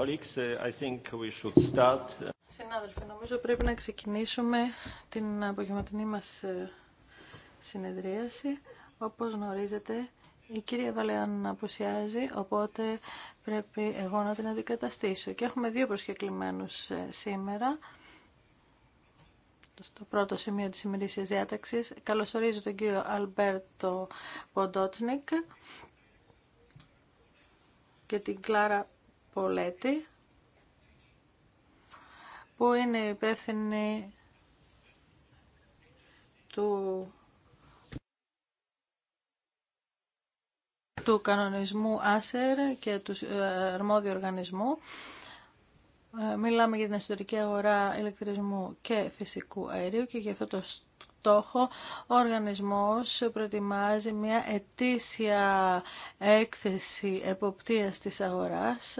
Uh, Συνάδελφοι, νομίζω πρέπει να ξεκινήσουμε την απογευματινή μας ε, συνεδρίαση. Όπως γνωρίζετε, η κυρία Βαλεάν αποσιάζει, οπότε πρέπει εγώ να την αντικαταστήσω. Και έχουμε δύο προσκεκλημένους ε, σήμερα. Στο πρώτο σημείο της ημερήσιας διάταξης καλωσορίζω τον κύριο Αλμπέρτο Ποντότσνικ και την Κλάρα Πολέτη που είναι υπεύθυνη του του κανονισμού ΆΣΕΡ και του ε, αρμόδιου οργανισμού. Ε, μιλάμε για την εσωτερική αγορά ηλεκτρισμού και φυσικού αερίου και για αυτό το στόχο ο οργανισμός προετοιμάζει μια ετήσια έκθεση εποπτείας της αγοράς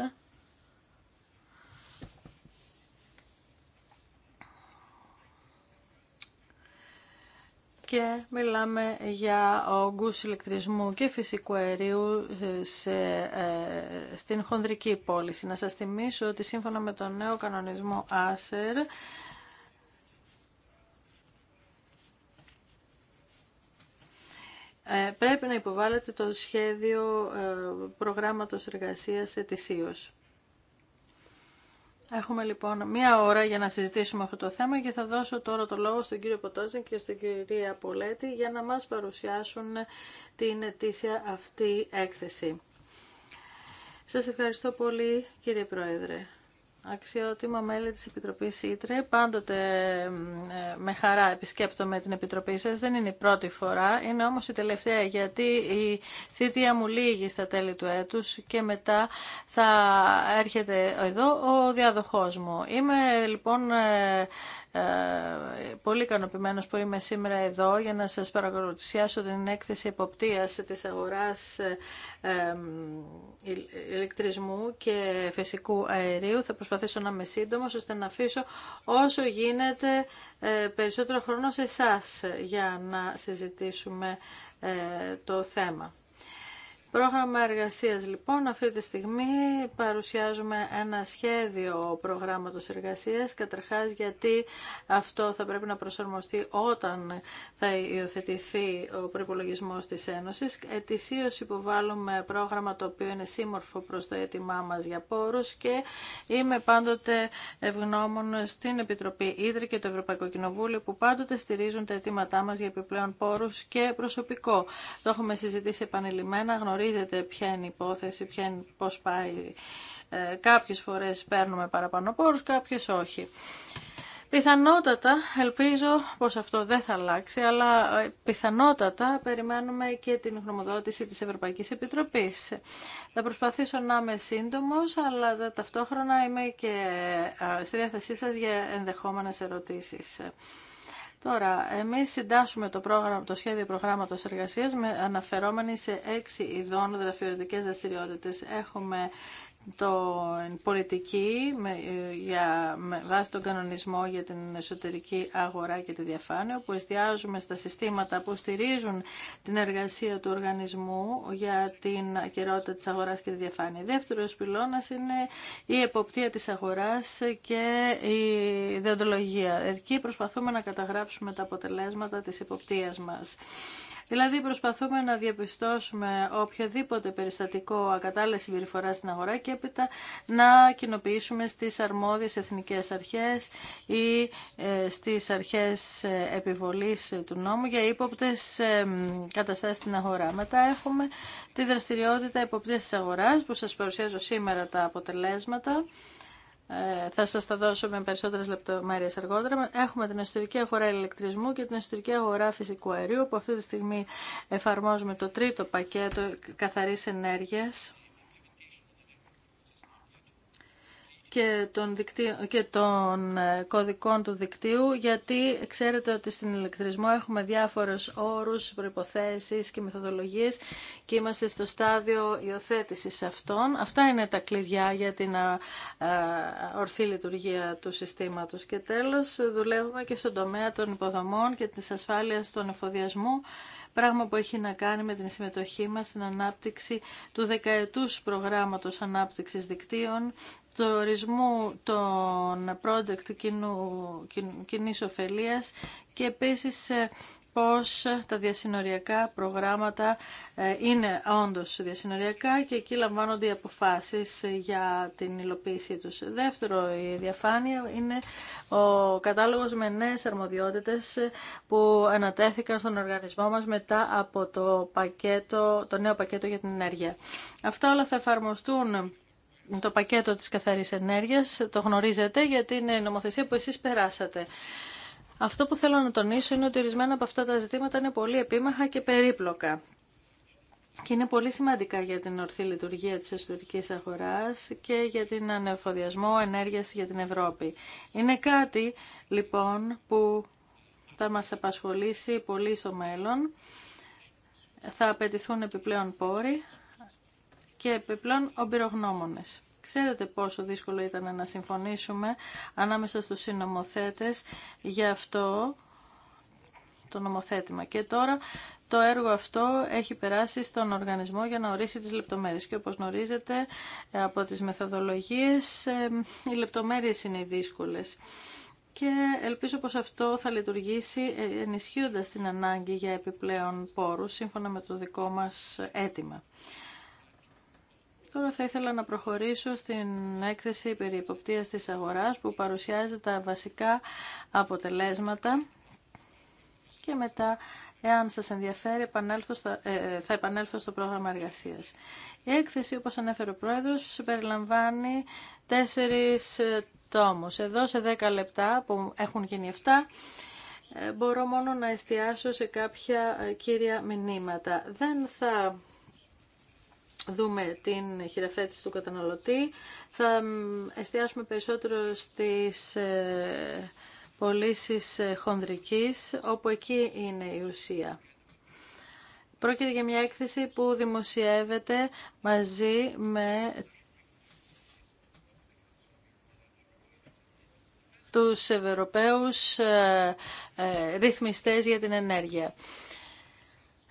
και μιλάμε για όγκους ηλεκτρισμού και φυσικού αερίου ε, σε, ε, στην χονδρική πώληση. Να σας θυμίσω ότι σύμφωνα με τον νέο κανονισμό ΆΣΕΡ ε, πρέπει να υποβάλλεται το σχέδιο προγράμματος εργασίας ετησίως. Έχουμε λοιπόν μία ώρα για να συζητήσουμε αυτό το θέμα και θα δώσω τώρα το λόγο στον κύριο Ποτόζη και στην κυρία Πολέτη για να μας παρουσιάσουν την ετήσια αυτή έκθεση. Σας ευχαριστώ πολύ κύριε Πρόεδρε αξιότιμα μέλη της Επιτροπής Ήτρε. Πάντοτε ε, με χαρά επισκέπτομαι την Επιτροπή σας. Δεν είναι η πρώτη φορά, είναι όμως η τελευταία γιατί η θητεία μου λύγει στα τέλη του έτους και μετά θα έρχεται εδώ ο διαδοχός μου. Είμαι λοιπόν ε, ε, πολύ ικανοποιημένος που είμαι σήμερα εδώ για να σας παρακολουθήσω την έκθεση εποπτείας της αγοράς ηλεκτρισμού και φυσικού αερίου. Θα προσπαθήσω να είμαι σύντομο ώστε να αφήσω όσο γίνεται ε, περισσότερο χρόνο σε εσά για να συζητήσουμε ε, το θέμα. Πρόγραμμα εργασίας λοιπόν, αυτή τη στιγμή παρουσιάζουμε ένα σχέδιο προγράμματος εργασίας, καταρχάς γιατί αυτό θα πρέπει να προσαρμοστεί όταν θα υιοθετηθεί ο προπολογισμό της Ένωσης. Ετησίως υποβάλλουμε πρόγραμμα το οποίο είναι σύμμορφο προς το αίτημά μας για πόρους και είμαι πάντοτε ευγνώμων στην Επιτροπή Ίδρυ και το Ευρωπαϊκό Κοινοβούλιο που πάντοτε στηρίζουν τα αιτήματά μας για επιπλέον πόρους και προσωπικό. Το έχουμε συζητήσει επανειλημμένα, γνωρίζετε ποια είναι η υπόθεση, ποια είναι, πώς πάει. Ε, κάποιες φορές παίρνουμε παραπάνω πόρους, κάποιες όχι. Πιθανότατα, ελπίζω πως αυτό δεν θα αλλάξει, αλλά ε, πιθανότατα περιμένουμε και την γνωμοδότηση της Ευρωπαϊκής Επιτροπής. Θα προσπαθήσω να είμαι σύντομος, αλλά ταυτόχρονα είμαι και ε, στη διάθεσή σας για ενδεχόμενες ερωτήσεις. Τώρα, εμείς συντάσσουμε το, πρόγραμμα, το σχέδιο προγράμματος εργασίας με αναφερόμενοι σε έξι ειδών δραστηριότητες. Έχουμε το πολιτική με, ε, για, με βάση τον κανονισμό για την εσωτερική αγορά και τη διαφάνεια, που εστιάζουμε στα συστήματα που στηρίζουν την εργασία του οργανισμού για την ακερότητα της αγοράς και τη διαφάνεια. Δεύτερος πυλώνας είναι η εποπτεία της αγοράς και η ιδεοντολογία. Εκεί προσπαθούμε να καταγράψουμε τα αποτελέσματα της εποπτείας μας. Δηλαδή προσπαθούμε να διαπιστώσουμε οποιοδήποτε περιστατικό ακατάλληλη συμπεριφορά στην αγορά και έπειτα να κοινοποιήσουμε στις αρμόδιες εθνικές αρχές ή ε, στις αρχές ε, επιβολής του νόμου για ύποπτες ε, καταστάσεις στην αγορά. Μετά έχουμε τη δραστηριότητα υποπτές της αγοράς που σας παρουσιάζω σήμερα τα αποτελέσματα. Ε, θα σας τα δώσω με περισσότερες λεπτομέρειες αργότερα. Έχουμε την εσωτερική αγορά ηλεκτρισμού και την εσωτερική αγορά φυσικού αερίου που αυτή τη στιγμή εφαρμόζουμε το τρίτο πακέτο καθαρής ενέργειας και των, δικτύ... και των ε, κωδικών του δικτύου, γιατί ξέρετε ότι στην ηλεκτρισμό έχουμε διάφορους όρους, προϋποθέσεις και μεθοδολογίες και είμαστε στο στάδιο υιοθέτηση αυτών. Αυτά είναι τα κλειδιά για την ε, ε, ορθή λειτουργία του συστήματος. Και τέλος, δουλεύουμε και στον τομέα των υποδομών και της ασφάλειας των εφοδιασμού πράγμα που έχει να κάνει με την συμμετοχή μας στην ανάπτυξη του δεκαετούς προγράμματος ανάπτυξης δικτύων του ορισμού των project κοινού, κοινής ωφελίας και επίσης ε, πώς τα διασυνοριακά προγράμματα ε, είναι όντως διασυνοριακά και εκεί λαμβάνονται οι αποφάσεις για την υλοποίησή τους. Δεύτερο, η διαφάνεια είναι ο κατάλογος με νέες αρμοδιότητες που ανατέθηκαν στον οργανισμό μας μετά από το, πακέτο, το νέο πακέτο για την ενέργεια. Αυτά όλα θα εφαρμοστούν το πακέτο της καθαρής ενέργειας. Το γνωρίζετε γιατί είναι η νομοθεσία που εσείς περάσατε. Αυτό που θέλω να τονίσω είναι ότι ορισμένα από αυτά τα ζητήματα είναι πολύ επίμαχα και περίπλοκα. Και είναι πολύ σημαντικά για την ορθή λειτουργία της εσωτερικής αγοράς και για την ανεφοδιασμό ενέργειας για την Ευρώπη. Είναι κάτι, λοιπόν, που θα μας απασχολήσει πολύ στο μέλλον. Θα απαιτηθούν επιπλέον πόροι, και επιπλέον ομπειρογνώμονες. Ξέρετε πόσο δύσκολο ήταν να συμφωνήσουμε ανάμεσα στους συνομοθέτες για αυτό το νομοθέτημα. Και τώρα το έργο αυτό έχει περάσει στον οργανισμό για να ορίσει τις λεπτομέρειες. Και όπως γνωρίζετε από τις μεθοδολογίες, οι λεπτομέρειες είναι οι δύσκολες. Και ελπίζω πως αυτό θα λειτουργήσει ε, ενισχύοντας την ανάγκη για επιπλέον πόρους, σύμφωνα με το δικό μας αίτημα. Τώρα θα ήθελα να προχωρήσω στην έκθεση περί υποπτίας της αγοράς που παρουσιάζει τα βασικά αποτελέσματα και μετά Εάν σας ενδιαφέρει, ε, ε, θα επανέλθω στο πρόγραμμα εργασίας. Η έκθεση, όπως ανέφερε ο Πρόεδρος, περιλαμβάνει τέσσερις ε, τόμους. Εδώ σε δέκα λεπτά, που έχουν γίνει 7, μπορώ μόνο να εστιάσω σε κάποια κύρια μηνύματα. Δεν θα δούμε την χειραφέτηση του καταναλωτή. Θα εστιάσουμε περισσότερο στις ε, πωλήσει ε, χονδρικής, όπου εκεί είναι η ουσία. Πρόκειται για μια έκθεση που δημοσιεύεται μαζί με τους Ευρωπαίους ε, ρυθμιστές για την ενέργεια.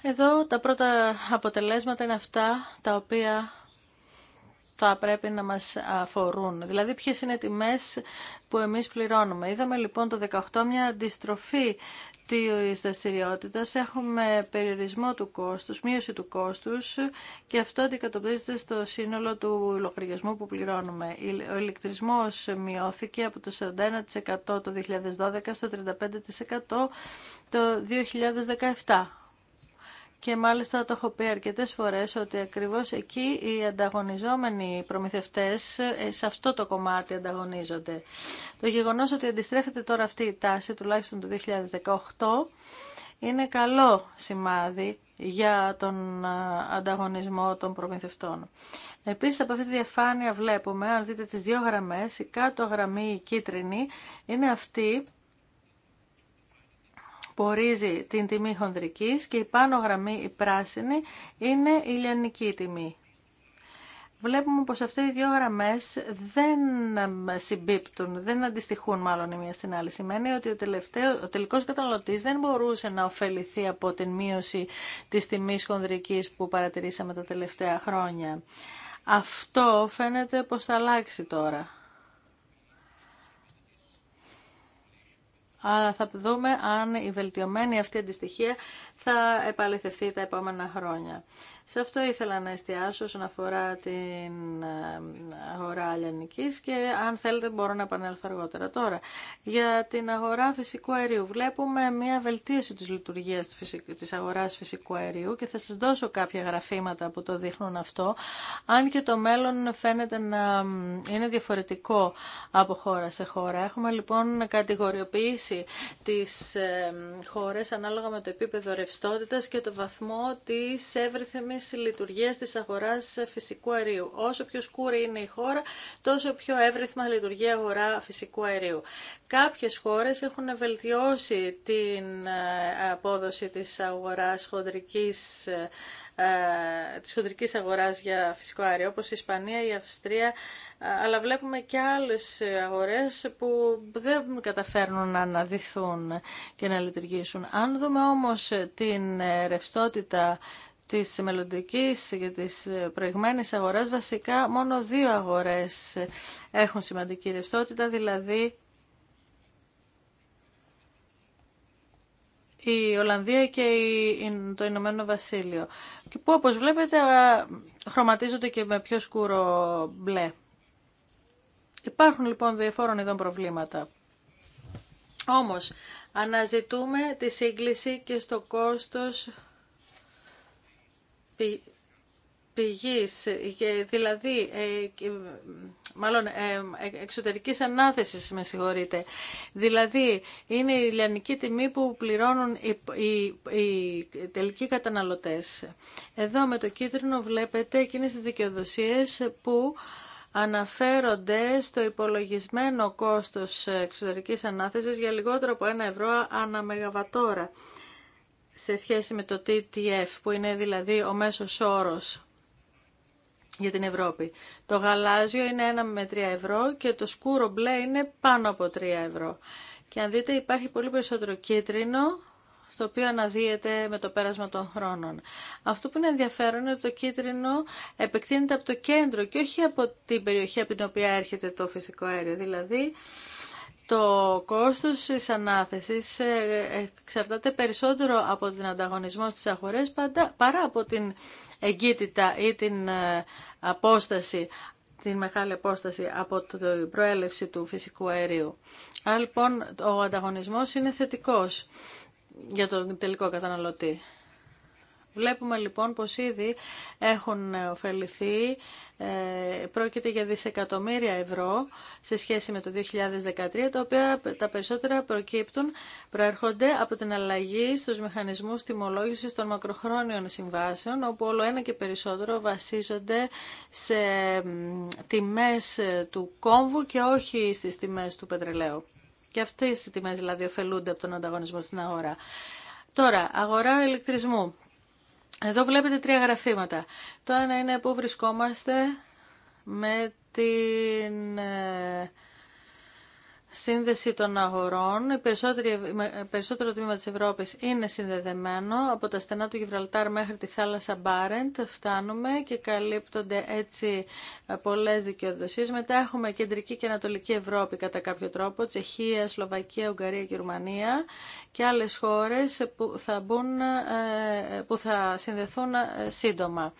Εδώ τα πρώτα αποτελέσματα είναι αυτά τα οποία θα πρέπει να μας αφορούν. Δηλαδή ποιες είναι οι τιμές που εμείς πληρώνουμε. Είδαμε λοιπόν το 18 μια αντιστροφή της δραστηριότητα. Έχουμε περιορισμό του κόστους, μείωση του κόστους και αυτό αντικατοπτρίζεται στο σύνολο του λογαριασμού που πληρώνουμε. Ο ηλεκτρισμός μειώθηκε από το 41% το 2012 στο 35% το 2017 και μάλιστα το έχω πει αρκετέ φορέ ότι ακριβώ εκεί οι ανταγωνιζόμενοι προμηθευτέ ε, σε αυτό το κομμάτι ανταγωνίζονται. Το γεγονό ότι αντιστρέφεται τώρα αυτή η τάση, τουλάχιστον το 2018, είναι καλό σημάδι για τον ε, ανταγωνισμό των προμηθευτών. Επίσης από αυτή τη διαφάνεια βλέπουμε, αν δείτε τις δύο γραμμές, η κάτω γραμμή η κίτρινη είναι αυτή που ορίζει την τιμή χονδρικής και η πάνω γραμμή, η πράσινη, είναι η λιανική τιμή. Βλέπουμε πως αυτές οι δύο γραμμές δεν συμπίπτουν, δεν αντιστοιχούν μάλλον η μία στην άλλη. Σημαίνει ότι ο, τελευταίο, ο τελικός καταναλωτής δεν μπορούσε να ωφεληθεί από την μείωση της τιμής χονδρικής που παρατηρήσαμε τα τελευταία χρόνια. Αυτό φαίνεται πως θα αλλάξει τώρα. αλλά θα δούμε αν η βελτιωμένη αυτή αντιστοιχεία θα επαληθευτεί τα επόμενα χρόνια. Σε αυτό ήθελα να εστιάσω όσον αφορά την ε, αγορά αλλιανικής και αν θέλετε μπορώ να επανέλθω αργότερα τώρα. Για την αγορά φυσικού αερίου βλέπουμε μια βελτίωση της λειτουργίας της αγοράς φυσικού αερίου και θα σας δώσω κάποια γραφήματα που το δείχνουν αυτό. Αν και το μέλλον φαίνεται να είναι διαφορετικό από χώρα σε χώρα. Έχουμε λοιπόν κατηγοριοποιήσει τις ε, χώρες ανάλογα με το επίπεδο ρευστότητας και το βαθμό της εύρυθμης Λειτουργία λειτουργίας της αγοράς φυσικού αερίου. Όσο πιο σκούρη είναι η χώρα, τόσο πιο εύρυθμα λειτουργεί η αγορά φυσικού αερίου. Κάποιες χώρες έχουν βελτιώσει την ε, απόδοση της αγοράς χοντρικής ε, της χοντρικής αγοράς για φυσικό αέριο, όπως η Ισπανία, η Αυστρία, αλλά βλέπουμε και άλλες αγορές που δεν καταφέρνουν να αναδυθούν και να λειτουργήσουν. Αν δούμε όμως την ρευστότητα της μελλοντική και της προηγμένης αγοράς, βασικά μόνο δύο αγορές έχουν σημαντική ρευστότητα, δηλαδή η Ολλανδία και το Ηνωμένο Βασίλειο, που όπως βλέπετε χρωματίζονται και με πιο σκούρο μπλε. Υπάρχουν λοιπόν διαφόρων ειδών προβλήματα. Όμως αναζητούμε τη σύγκληση και στο κόστος πηγής, ε, δηλαδή ε, μάλλον ε, εξωτερικής ανάθεσης, με συγχωρείτε. Δηλαδή είναι η λιανική τιμή που πληρώνουν οι, οι, τελικοί καταναλωτές. Εδώ με το κίτρινο βλέπετε εκείνες τις δικαιοδοσίες που αναφέρονται στο υπολογισμένο κόστος εξωτερικής ανάθεσης για λιγότερο από ένα ευρώ ανά μεγαβατόρα σε σχέση με το TTF, που είναι δηλαδή ο μέσος όρος για την Ευρώπη. Το γαλάζιο είναι 1 με 3 ευρώ και το σκούρο μπλε είναι πάνω από 3 ευρώ. Και αν δείτε υπάρχει πολύ περισσότερο κίτρινο, το οποίο αναδύεται με το πέρασμα των χρόνων. Αυτό που είναι ενδιαφέρον είναι ότι το κίτρινο επεκτείνεται από το κέντρο και όχι από την περιοχή από την οποία έρχεται το φυσικό αέριο. Δηλαδή, το κόστος της ανάθεσης ε, εξαρτάται περισσότερο από την ανταγωνισμό στις αγορές παρά από την εγκύτητα ή την ε, απόσταση την μεγάλη απόσταση από την προέλευση του φυσικού αερίου. Άρα λοιπόν ο ανταγωνισμός είναι θετικός για τον τελικό καταναλωτή. Βλέπουμε λοιπόν πως ήδη έχουν ωφεληθεί, ε, πρόκειται για δισεκατομμύρια ευρώ σε σχέση με το 2013, τα οποία τα περισσότερα προκύπτουν, προέρχονται από την αλλαγή στους μηχανισμούς τιμολόγησης των μακροχρόνιων συμβάσεων, όπου όλο ένα και περισσότερο βασίζονται σε τιμές του κόμβου και όχι στις τιμές του πετρελαίου. Και αυτές οι τιμές δηλαδή ωφελούνται από τον ανταγωνισμό στην αγορά. Τώρα, αγορά ηλεκτρισμού. Εδώ βλέπετε τρία γραφήματα. Το ένα είναι πού βρισκόμαστε με την ε, σύνδεση των αγορών. Η περισσότερο τμήμα της Ευρώπης είναι συνδεδεμένο. Από τα στενά του Γιβραλτάρ μέχρι τη θάλασσα Μπάρεντ φτάνουμε και καλύπτονται έτσι ε, πολλές δικαιοδοσίες. Μετά έχουμε κεντρική και ανατολική Ευρώπη κατά κάποιο τρόπο, Τσεχία, Σλοβακία, Ουγγαρία και Ρουμανία και άλλες χώρες που θα, μπουν, ε, ε, που θα συνδεθούν σύντομα.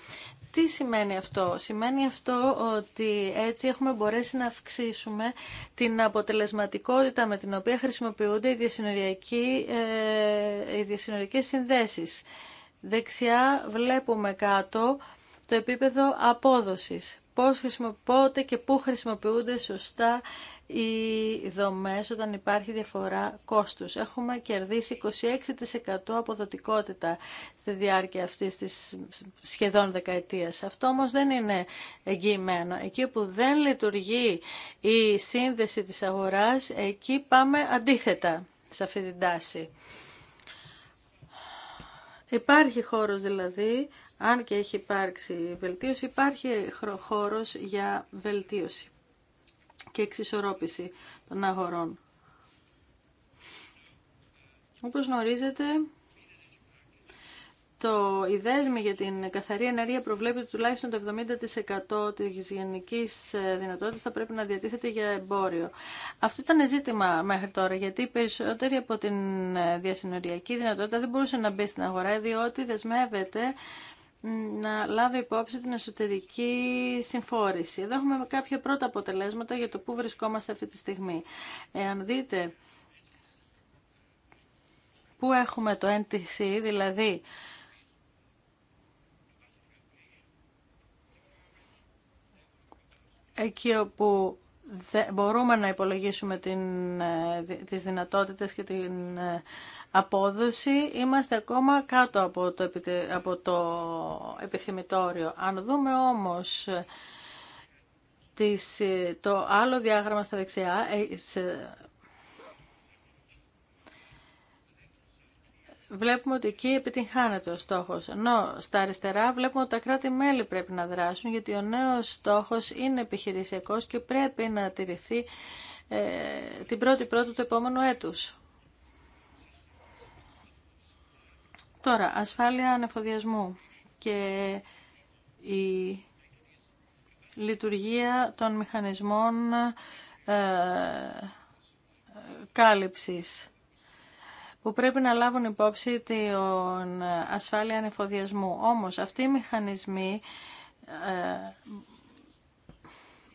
Τι σημαίνει αυτό. Σημαίνει αυτό ότι έτσι έχουμε μπορέσει να αυξήσουμε την αποτελεσματικότητα με την οποία χρησιμοποιούνται οι ε, διασυνοριακές συνδέσεις. Δεξιά βλέπουμε κάτω το επίπεδο απόδοσης. Πώς χρησιμοποιούνται και πού χρησιμοποιούνται σωστά οι δομές όταν υπάρχει διαφορά κόστους. Έχουμε κερδίσει 26% αποδοτικότητα στη διάρκεια αυτής της σχεδόν δεκαετίας. Αυτό όμως δεν είναι εγγυημένο. Εκεί που δεν λειτουργεί η σύνδεση της αγοράς, εκεί πάμε αντίθετα σε αυτή την τάση. Υπάρχει χώρος δηλαδή αν και έχει υπάρξει βελτίωση, υπάρχει χώρος για βελτίωση και εξισορρόπηση των αγορών. Όπως γνωρίζετε, το, η δέσμη για την καθαρή ενέργεια προβλέπει ότι τουλάχιστον το 70% της γενικής ε, δυνατότητας θα πρέπει να διατίθεται για εμπόριο. Αυτό ήταν ζήτημα μέχρι τώρα, γιατί περισσότεροι από την ε, διασυνοριακή δυνατότητα δεν μπορούσε να μπει στην αγορά, διότι δεσμεύεται να λάβει υπόψη την εσωτερική συμφόρηση. Εδώ έχουμε κάποια πρώτα αποτελέσματα για το πού βρισκόμαστε αυτή τη στιγμή. Εάν δείτε πού έχουμε το NTC, δηλαδή εκεί όπου μπορούμε να υπολογίσουμε την, ε, τις δυνατότητες και την ε, απόδοση, είμαστε ακόμα κάτω από το, από το επιθυμητόριο. Αν δούμε όμως ε, το άλλο διάγραμμα στα δεξιά, βλέπουμε ότι εκεί επιτυγχάνεται ο στόχος. Ενώ στα αριστερά βλέπουμε ότι τα κράτη-μέλη πρέπει να δράσουν, γιατί ο νέος στόχος είναι επιχειρησιακός και πρέπει να τηρηθεί ε, την πρώτη πρώτη του επόμενου έτους. Τώρα, ασφάλεια ανεφοδιασμού και η λειτουργία των μηχανισμών ε, κάλυψης που πρέπει να λάβουν υπόψη την ασφάλεια ανεφοδιασμού. Όμως αυτοί οι μηχανισμοί ε,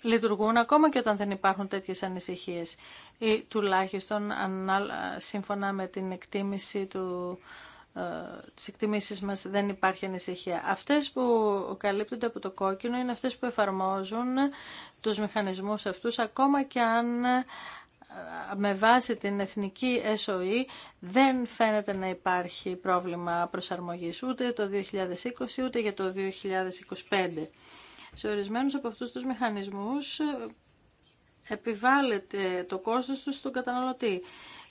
λειτουργούν ακόμα και όταν δεν υπάρχουν τέτοιες ανησυχίες ή τουλάχιστον σύμφωνα με την εκτίμηση του, ε, τις μας δεν υπάρχει ανησυχία. Αυτές που καλύπτονται από το κόκκινο είναι αυτές που εφαρμόζουν τους μηχανισμούς αυτούς ακόμα και αν με βάση την εθνική SOE δεν φαίνεται να υπάρχει πρόβλημα προσαρμογής ούτε το 2020 ούτε για το 2025. Σε ορισμένους από αυτούς τους μηχανισμούς ε, επιβάλλεται το κόστος τους στον καταναλωτή.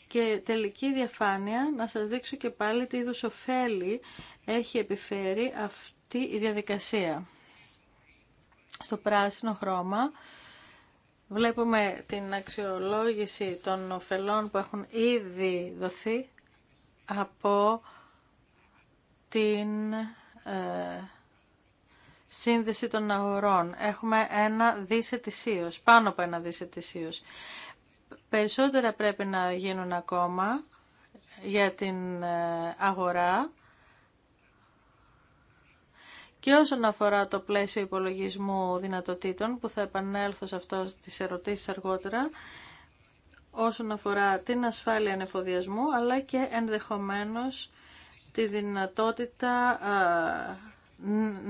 Και τελική διαφάνεια, να σας δείξω και πάλι τι είδους ωφέλη έχει επιφέρει αυτή η διαδικασία. Στο πράσινο χρώμα Βλέπουμε την αξιολόγηση των ωφελών που έχουν ήδη δοθεί από την ε, σύνδεση των αγορών. Έχουμε ένα δισετησίως, πάνω από ένα δισετησίως. Περισσότερα πρέπει να γίνουν ακόμα για την ε, αγορά και όσον αφορά το πλαίσιο υπολογισμού δυνατοτήτων, που θα επανέλθω σε αυτό στις ερωτήσεις αργότερα, όσον αφορά την ασφάλεια ανεφοδιασμού, αλλά και ενδεχομένως τη δυνατότητα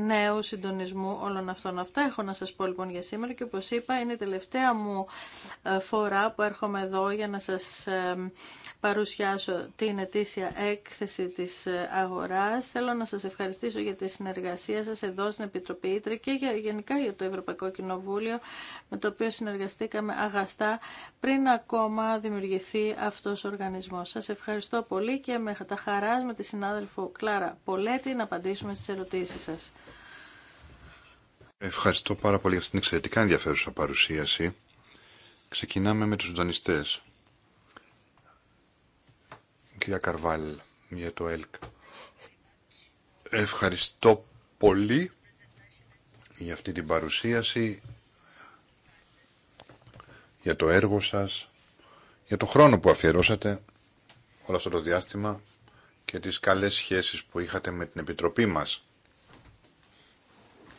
νέου συντονισμού όλων αυτών. Αυτά έχω να σας πω λοιπόν για σήμερα και όπως είπα είναι η τελευταία μου ε, φορά που έρχομαι εδώ για να σας ε, παρουσιάσω την ετήσια έκθεση της ε, αγοράς. Θέλω να σας ευχαριστήσω για τη συνεργασία σας εδώ στην Επιτροπή Ήτρη και για, γενικά για το Ευρωπαϊκό Κοινοβούλιο με το οποίο συνεργαστήκαμε αγαστά πριν ακόμα δημιουργηθεί αυτός ο οργανισμός. Σας ευχαριστώ πολύ και με τα χαρά με τη συνάδελφο Κλάρα Πολέτη να απαντήσουμε στις ερωτήσεις. Ευχαριστώ πάρα πολύ για την εξαιρετικά ενδιαφέρουσα παρουσίαση. Ξεκινάμε με τους δανειστές. Κυρία Καρβάλ, για το ΕΛΚ. Ευχαριστώ πολύ για αυτή την παρουσίαση, για το έργο σας, για το χρόνο που αφιερώσατε όλο αυτό το διάστημα και τις καλές σχέσεις που είχατε με την Επιτροπή μας.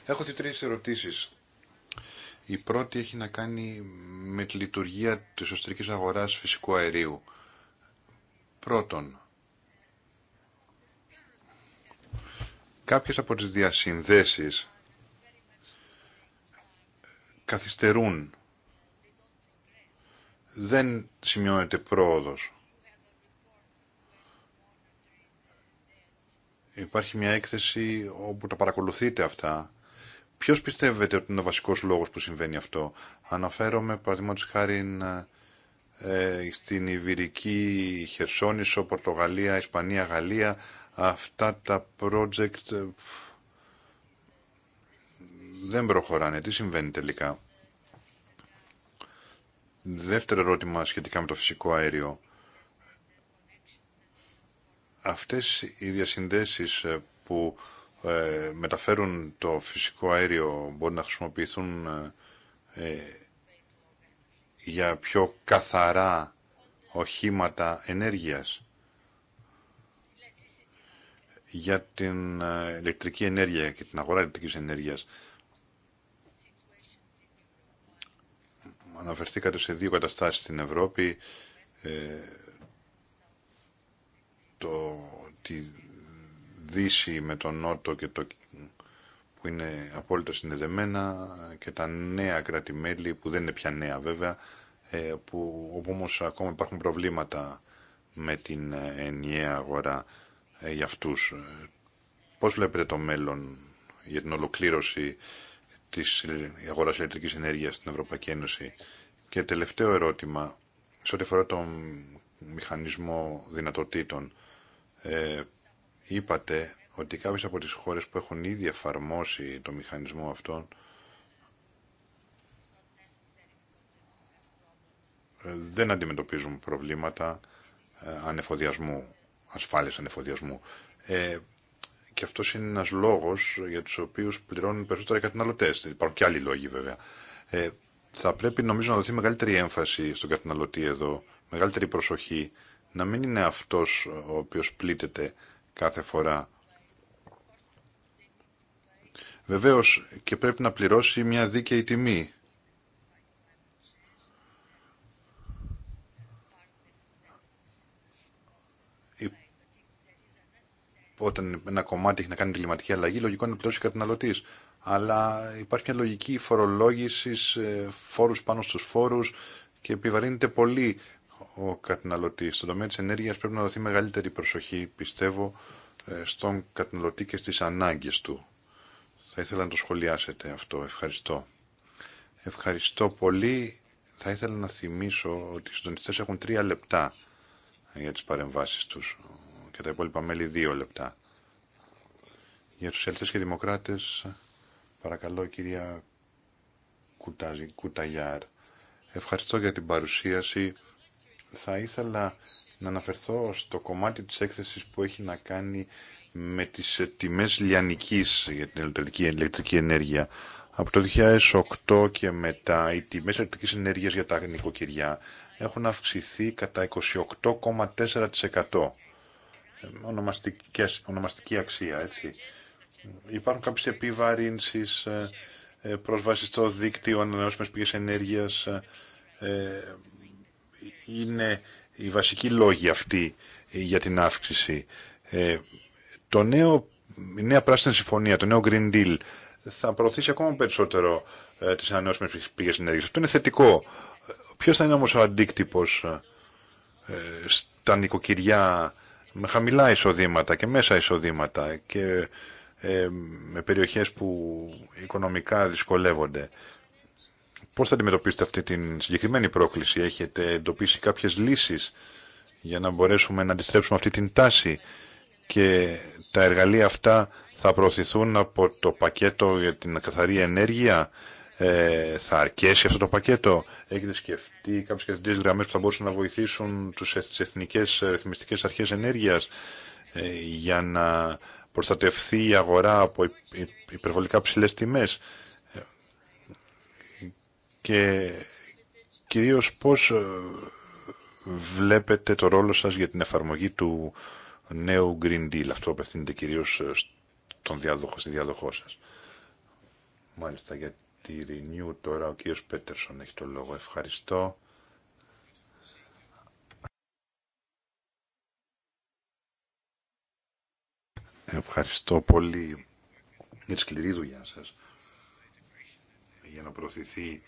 Έχω τρεις ερωτήσεις. Η πρώτη έχει να κάνει με τη λειτουργία της οστρικής αγοράς φυσικού αερίου. Πρώτον, κάποιες από τις διασυνδέσεις καθυστερούν. Δεν σημειώνεται πρόοδος. Υπάρχει μια έκθεση όπου τα παρακολουθείτε αυτά Ποιο πιστεύετε ότι είναι ο βασικός λόγος που συμβαίνει αυτό. Αναφέρομαι, παραδείγματο χάρη, ε, στην Ιβυρική, Χερσόνησο, Πορτογαλία, Ισπανία, Γαλλία. Αυτά τα project ε, δεν προχωράνε. Τι συμβαίνει τελικά. Δεύτερο ερώτημα σχετικά με το φυσικό αέριο. Αυτές οι διασυνδέσεις ε, που ε, μεταφέρουν το φυσικό αέριο μπορεί να χρησιμοποιηθούν ε, ε, για πιο καθαρά οχήματα ενέργειας για την ηλεκτρική ενέργεια και την αγορά ηλεκτρικής ενέργειας. Αναφερθήκατε σε δύο καταστάσεις στην Ευρώπη. το, Δύση με τον Νότο και το, που είναι απόλυτα συνδεδεμένα και τα νέα κράτη-μέλη που δεν είναι πια νέα βέβαια ε, που, όπου όμως ακόμα υπάρχουν προβλήματα με την ε, ενιαία αγορά ε, για αυτούς. Πώς βλέπετε το μέλλον για την ολοκλήρωση της αγοράς ηλεκτρικής ενέργειας στην Ευρωπαϊκή Ένωση. Και τελευταίο ερώτημα, σε ό,τι αφορά τον μηχανισμό δυνατοτήτων, είπατε ότι κάποιες από τις χώρες που έχουν ήδη εφαρμόσει το μηχανισμό αυτόν ε, δεν αντιμετωπίζουν προβλήματα ε, ανεφοδιασμού, ασφάλειας ανεφοδιασμού. Ε, και αυτός είναι ένας λόγος για τους οποίους πληρώνουν περισσότερα οι καταναλωτές. Υπάρχουν και άλλοι λόγοι βέβαια. Ε, θα πρέπει νομίζω να δοθεί μεγαλύτερη έμφαση στον καταναλωτή εδώ, μεγαλύτερη προσοχή, να μην είναι αυτός ο οποίος πλήττεται, κάθε φορά. Βεβαίως και πρέπει να πληρώσει μια δίκαιη τιμή. Όταν ένα κομμάτι έχει να κάνει κλιματική αλλαγή, λογικό είναι να πληρώσει καταναλωτή. Αλλά υπάρχει μια λογική φορολόγηση, ε, φόρου πάνω στου φόρου και επιβαρύνεται πολύ ο καταναλωτή. Στον τομέα τη ενέργεια πρέπει να δοθεί μεγαλύτερη προσοχή, πιστεύω, ε, στον καταναλωτή και στι ανάγκε του. Θα ήθελα να το σχολιάσετε αυτό. Ευχαριστώ. Ευχαριστώ πολύ. Θα ήθελα να θυμίσω ότι οι συντονιστέ έχουν τρία λεπτά για τις παρεμβάσει τους και τα υπόλοιπα μέλη δύο λεπτά. Για τους ελθές και δημοκράτες, παρακαλώ κυρία Κουταγιάρ. Ευχαριστώ για την παρουσίαση θα ήθελα να αναφερθώ στο κομμάτι της έκθεσης που έχει να κάνει με τις τιμές λιανικής για την ηλεκτρική ενέργεια. Από το 2008 και μετά οι τιμές ηλεκτρικής ενέργειας για τα νοικοκυριά έχουν αυξηθεί κατά 28,4%. Ονομαστική αξία, έτσι. Υπάρχουν κάποιες επιβαρύνσεις, ε, ε, πρόσβαση στο δίκτυο, ανανεώσιμες πηγές ενέργειας, ε, είναι η βασική λόγοι αυτή ε, για την αύξηση. Ε, το νέο, η νέα πράσινη συμφωνία, το νέο Green Deal θα προωθήσει ακόμα περισσότερο ε, τις ανανεώσιμες πηγές ενέργειας. Αυτό είναι θετικό. Ποιος θα είναι όμως ο αντίκτυπος ε, στα νοικοκυριά με χαμηλά εισοδήματα και μέσα εισοδήματα και με περιοχές που οικονομικά δυσκολεύονται. Πώς θα αντιμετωπίσετε αυτή την συγκεκριμένη πρόκληση, έχετε εντοπίσει κάποιες λύσεις για να μπορέσουμε να αντιστρέψουμε αυτή την τάση και τα εργαλεία αυτά θα προωθηθούν από το πακέτο για την καθαρή ενέργεια, ε, θα αρκέσει αυτό το πακέτο, έχετε σκεφτεί κάποιες κρατικές γραμμές που θα μπορούσαν να βοηθήσουν τους, τις εθνικές ρυθμιστικές αρχές ενέργειας ε, για να προστατευθεί η αγορά από υπερβολικά ψηλές τιμές και κυρίως πώς ε, βλέπετε το ρόλο σας για την εφαρμογή του νέου Green Deal. Αυτό απευθύνεται κυρίως ε, στον διάδοχο, στη διάδοχό σας. Μάλιστα για τη Renew τώρα ο κύριος Πέτερσον έχει το λόγο. Ευχαριστώ. Ευχαριστώ πολύ για τη σκληρή δουλειά σας για να προωθηθεί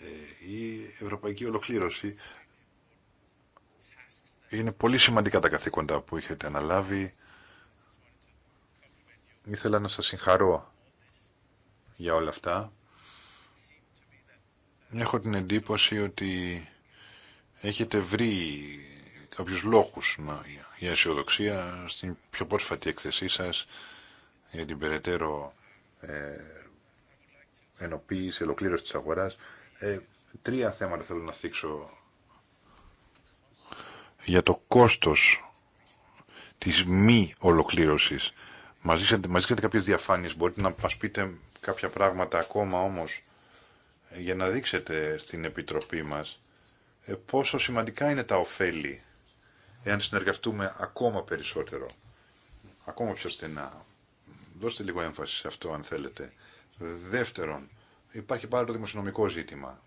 ε, η ευρωπαϊκή ολοκλήρωση είναι πολύ σημαντικά τα καθήκοντα που έχετε αναλάβει. Ήθελα να σας συγχαρώ για όλα αυτά. Έχω την εντύπωση ότι έχετε βρει κάποιους λόγους για αισιοδοξία στην πιο πρόσφατη έκθεσή σας για την περαιτέρω ε, ενοποίηση, ολοκλήρωση της αγοράς. Ε, τρία θέματα θέλω να θίξω για το κόστος της μη ολοκλήρωσης. Μας δείξατε, μας δείξατε κάποιες διαφάνειες, μπορείτε να μας πείτε κάποια πράγματα ακόμα όμως ε, για να δείξετε στην Επιτροπή μας ε, πόσο σημαντικά είναι τα ωφέλη εάν συνεργαστούμε ακόμα περισσότερο, ακόμα πιο στενά. Δώστε λίγο έμφαση σε αυτό αν θέλετε. Δεύτερον, υπάρχει πάρα το δημοσιονομικό ζήτημα.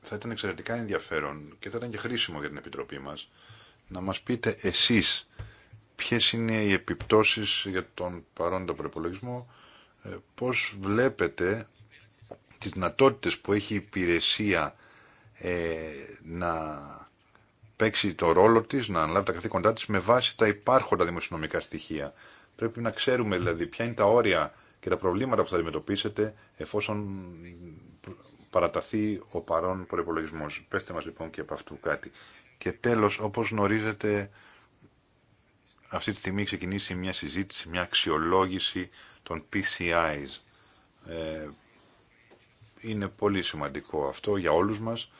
Θα ήταν εξαιρετικά ενδιαφέρον και θα ήταν και χρήσιμο για την Επιτροπή μας να μας πείτε εσείς ποιες είναι οι επιπτώσεις για τον παρόντο προπολογισμό, ε, πώς βλέπετε τις δυνατότητες που έχει η υπηρεσία ε, να παίξει το ρόλο της, να αναλάβει τα καθήκοντά της με βάση τα υπάρχοντα δημοσιονομικά στοιχεία. Πρέπει να ξέρουμε δηλαδή ποια είναι τα όρια και τα προβλήματα που θα αντιμετωπίσετε εφόσον παραταθεί ο παρόν προπολογισμό. Πέστε μας λοιπόν και από αυτού κάτι. Και τέλος, όπως γνωρίζετε, αυτή τη στιγμή ξεκινήσει μια συζήτηση, μια αξιολόγηση των PCIs. Ε, είναι πολύ σημαντικό αυτό για όλους μας.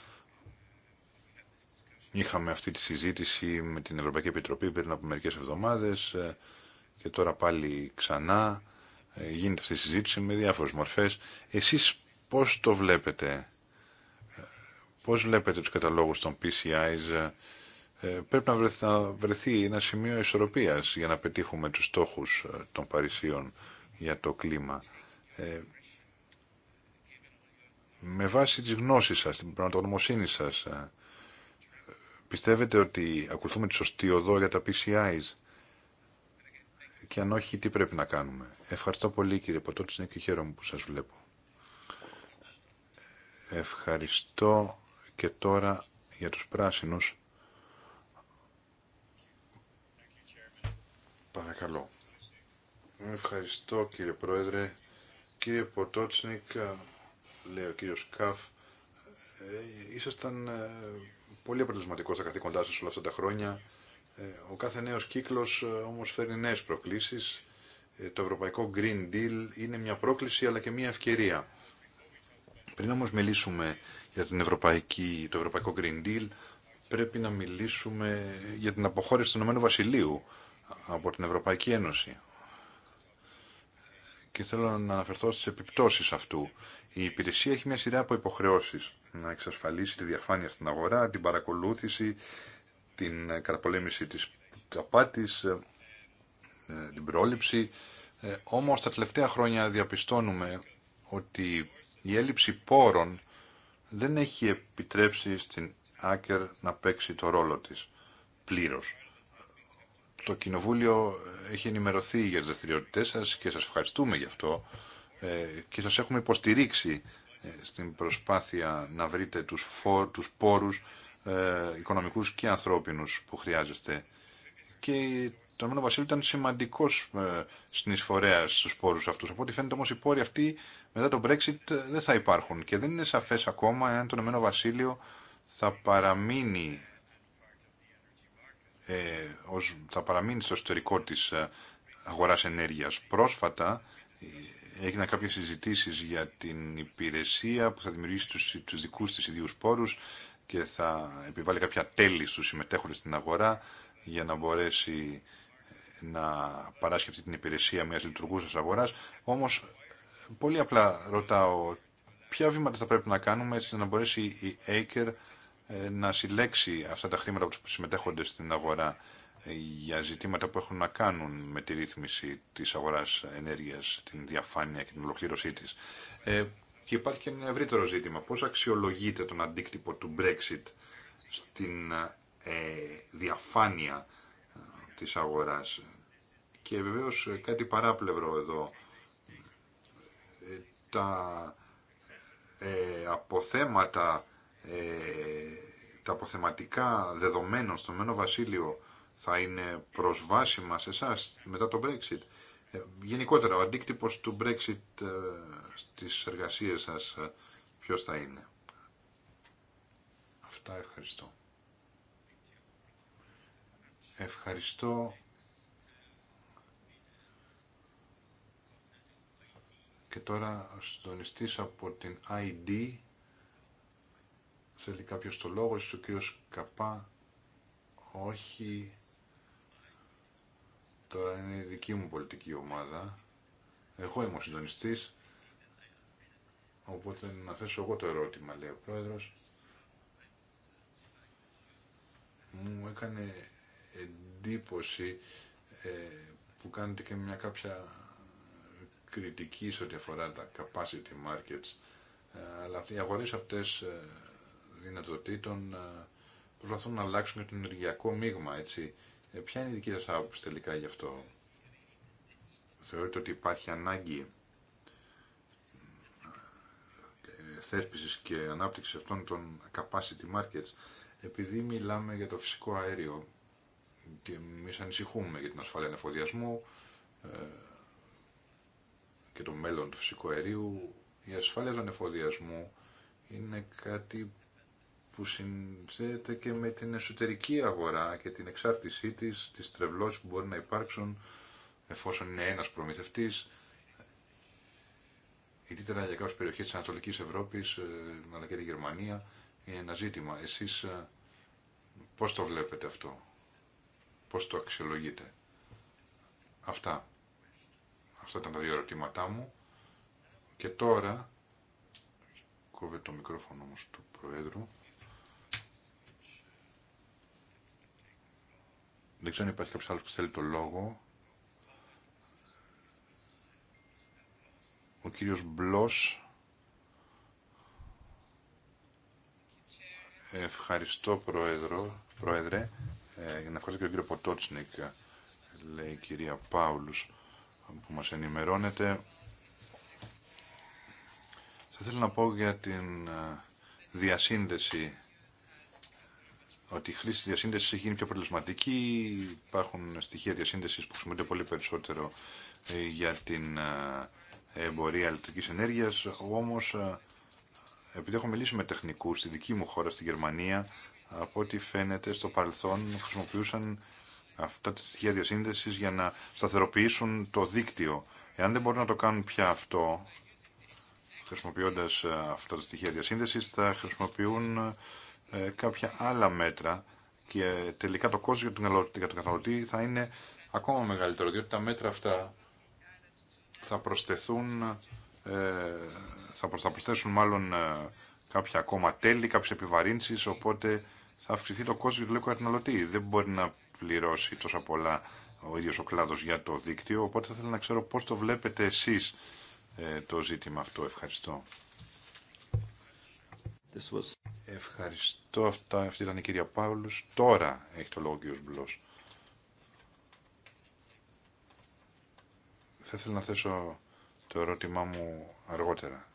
Είχαμε αυτή τη συζήτηση με την Ευρωπαϊκή Επιτροπή πριν από μερικές εβδομάδες ε, και τώρα πάλι ξανά ε, γίνεται αυτή η συζήτηση με διάφορες μορφές. Εσείς πώς το βλέπετε, ε, πώς βλέπετε τους καταλόγους των PCIs, ε, πρέπει να βρεθεί, βρεθεί ένα σημείο ισορροπίας για να πετύχουμε τους στόχους των Παρισίων για το κλίμα. με βάση τις γνώσεις σας, την πραγματογνωμοσύνη σας, πιστεύετε ότι ακολουθούμε τη σωστή οδό για τα PCIs και αν όχι τι πρέπει να κάνουμε. Ευχαριστώ πολύ κύριε Ποτότσινικ και χαίρομαι που σας βλέπω. Ευχαριστώ και τώρα για τους πράσινους. Παρακαλώ. Ευχαριστώ κύριε Πρόεδρε. Κύριε Ποτότσνικ, λέει ο κύριος Καφ, ε, ήσασταν ε, πολύ αποτελεσματικό στα καθήκοντά σας όλα αυτά τα χρόνια. Ε, ο κάθε νέος κύκλος ε, όμως φέρνει νέες προκλήσεις. Ε, το ευρωπαϊκό Green Deal είναι μια πρόκληση αλλά και μια ευκαιρία. Πριν όμως μιλήσουμε για την ευρωπαϊκή, το ευρωπαϊκό Green Deal, πρέπει να μιλήσουμε για την αποχώρηση του Ηνωμένου Βασιλείου από την Ευρωπαϊκή Ένωση. Και θέλω να αναφερθώ στις επιπτώσεις αυτού. Η υπηρεσία έχει μια σειρά από υποχρεώσεις να εξασφαλίσει τη διαφάνεια στην αγορά, την παρακολούθηση, την καταπολέμηση της απάτης, ε, ε, την πρόληψη. Ε, όμως τα τελευταία χρόνια διαπιστώνουμε ότι η έλλειψη πόρων δεν έχει επιτρέψει στην Άκερ να παίξει το ρόλο της πλήρως. Το Κοινοβούλιο έχει ενημερωθεί για τις δραστηριότητές σας και σας ευχαριστούμε γι' αυτό και σας έχουμε υποστηρίξει στην προσπάθεια να βρείτε τους, φο, τους πόρους ε, οικονομικούς και ανθρώπινους που χρειάζεστε. Και το Ηνωμένο Βασίλειο ήταν σημαντικό ε, εισφορέα στου πόρους αυτούς Από ό,τι φαίνεται όμω οι πόροι αυτοί μετά το Brexit ε, δεν θα υπάρχουν και δεν είναι σαφές ακόμα εάν το Ηνωμένο Βασίλειο θα παραμείνει, ε, ως, θα παραμείνει στο εσωτερικό της αγοράς ενέργειας. Πρόσφατα έγιναν κάποιες συζητήσεις για την υπηρεσία που θα δημιουργήσει τους, τους δικούς της ιδίους πόρους και θα επιβάλλει κάποια τέλη στους συμμετέχοντες στην αγορά για να μπορέσει ε, να παράσχει αυτή την υπηρεσία μιας λειτουργούσας αγοράς. Όμως, πολύ απλά ρωτάω, ποια βήματα θα πρέπει να κάνουμε έτσι να μπορέσει η Aker ε, να συλλέξει αυτά τα χρήματα που συμμετέχοντες στην αγορά ε, για ζητήματα που έχουν να κάνουν με τη ρύθμιση της αγοράς ενέργειας, την διαφάνεια και την ολοκλήρωσή της. Και υπάρχει και ένα ευρύτερο ζήτημα. Πώς αξιολογείται τον αντίκτυπο του Brexit στην ε, διαφάνεια ε, της αγοράς. Και βεβαίως ε, κάτι παράπλευρο εδώ. Ε, τα αποθέματα, ε, τα αποθεματικά δεδομένων στο Μένο Βασίλειο θα είναι προσβάσιμα σε εσά μετά το Brexit. Ε, γενικότερα ο αντίκτυπος του Brexit ε, στις εργασίες σας ε, ποιος θα είναι. Αυτά ευχαριστώ. Ευχαριστώ και τώρα ο από την ID θέλει κάποιος το λόγο, ο κύριος Καπά όχι Τώρα είναι η δική μου πολιτική ομάδα. Εγώ είμαι ο συντονιστή. Οπότε να θέσω εγώ το ερώτημα, λέει ο πρόεδρο. Μου έκανε εντύπωση ε, που κάνετε και μια κάποια κριτική σε ό,τι αφορά τα capacity markets. Ε, αλλά οι αγορέ αυτέ ε, δυνατοτήτων ε, προσπαθούν να αλλάξουν και το ενεργειακό μείγμα, έτσι ε, ποια είναι η δική σας άποψη τελικά γι' αυτό. Θεωρείτε ότι υπάρχει ανάγκη ε, θέσπισης και ανάπτυξης αυτών των capacity markets επειδή μιλάμε για το φυσικό αέριο και εμεί ανησυχούμε για την ασφάλεια ανεφοδιασμού ε, και το μέλλον του φυσικού αερίου η ασφάλεια του ανεφοδιασμού είναι κάτι που συνδέεται και με την εσωτερική αγορά και την εξάρτησή της, τις τρευλώσεις που μπορεί να υπάρξουν εφόσον είναι ένας προμηθευτής, ιδιαίτερα για κάποιες περιοχές της Ανατολικής Ευρώπης, ε, αλλά και τη Γερμανία, είναι ένα ζήτημα. Εσείς ε, πώς το βλέπετε αυτό, πώς το αξιολογείτε. Αυτά. Αυτά ήταν τα δύο ερωτήματά μου. Και τώρα, κόβε το μικρόφωνο όμως του Προέδρου. Δεν ξέρω αν υπάρχει κάποιος άλλος που θέλει το λόγο. Ο κύριος Μπλος. Ευχαριστώ, Πρόεδρο, Πρόεδρε. Ε, να ευχαριστώ και τον κύριο Ποτότσνικ, λέει η κυρία Πάουλου που μας ενημερώνεται. Θα ήθελα να πω για την ε, διασύνδεση ότι η χρήση διασύνδεση έχει γίνει πιο αποτελεσματική. Υπάρχουν στοιχεία διασύνδεση που χρησιμοποιούνται πολύ περισσότερο ε, για την ε, εμπορία ηλεκτρική ενέργεια. Όμω, ε, επειδή έχω μιλήσει με τεχνικού στη δική μου χώρα, στη Γερμανία, από ό,τι φαίνεται στο παρελθόν χρησιμοποιούσαν αυτά τα στοιχεία διασύνδεση για να σταθεροποιήσουν το δίκτυο. Εάν δεν μπορούν να το κάνουν πια αυτό, χρησιμοποιώντα αυτά τα στοιχεία διασύνδεση, θα χρησιμοποιούν ε, κάποια άλλα μέτρα και τελικά το κόστος για τον καταναλωτή θα είναι ακόμα μεγαλύτερο, διότι τα μέτρα αυτά θα προσθεθούν, ε, θα προσθέσουν μάλλον ε, κάποια ακόμα τέλη, κάποιες επιβαρύνσεις, οπότε θα αυξηθεί το κόστος για τον καταναλωτή. Δεν μπορεί να πληρώσει τόσα πολλά ο ίδιος ο κλάδος για το δίκτυο, οπότε θα ήθελα να ξέρω πώς το βλέπετε εσείς το ζήτημα αυτό. Ευχαριστώ. This was... Ευχαριστώ. Αυτά, αυτή ήταν η κυρία Πάουλος. Τώρα έχει το λόγο ο κύριος Μπλος. Θα ήθελα να θέσω το ερώτημά μου αργότερα.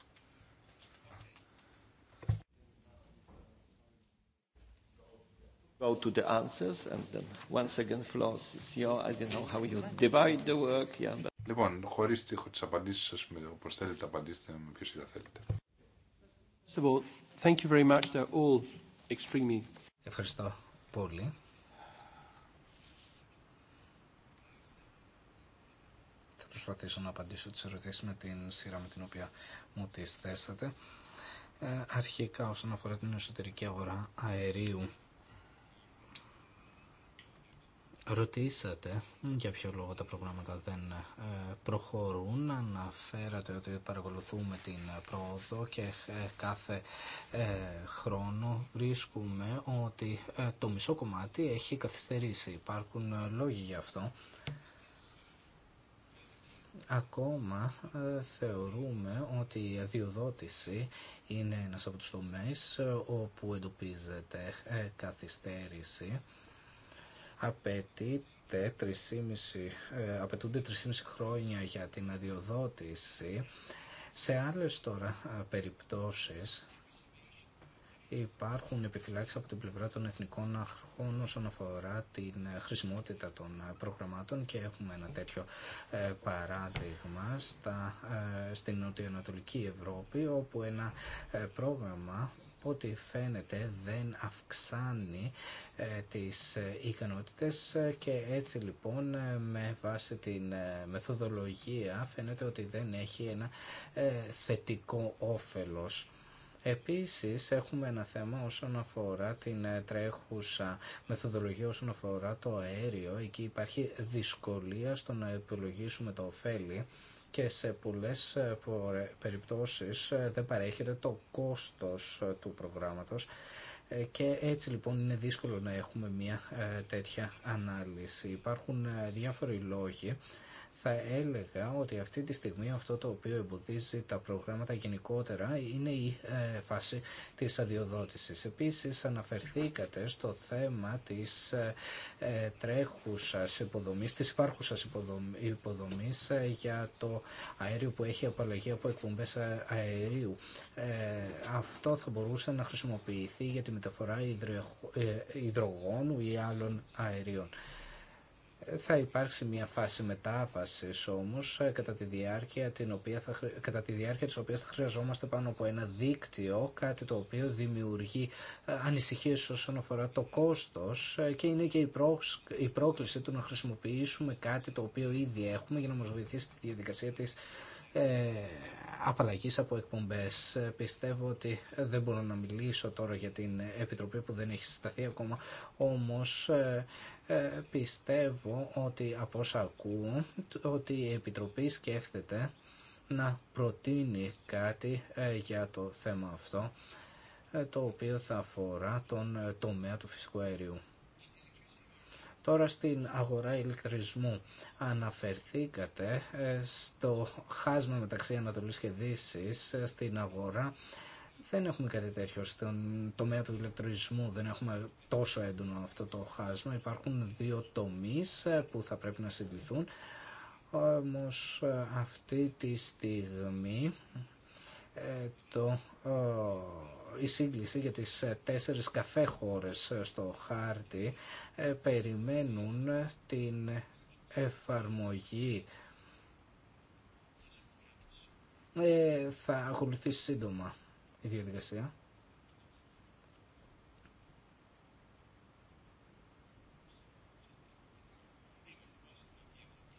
Go to the answers and then once again Floss. is your, I don't know how you divide the work. Yeah, but... Λοιπόν, χωρίς τις απαντήσεις σας, όπως θέλετε απαντήστε με ποιο σειρά θέλετε. Ευχαριστώ πολύ. Θα προσπαθήσω να απαντήσω τις ερωτήσεις με την σειρά με την οποία μου τις θέσατε. Ε, αρχικά όσον αφορά την εσωτερική αγορά αερίου Ρωτήσατε για ποιο λόγο τα προγράμματα δεν ε, προχωρούν. Αναφέρατε ότι παρακολουθούμε την ε, πρόοδο και ε, κάθε χρόνο βρίσκουμε ότι το μισό κομμάτι έχει καθυστερήσει. Υπάρχουν λόγοι γι' αυτό. Ακόμα θεωρούμε ότι η αδειοδότηση είναι ένας από τους τομείς όπου εντοπίζεται καθυστέρηση απαιτείται 3,5, ε, απαιτούνται 3,5 χρόνια για την αδειοδότηση. Σε άλλες τώρα ε, περιπτώσεις υπάρχουν επιφυλάξεις από την πλευρά των εθνικών αρχών όσον αφορά την ε, χρησιμότητα των προγραμμάτων και έχουμε ένα τέτοιο παράδειγμα στα, στην Νοτιοανατολική Ευρώπη όπου ένα πρόγραμμα ό,τι φαίνεται δεν αυξάνει ε, τις ε, ικανότητες ε, και έτσι λοιπόν με βάση την μεθοδολογία φαίνεται ότι δεν έχει ένα θετικό όφελος. Επίσης έχουμε ένα θέμα όσον αφορά την τρέχουσα μεθοδολογία όσον αφορά το αέριο. Εκεί υπάρχει δυσκολία στο να επιλογίσουμε το ωφέλη και σε πολλές ε, ε, περιπτώσεις ε, δεν παρέχεται το κόστος του προγράμματος και έτσι λοιπόν είναι δύσκολο να έχουμε μια τέτοια ανάλυση. Υπάρχουν διάφοροι λόγοι θα έλεγα ότι αυτή τη στιγμή αυτό το οποίο εμποδίζει τα προγράμματα γενικότερα είναι η ε, φάση της αδειοδότησης. Επίσης αναφερθήκατε στο θέμα της ε, ε, τρέχουσας υποδομής, της υπάρχουσας υποδομής για το αέριο που έχει απαλλαγή από εκπομπές αερίου. Αυτό θα μπορούσε να χρησιμοποιηθεί για τη μεταφορά υδρογόνου ή άλλων αερίων. Θα υπάρξει μια φάση μετάβασης όμως ε, κατά τη διάρκεια, τη οποία θα, κατά τη διάρκεια της οποίας θα χρειαζόμαστε πάνω από ένα δίκτυο, κάτι το οποίο δημιουργεί ε, ανησυχίες όσον αφορά το κόστος ε, και είναι και η, η πρόκληση του να χρησιμοποιήσουμε κάτι το οποίο ήδη έχουμε για να μας βοηθήσει στη διαδικασία της ε, απαλλαγής από εκπομπές. Πιστεύω ότι δεν μπορώ να μιλήσω τώρα για την Επιτροπή που δεν έχει συσταθεί ακόμα, όμως ε, ε, πιστεύω ότι από όσα ακούω ότι η Επιτροπή σκέφτεται να προτείνει κάτι ε, για το θέμα αυτό ε, το οποίο θα αφορά τον τομέα του φυσικού αερίου. Τώρα στην αγορά ηλεκτρισμού αναφερθήκατε στο χάσμα μεταξύ Ανατολής και Δύσης στην αγορά δεν έχουμε κάτι τέτοιο. Στον τομέα του ηλεκτρονισμού δεν έχουμε τόσο έντονο αυτό το χάσμα. Υπάρχουν δύο τομείς ε, που θα πρέπει να συγκληθούν. Όμως ε, αυτή τη στιγμή ε, το, η σύγκληση για τις τέσσερις καφέ χώρες στο χάρτη περιμένουν την εφαρμογή θα ακολουθήσει σύντομα η διαδικασία.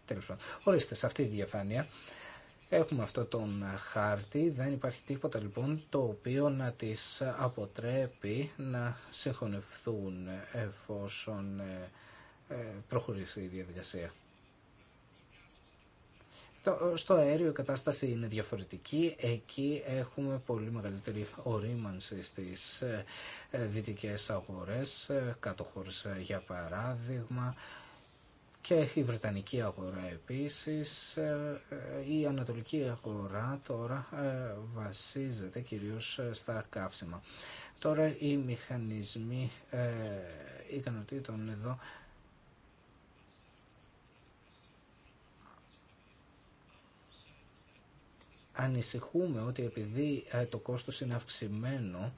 Τέλος πάντων. Ορίστε, σε αυτή τη διαφάνεια έχουμε αυτό τον χάρτη. Δεν υπάρχει τίποτα λοιπόν το οποίο να τις αποτρέπει να συγχωνευθούν εφόσον ε, ε, προχωρήσει η διαδικασία στο αέριο η κατάσταση είναι διαφορετική. Εκεί έχουμε πολύ μεγαλύτερη ορίμανση στις ε, ε, δυτικές αγορές, ε, κάτω για παράδειγμα, και η Βρετανική αγορά επίσης. Η Ανατολική αγορά τώρα βασίζεται κυρίως στα καύσιμα. Τώρα οι μηχανισμοί ικανοτήτων εδώ ανησυχούμε ότι επειδή ε, το κόστος είναι αυξημένο,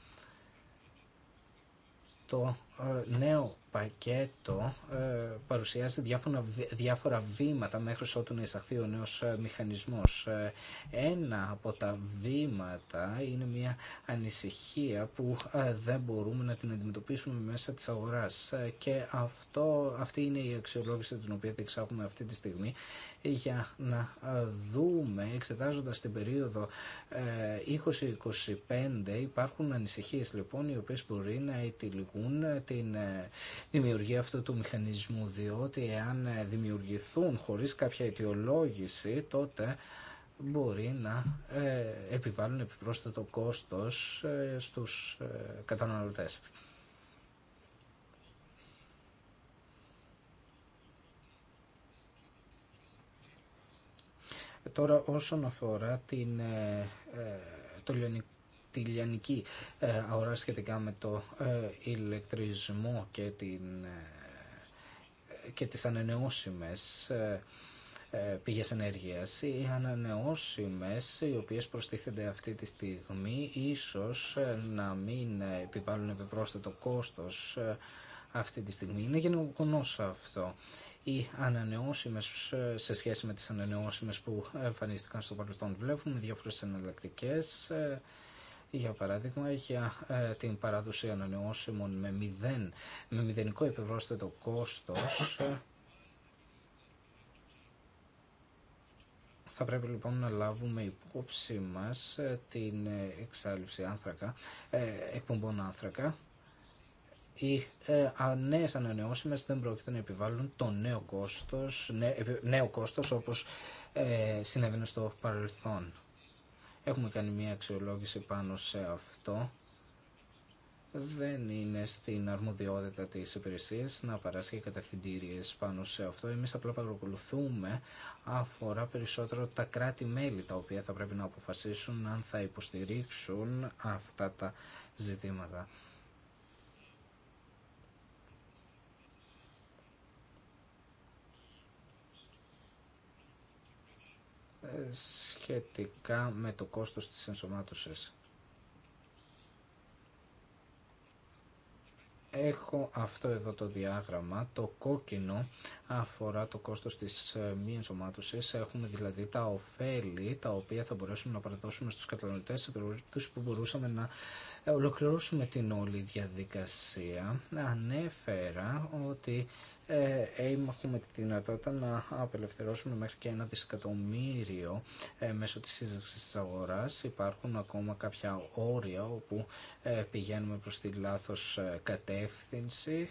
το ε, νέο πακέτο ε, παρουσιάζει διάφορα, διάφορα βήματα μέχρι ότου να εισαχθεί ο νέος ε, μηχανισμός. Ένα από τα βήματα είναι μια ανησυχία που δεν μπορούμε να την αντιμετωπίσουμε μέσα της αγοράς και αυτό, αυτή είναι η αξιολόγηση την οποία διεξάγουμε αυτή τη στιγμή για να δούμε, εξετάζοντας την περίοδο 20 20-25 υπάρχουν ανησυχίες λοιπόν οι οποίες μπορεί να ετυλιγούν την ε, δημιουργία αυτού του μηχανισμού διότι εάν ε, δημιουργηθούν χωρίς κάποια αιτιολόγηση τότε μπορεί να ε, επιβάλλουν επιπρόσθετο κόστος στους καταναλωτές. Τώρα όσον αφορά την, το λιονικό τη λιανική ε, αγορά σχετικά με το ε, ηλεκτρισμό και, την, ε, και τις ανανεώσιμες πηγές ενέργειας. Οι ανανεώσιμες οι οποίες προστίθενται αυτή τη στιγμή ίσως να μην επιβάλλουν επιπρόσθετο κόστος αυτή τη στιγμή. Είναι γενικό αυτό. Οι ανανεώσιμες σε σχέση με τις ανανεώσιμες που εμφανίστηκαν στο παρελθόν βλέπουμε διάφορες εναλλακτικές για παράδειγμα, για ε, την παράδοση ανανεώσιμων με, μηδέν, με μηδενικό επιβρόσθετο κόστος. Θα πρέπει λοιπόν να λάβουμε υπόψη μας ε, την ε, εξάλληψη άνθρακα, εκπομπών άνθρακα. Οι νέες ανανεώσιμες δεν πρόκειται να επιβάλλουν το νέο κόστος, νέο κόστος όπως συνέβαινε στο παρελθόν. Έχουμε κάνει μια αξιολόγηση πάνω σε αυτό. Δεν είναι στην αρμοδιότητα της υπηρεσίας να παράσχει κατευθυντήριες πάνω σε αυτό. Εμείς απλά παρακολουθούμε αφορά περισσότερο τα κράτη-μέλη τα οποία θα πρέπει να αποφασίσουν αν θα υποστηρίξουν αυτά τα ζητήματα. σχετικά με το κόστος της ενσωμάτωσης. Έχω αυτό εδώ το διάγραμμα, το κόκκινο αφορά το κόστος της ε, μη ενσωμάτωσης, έχουμε δηλαδή τα ωφέλη τα οποία θα μπορέσουμε να παραδώσουμε στους καταναλωτές σε που μπορούσαμε να ε, ολοκληρώσουμε την όλη διαδικασία, ανέφερα ότι έχουμε ε, τη δυνατότητα να απελευθερώσουμε μέχρι και ένα δισεκατομμύριο ε, μέσω της σύζευξης της αγοράς. Υπάρχουν ακόμα κάποια όρια όπου πηγαίνουμε προς τη λάθος κατεύθυνση.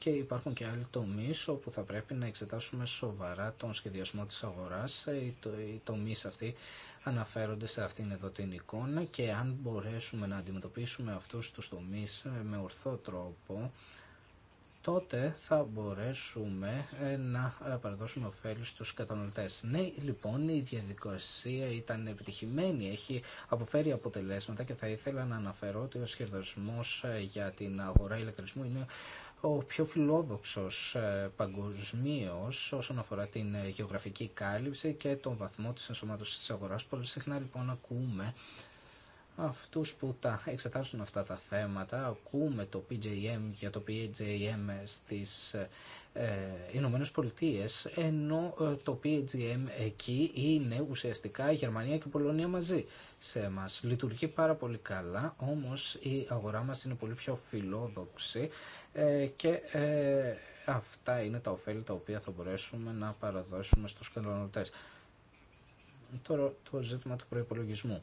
και υπάρχουν και άλλοι τομεί όπου θα πρέπει να εξετάσουμε σοβαρά τον σχεδιασμό της αγοράς. Ε, οι τομεί αυτοί αναφέρονται σε αυτήν εδώ την εικόνα και αν μπορέσουμε να αντιμετωπίσουμε αυτούς τους τομείς ε, με ορθό τρόπο, τότε θα μπορέσουμε ε, να παραδώσουμε ωφέλη στους κατανοητές. Ναι, λοιπόν, η διαδικασία ήταν επιτυχημένη, έχει αποφέρει αποτελέσματα και θα ήθελα να αναφέρω ότι ο σχεδιασμός για την αγορά ηλεκτρισμού είναι ο πιο φιλόδοξος ε, παγκοσμίω όσον αφορά την ε, γεωγραφική κάλυψη και τον βαθμό της ενσωμάτωσης της αγοράς. Πολύ συχνά λοιπόν ακούμε αυτούς που τα εξετάσουν αυτά τα θέματα. Ακούμε το PJM για το PJM στις ε, Ηνωμένε Πολιτείε, ενώ ε, το PJM εκεί είναι ουσιαστικά η Γερμανία και η Πολωνία μαζί σε εμά. Λειτουργεί πάρα πολύ καλά, όμως η αγορά μας είναι πολύ πιο φιλόδοξη ε, και ε, αυτά είναι τα ωφέλη τα οποία θα μπορέσουμε να παραδώσουμε στου καταναλωτέ. Τώρα το ζήτημα του προπολογισμού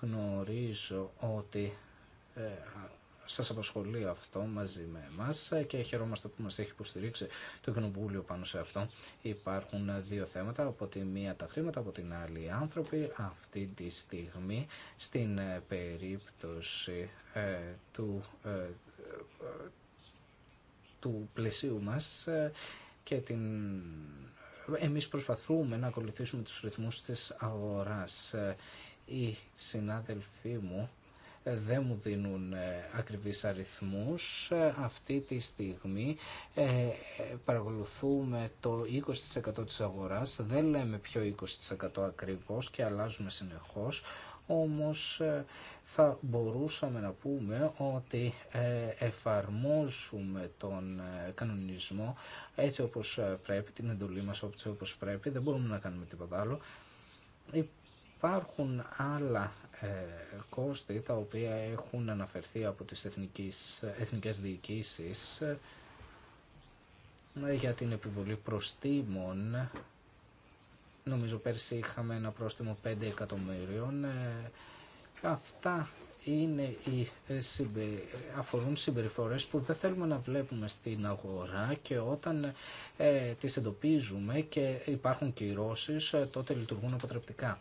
γνωρίζω ότι ε, σας απασχολεί αυτό μαζί με εμάς και χαιρόμαστε που μας έχει υποστηρίξει το Κοινοβούλιο πάνω σε αυτό. Υπάρχουν δύο θέματα, από τη μία τα χρήματα, από την άλλη οι άνθρωποι. Αυτή τη στιγμή στην ε, περίπτωση ε, του, ε, του πλαισίου μας και την εμείς προσπαθούμε να ακολουθήσουμε τους ρυθμούς της αγοράς οι συνάδελφοί μου ε, δεν μου δίνουν ε, ακριβείς αριθμούς. Ε, αυτή τη στιγμή παρακολουθούμε το 20% της αγοράς, δεν λέμε ποιο 20% ακριβώς και αλλάζουμε συνεχώς, όμως θα μπορούσαμε να πούμε ότι εφαρμόζουμε τον κανονισμό έτσι όπως πρέπει, την εντολή μας όπως πρέπει, δεν μπορούμε να κάνουμε τίποτα άλλο Υπάρχουν άλλα ε, κόστη τα οποία έχουν αναφερθεί από τις εθνικές, εθνικές διοικήσεις ε, για την επιβολή προστήμων. Νομίζω πέρσι είχαμε ένα πρόστιμο 5 εκατομμύριων. Ε, αυτά είναι οι, ε, αφορούν συμπεριφορές που δεν θέλουμε να βλέπουμε στην αγορά και όταν ε, τις εντοπίζουμε και υπάρχουν κυρώσεις ε, τότε λειτουργούν αποτρεπτικά.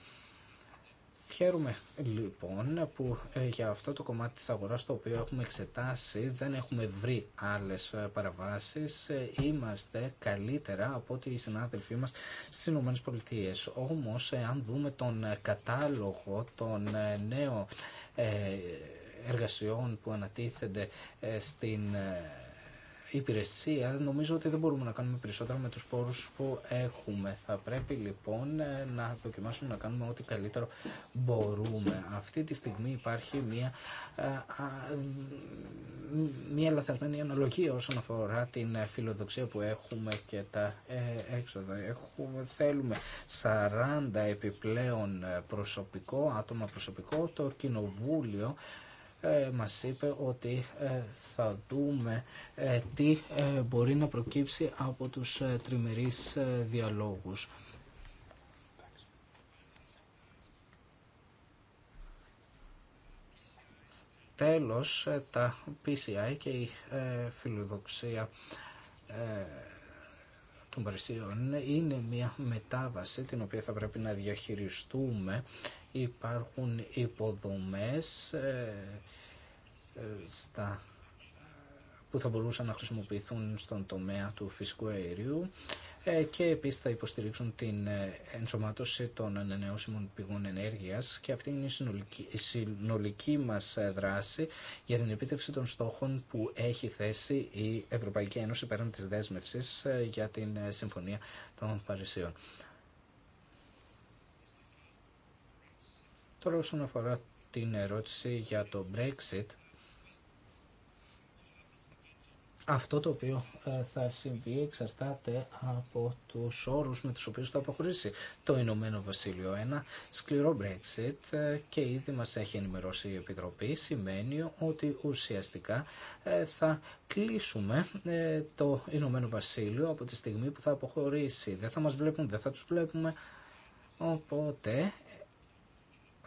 Χαίρομαι λοιπόν που ε, για αυτό το κομμάτι της αγοράς το οποίο έχουμε εξετάσει δεν έχουμε βρει άλλες ε, παραβάσεις. Ε, είμαστε καλύτερα από ότι οι συνάδελφοί μας στις Ηνωμένες Όμως αν δούμε τον κατάλογο των νέων εργασιών που ανατίθενται στην υπηρεσία, νομίζω ότι δεν μπορούμε να κάνουμε περισσότερα με τους πόρους που έχουμε. Θα πρέπει λοιπόν ε, να δοκιμάσουμε να κάνουμε ό,τι καλύτερο μπορούμε. Αυτή τη στιγμή υπάρχει μια, ε, μια λαθασμένη αναλογία όσον αφορά την ε, φιλοδοξία που έχουμε και τα έξοδα. Έχουμε, θέλουμε 40 επιπλέον προσωπικό, άτομα προσωπικό, το κοινοβούλιο ε, μας είπε ότι ε, θα δούμε ε, τι μπορεί να προκύψει από τους τριμερείς διαλόγους. Τέλος, τα PCI και η φιλοδοξία των Παρισίων είναι μια μετάβαση την οποία θα πρέπει να διαχειριστούμε υπάρχουν υποδομές ε, ε, στα που θα μπορούσαν να χρησιμοποιηθούν στον τομέα του φυσικού αερίου ε, και επίσης θα υποστηρίξουν την ενσωμάτωση των ανανεώσιμων πηγών ενέργειας και αυτή είναι η συνολική, η συνολική μας δράση για την επίτευξη των στόχων που έχει θέσει η Ευρωπαϊκή Ένωση πέραν της δέσμευσης για την Συμφωνία των Παρισιών. Τώρα όσον αφορά την ερώτηση για το Brexit, αυτό το οποίο ε, θα συμβεί εξαρτάται από τους όρους με τους οποίους θα αποχωρήσει το Ηνωμένο Βασίλειο. Ένα σκληρό Brexit ε, και ήδη μας έχει ενημερώσει η Επιτροπή σημαίνει ότι ουσιαστικά ε, θα κλείσουμε το Ηνωμένο Βασίλειο από τη στιγμή που θα αποχωρήσει. Δεν θα μας βλέπουν, δεν θα τους βλέπουμε. Οπότε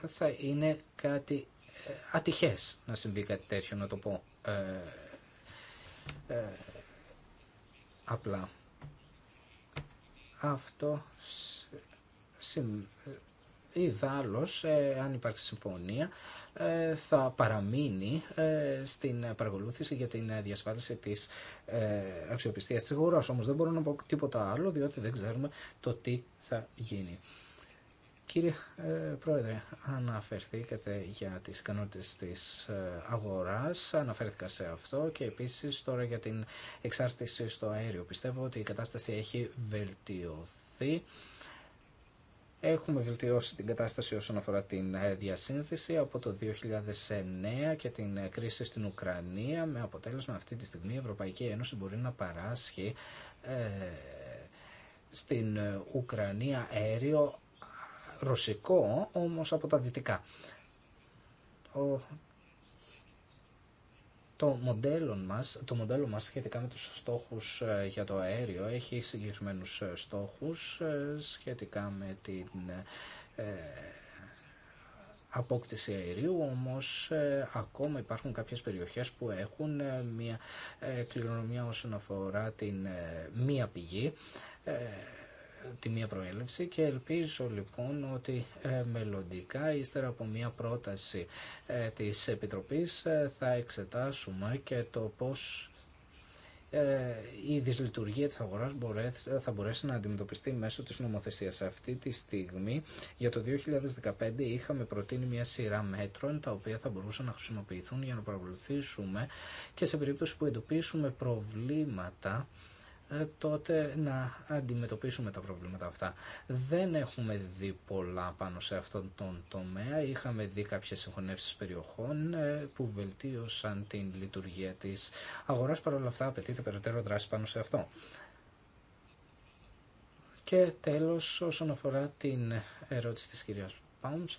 θα είναι κάτι ε, ατυχές να συμβεί κάτι τέτοιο, να το πω ε, ε, απλά. Αυτό ιδάλλως, ε, αν υπάρξει συμφωνία, θα παραμείνει στην παρακολούθηση για την διασφάλιση της αξιοπιστίας της χώρας. Όμως δεν μπορώ να πω τίποτα άλλο, διότι δεν ξέρουμε το τι θα γίνει. Κύριε ε, Πρόεδρε, αναφερθήκατε για τις ικανότητες της ε, αγοράς, αναφέρθηκα σε αυτό και επίσης τώρα για την εξάρτηση στο αέριο. Πιστεύω ότι η κατάσταση έχει βελτιωθεί. Έχουμε βελτιώσει την κατάσταση όσον αφορά την ε, διασύνθεση από το 2009 και την κρίση στην Ουκρανία με αποτέλεσμα αυτή τη στιγμή η Ευρωπαϊκή Ένωση μπορεί να παράσχει στην Ουκρανία αέριο ρωσικό, όμως από τα δυτικά. Το μοντέλο, μας, το μοντέλο μας σχετικά με τους στόχους ε, για το αέριο έχει συγκεκριμένους ε, στόχους ε, σχετικά με την απόκτηση αερίου, όμως ακόμα υπάρχουν κάποιες περιοχές που έχουν μια ε, κληρονομιά όσον αφορά την μία πηγή τη μία προέλευση και ελπίζω λοιπόν ότι ε, μελλοντικά ύστερα από μία πρόταση ε, της Επιτροπής ε, θα εξετάσουμε και το πώς η δυσλειτουργία της αγοράς θα μπορέσει να αντιμετωπιστεί μέσω της νομοθεσίας. Αυτή τη στιγμή για το 2015 είχαμε προτείνει μια σειρά μέτρων τα οποία θα μπορούσαν να χρησιμοποιηθούν για να παρακολουθήσουμε και σε περίπτωση που εντοπίσουμε προβλήματα ε, τότε να αντιμετωπίσουμε τα προβλήματα αυτά. Δεν έχουμε δει πολλά πάνω σε αυτόν τον τομέα. Είχαμε δει κάποιες συγχωνεύσεις περιοχών ε, που βελτίωσαν την λειτουργία της αγοράς. Παρ' όλα αυτά απαιτείται περαιτέρω δράση πάνω σε αυτό. Και τέλος όσον αφορά την ερώτηση της κυρίας Πάουμς.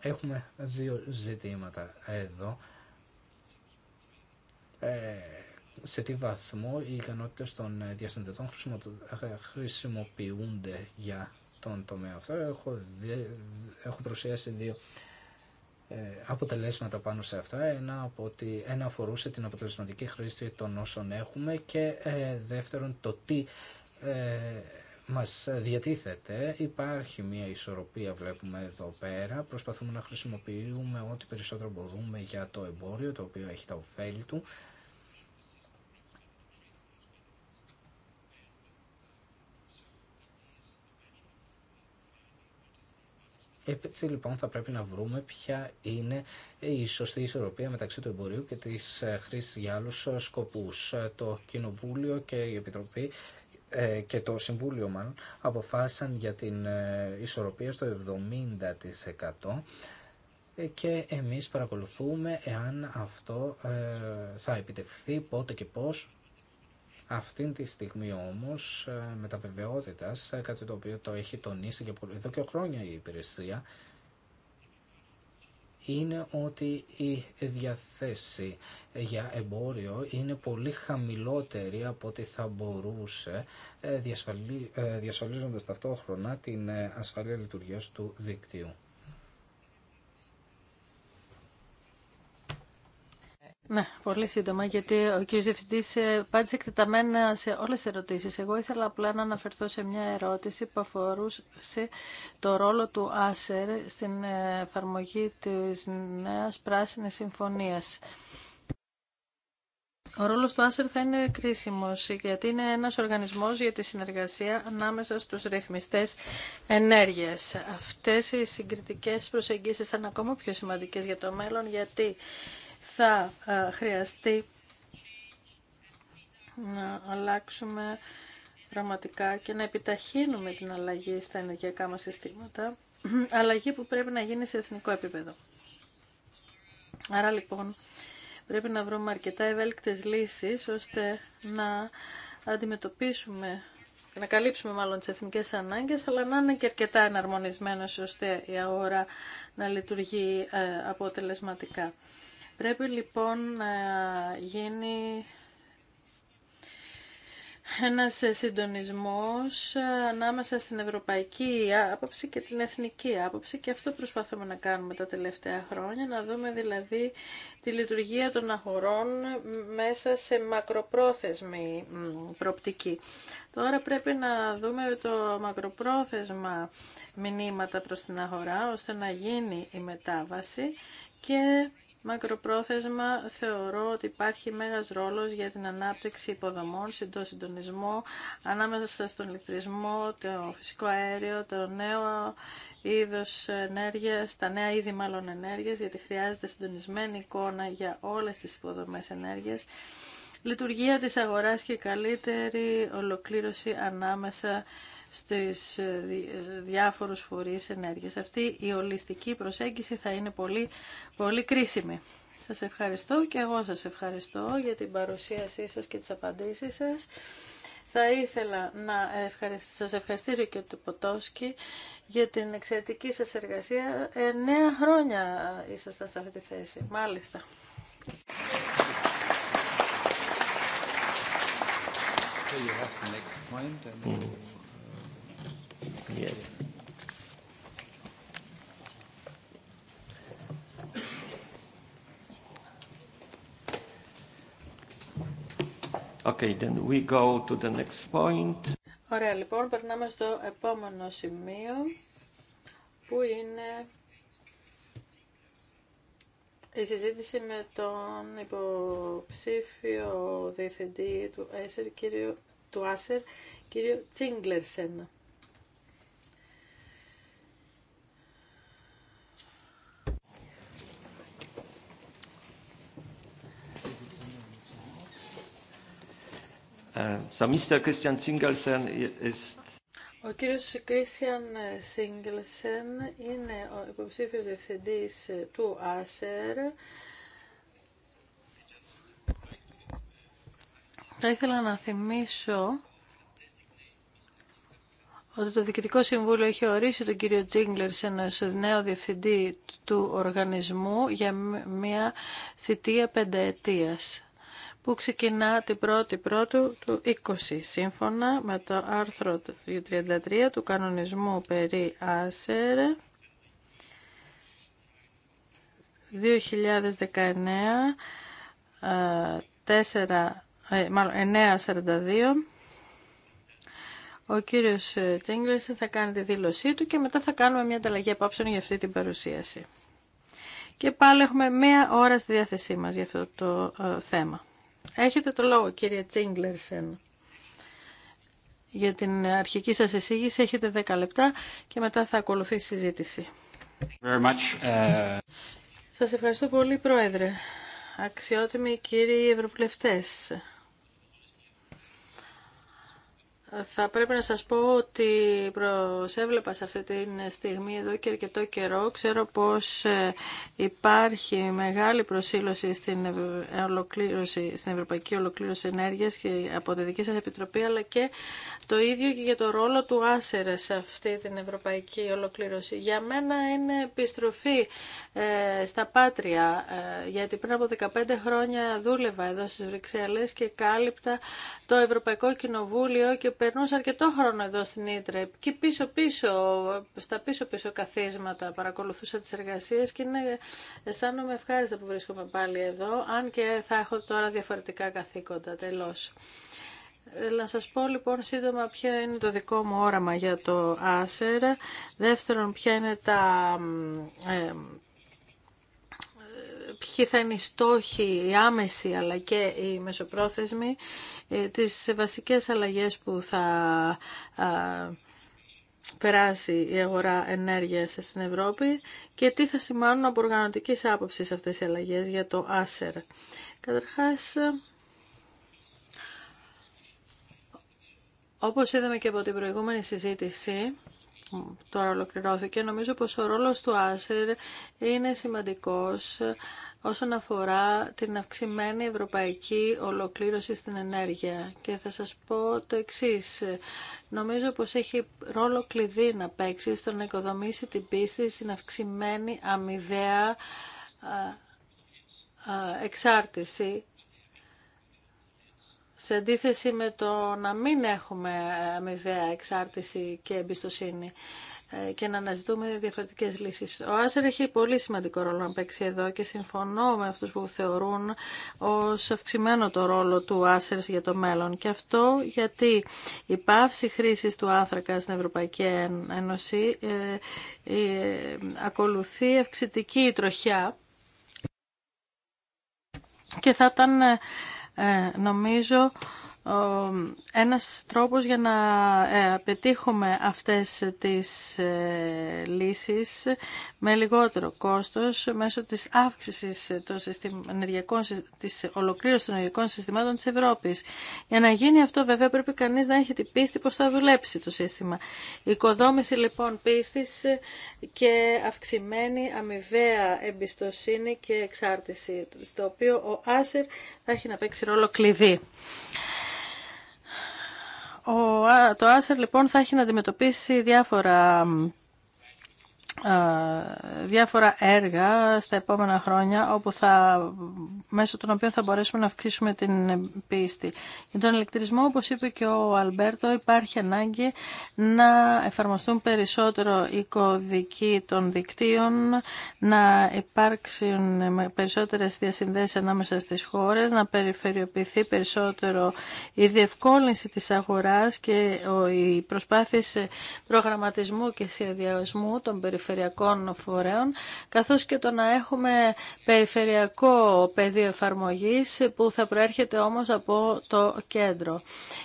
Έχουμε δύο ζητήματα εδώ. Ε, σε τι βαθμό οι ικανότητε των ε, διασυνδετών ε, χρησιμοποιούνται για τον τομέα αυτό. Έχω, δι, έχω δύο αποτελέσματα πάνω σε αυτά. Ένα, από ότι, ένα αφορούσε την αποτελεσματική χρήση των όσων έχουμε και δεύτερον το τι ε, μας διατίθεται. Υπάρχει μια ισορροπία βλέπουμε εδώ πέρα. Προσπαθούμε να χρησιμοποιούμε ό,τι περισσότερο μπορούμε για το εμπόριο το οποίο έχει τα ωφέλη του Έτσι λοιπόν θα πρέπει να βρούμε ποια είναι η σωστή ισορροπία μεταξύ του εμπορίου και της ε, χρήσης για άλλους ε, σκοπούς. Ε, το Κοινοβούλιο και η Επιτροπή και το Συμβούλιο μάλλον αποφάσισαν για την ισορροπία στο 70% και εμείς παρακολουθούμε εάν αυτό θα επιτευχθεί, πότε και πώς αυτή τη στιγμή όμως ε, με τα βεβαιότητας, ε, κάτι το οποίο το έχει τονίσει και εδώ και χρόνια η υπηρεσία, είναι ότι η διαθέση για εμπόριο είναι πολύ χαμηλότερη από ό,τι θα μπορούσε, ε, διασφαλίζοντας ταυτόχρονα την ασφαλή λειτουργία του δικτύου. Ναι, πολύ σύντομα, γιατί ο κ. Διευθυντή ε, απάντησε εκτεταμένα σε όλε τι ερωτήσει. Εγώ ήθελα απλά να αναφερθώ σε μια ερώτηση που αφορούσε το ρόλο του ΆΣΕΡ στην ε, εφαρμογή τη νέα πράσινη συμφωνία. Ο ρόλος του Άσερ θα είναι κρίσιμος, γιατί είναι ένας οργανισμός για τη συνεργασία ανάμεσα στου ρυθμιστέ ενέργεια. Αυτέ οι συγκριτικέ προσεγγίσεις θα είναι ακόμα πιο σημαντικέ για το μέλλον, γιατί θα ε, χρειαστεί να αλλάξουμε πραγματικά και να επιταχύνουμε την αλλαγή στα ενεργειακά μας συστήματα, αλλαγή που πρέπει να γίνει σε εθνικό επίπεδο. Άρα λοιπόν πρέπει να βρούμε αρκετά ευέλικτες λύσεις ώστε να αντιμετωπίσουμε να καλύψουμε μάλλον τις εθνικές ανάγκες, αλλά να είναι και αρκετά εναρμονισμένος ώστε η αγορά να λειτουργεί ε, αποτελεσματικά. Πρέπει λοιπόν να γίνει ένας συντονισμός ανάμεσα στην ευρωπαϊκή άποψη και την εθνική άποψη και αυτό προσπαθούμε να κάνουμε τα τελευταία χρόνια, να δούμε δηλαδή τη λειτουργία των αγορών μέσα σε μακροπρόθεσμη προοπτική. Τώρα πρέπει να δούμε το μακροπρόθεσμα μηνύματα προς την αγορά ώστε να γίνει η μετάβαση και Μακροπρόθεσμα θεωρώ ότι υπάρχει μέγας ρόλος για την ανάπτυξη υποδομών, το συντονισμό ανάμεσα στον ηλεκτρισμό, το φυσικό αέριο, το νέο είδος ενέργειας, τα νέα είδη μάλλον ενέργειας, γιατί χρειάζεται συντονισμένη εικόνα για όλες τις υποδομές ενέργειας, λειτουργία της αγοράς και καλύτερη ολοκλήρωση ανάμεσα στις ε, ε, διάφορους φορείς ενέργειας. Αυτή η ολιστική προσέγγιση θα είναι πολύ, πολύ κρίσιμη. Σας ευχαριστώ και εγώ σας ευχαριστώ για την παρουσίασή σας και τις απαντήσεις σας. Θα ήθελα να ευχαριστήσω, σας ευχαριστήσω και του Ποτόσκι για την εξαιρετική σας εργασία. Εννέα χρόνια ήσασταν σε αυτή τη θέση. Μάλιστα. Mm. Ωραία, λοιπόν, περνάμε στο επόμενο σημείο που είναι η συζήτηση με τον υποψήφιο διευθυντή του ΑΣΕΡ, κύριο, του Άσερ, κύριο Τσίγκλερσεν. Ε, ο κύριος Κρίστιαν Σίγγελσεν είναι ο υποψήφιος διευθυντής ε, του ΆΣΕΡ. Θα ήθελα να θυμίσω ότι το Διοικητικό Συμβούλιο έχει ορίσει τον κύριο Τζίγκλερσεν ως νέο διευθυντή του οργανισμού για μια θητεία πενταετίας που ξεκινά την 1η Πρώτου του 20, σύμφωνα με το άρθρο 33 του κανονισμού περί ΑΣΕΡ 2019 942 ο κύριος Τσίγκλερσεν θα κάνει τη δήλωσή του και μετά θα κάνουμε μια ανταλλαγή απόψεων για αυτή την παρουσίαση. Και πάλι έχουμε μία ώρα στη διάθεσή μας για αυτό το ε, θέμα. Έχετε το λόγο κύριε Τσίγκλερσεν. Για την αρχική σας εισήγηση έχετε 10 λεπτά και μετά θα ακολουθήσει η συζήτηση. Very uh, Σας ευχαριστώ πολύ Πρόεδρε. Αξιότιμοι κύριοι Ευρωβουλευτές. Θα πρέπει να σας πω ότι προσέβλεπα σε αυτή τη στιγμή εδώ και αρκετό καιρό. Ξέρω πως ε, υπάρχει μεγάλη προσήλωση στην, ολοκλήρωση, στην Ευρωπαϊκή Ολοκλήρωση Ενέργειας και από τη δική σας Επιτροπή, αλλά και το ίδιο και για το ρόλο του Άσερ σε αυτή την Ευρωπαϊκή Ολοκλήρωση. Για μένα είναι επιστροφή ε, στα πάτρια, ε, γιατί πριν από 15 χρόνια δούλευα εδώ στις Βρυξέλλες και κάλυπτα το Ευρωπαϊκό Κοινοβούλιο και περνούσα αρκετό χρόνο εδώ στην Ήτρε και πίσω-πίσω, στα πίσω-πίσω καθίσματα παρακολουθούσα τις εργασίες και είναι, αισθάνομαι ευχάριστα που βρίσκομαι πάλι εδώ, αν και θα έχω τώρα διαφορετικά καθήκοντα τελώς. Ε, να σας πω λοιπόν σύντομα ποιο είναι το δικό μου όραμα για το Άσερ, δεύτερον ποια είναι τα... Ε, ποιοι θα είναι οι στόχοι, οι άμεση αλλά και οι μεσοπρόθεσμοι, ε, τις βασικές αλλαγές που θα περάσει η αγορά ενέργειας στην Ευρώπη και τι θα σημάνουν από οργανωτικής άποψης αυτές οι αλλαγές για το ΆΣΕΡ. Καταρχάς, όπως είδαμε και από την προηγούμενη συζήτηση, τώρα ολοκληρώθηκε. Νομίζω πως ο ρόλος του Άσερ είναι σημαντικός όσον αφορά την αυξημένη ευρωπαϊκή ολοκλήρωση στην ενέργεια. Και θα σας πω το εξής. Νομίζω πως έχει ρόλο κλειδί να παίξει στο να οικοδομήσει την πίστη στην αυξημένη αμοιβαία εξάρτηση σε αντίθεση με το να μην έχουμε αμοιβαία εξάρτηση και εμπιστοσύνη ε, και να αναζητούμε διαφορετικές λύσεις. Ο Άσερ έχει πολύ σημαντικό ρόλο να παίξει εδώ και συμφωνώ με αυτούς που θεωρούν ω αυξημένο το ρόλο του Άσερ για το μέλλον. Και αυτό γιατί η πάυση χρήση του άνθρακα στην Ευρωπαϊκή Ένωση ε, ε, ακολουθεί αυξητική τροχιά και θα ήταν ε, νομίζω ένας τρόπος για να ε, πετύχουμε αυτές τις ε, λύσεις με λιγότερο κόστος μέσω της αύξησης των ενεργειακών, της ολοκλήρωσης των ενεργειακών συστημάτων της Ευρώπης. Για να γίνει αυτό βέβαια πρέπει κανείς να έχει την πίστη πως θα δουλέψει το σύστημα. Η οικοδόμηση λοιπόν πίστης και αυξημένη αμοιβαία εμπιστοσύνη και εξάρτηση, στο οποίο ο Άσερ θα έχει να παίξει ρόλο κλειδί. Ο, το Άσερ λοιπόν θα έχει να αντιμετωπίσει διάφορα διάφορα έργα στα επόμενα χρόνια όπου θα, μέσω των οποίων θα μπορέσουμε να αυξήσουμε την πίστη. Για τον ηλεκτρισμό, όπως είπε και ο Αλμπέρτο, υπάρχει ανάγκη να εφαρμοστούν περισσότερο οι κωδικοί των δικτύων, να υπάρξουν περισσότερες διασυνδέσεις ανάμεσα στις χώρες, να περιφερειοποιηθεί περισσότερο η διευκόλυνση της αγοράς και οι προσπάθειες ε, προγραμματισμού και σχεδιασμού των περιφερειών περιφερειακών φορέων, καθώς και το να έχουμε περιφερειακό πεδίο εφαρμογής που θα προέρχεται όμως από το κέντρο.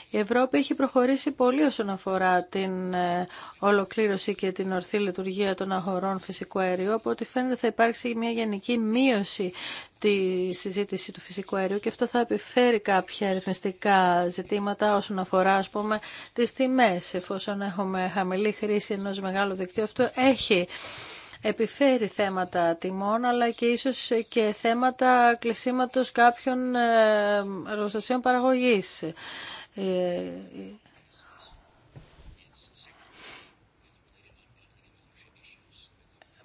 Η Ευρώπη έχει προχωρήσει πολύ όσον αφορά την ε, ολοκλήρωση και την ορθή λειτουργία των αγορών φυσικού αερίου, από ό,τι φαίνεται θα υπάρξει μια γενική μείωση τη συζήτηση του φυσικού αερίου και αυτό θα επιφέρει κάποια αριθμιστικά ζητήματα όσον αφορά ας πούμε τις τιμές εφόσον έχουμε χαμηλή χρήση ενός μεγάλου δικτύου αυτό έχει επιφέρει θέματα τιμών αλλά και ίσως και θέματα κλεισίματος κάποιων ε, εργοστασίων παραγωγής ε,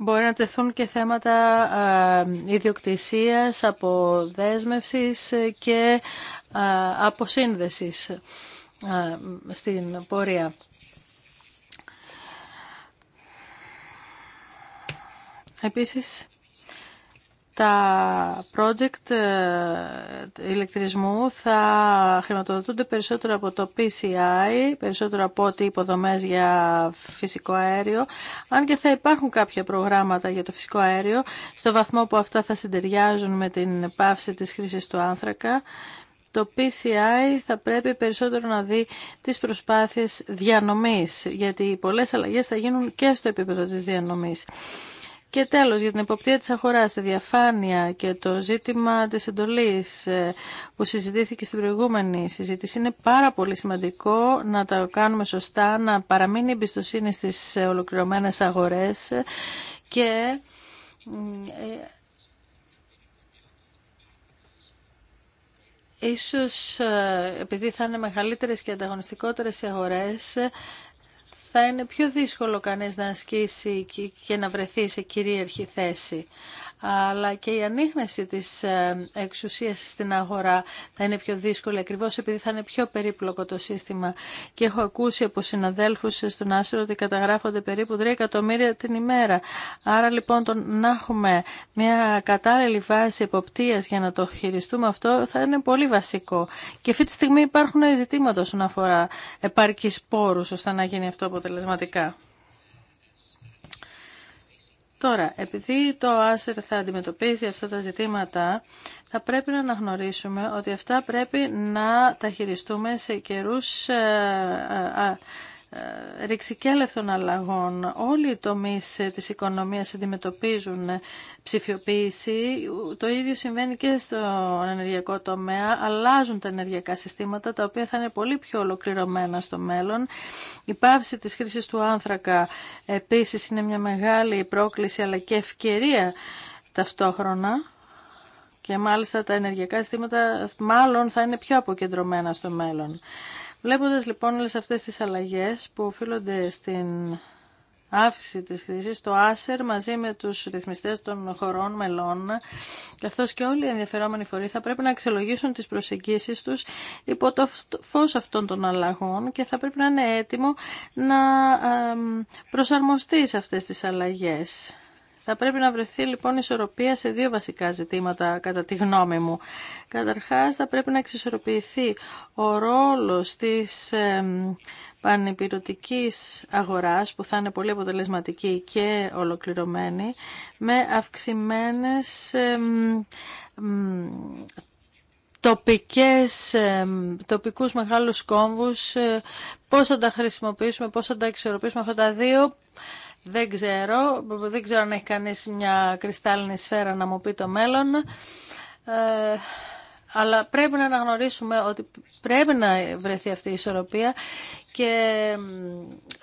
Μπορεί να τεθούν και θέματα ιδιοκτησίας, αποδέσμευσης και αποσύνδεσης στην πορεία. Επίσης, τα project ε, ηλεκτρισμού θα χρηματοδοτούνται περισσότερο από το PCI, περισσότερο από ό,τι υποδομές για φυσικό αέριο, αν και θα υπάρχουν κάποια προγράμματα για το φυσικό αέριο, στο βαθμό που αυτά θα συντεριάζουν με την πάυση της χρήσης του άνθρακα. Το PCI θα πρέπει περισσότερο να δει τις προσπάθειες διανομής, γιατί πολλές αλλαγές θα γίνουν και στο επίπεδο της διανομής. Και τέλος, για την εποπτεία της αγοράς, τη διαφάνεια και το ζήτημα της εντολής ε, που συζητήθηκε στην προηγούμενη συζήτηση, είναι πάρα πολύ σημαντικό να τα κάνουμε σωστά, να παραμείνει η εμπιστοσύνη στις ολοκληρωμένες αγορές και ε, ε, ίσως επειδή θα είναι μεγαλύτερες και ανταγωνιστικότερες οι αγορές, θα είναι πιο δύσκολο κανείς να ασκήσει και να βρεθεί σε κυρίαρχη θέση αλλά και η ανείχνευση της ε, εξουσίας στην αγορά θα είναι πιο δύσκολη ακριβώς επειδή θα είναι πιο περίπλοκο το σύστημα. Και έχω ακούσει από συναδέλφους στον Άσυρο ότι καταγράφονται περίπου 3 εκατομμύρια την ημέρα. Άρα λοιπόν το να έχουμε μια κατάλληλη βάση εποπτείας για να το χειριστούμε αυτό θα είναι πολύ βασικό. Και αυτή τη στιγμή υπάρχουν ζητήματα όσον αφορά επαρκείς πόρους ώστε να γίνει αυτό αποτελεσματικά. Τώρα, επειδή το Άσερ θα αντιμετωπίζει αυτά τα ζητήματα, θα πρέπει να αναγνωρίσουμε ότι αυτά πρέπει να τα χειριστούμε σε καιρούς ε, ε, ε, ρηξικέλευθων αλλαγών. Όλοι οι τομείς ε, της οικονομίας αντιμετωπίζουν ψηφιοποίηση. Το ίδιο συμβαίνει και στο ενεργειακό τομέα. Αλλάζουν τα ενεργειακά συστήματα, τα οποία θα είναι πολύ πιο ολοκληρωμένα στο μέλλον. Η πάυση της χρήσης του άνθρακα επίσης είναι μια μεγάλη πρόκληση, αλλά και ευκαιρία ταυτόχρονα. Και μάλιστα τα ενεργειακά συστήματα μάλλον θα είναι πιο αποκεντρωμένα στο μέλλον. Βλέποντας λοιπόν όλες αυτές τις αλλαγές που οφείλονται στην άφηση της χρήσης, το Άσερ μαζί με τους ρυθμιστές των χωρών μελών, καθώς και όλοι οι ενδιαφερόμενοι φορεί θα πρέπει να αξιολογήσουν τις προσεγγίσεις τους υπό το φως αυτών των αλλαγών και θα πρέπει να είναι έτοιμο να προσαρμοστεί σε αυτές τις αλλαγές. Θα πρέπει να βρεθεί λοιπόν ισορροπία σε δύο βασικά ζητήματα κατά τη γνώμη μου. Καταρχάς θα πρέπει να εξισορροπηθεί ο ρόλος της πανεπιρωτικής αγοράς που θα είναι πολύ αποτελεσματική και ολοκληρωμένη με αυξημένες τοπικές, τοπικούς μεγάλους κόμβους, ε, πώς θα τα χρησιμοποιήσουμε, πώς θα τα εξορροπήσουμε αυτά τα δύο δεν ξέρω, δεν ξέρω αν έχει κανείς μια κρυστάλλινη σφαίρα να μου πει το μέλλον. Ε, αλλά πρέπει να αναγνωρίσουμε ότι πρέπει να βρεθεί αυτή η ισορροπία και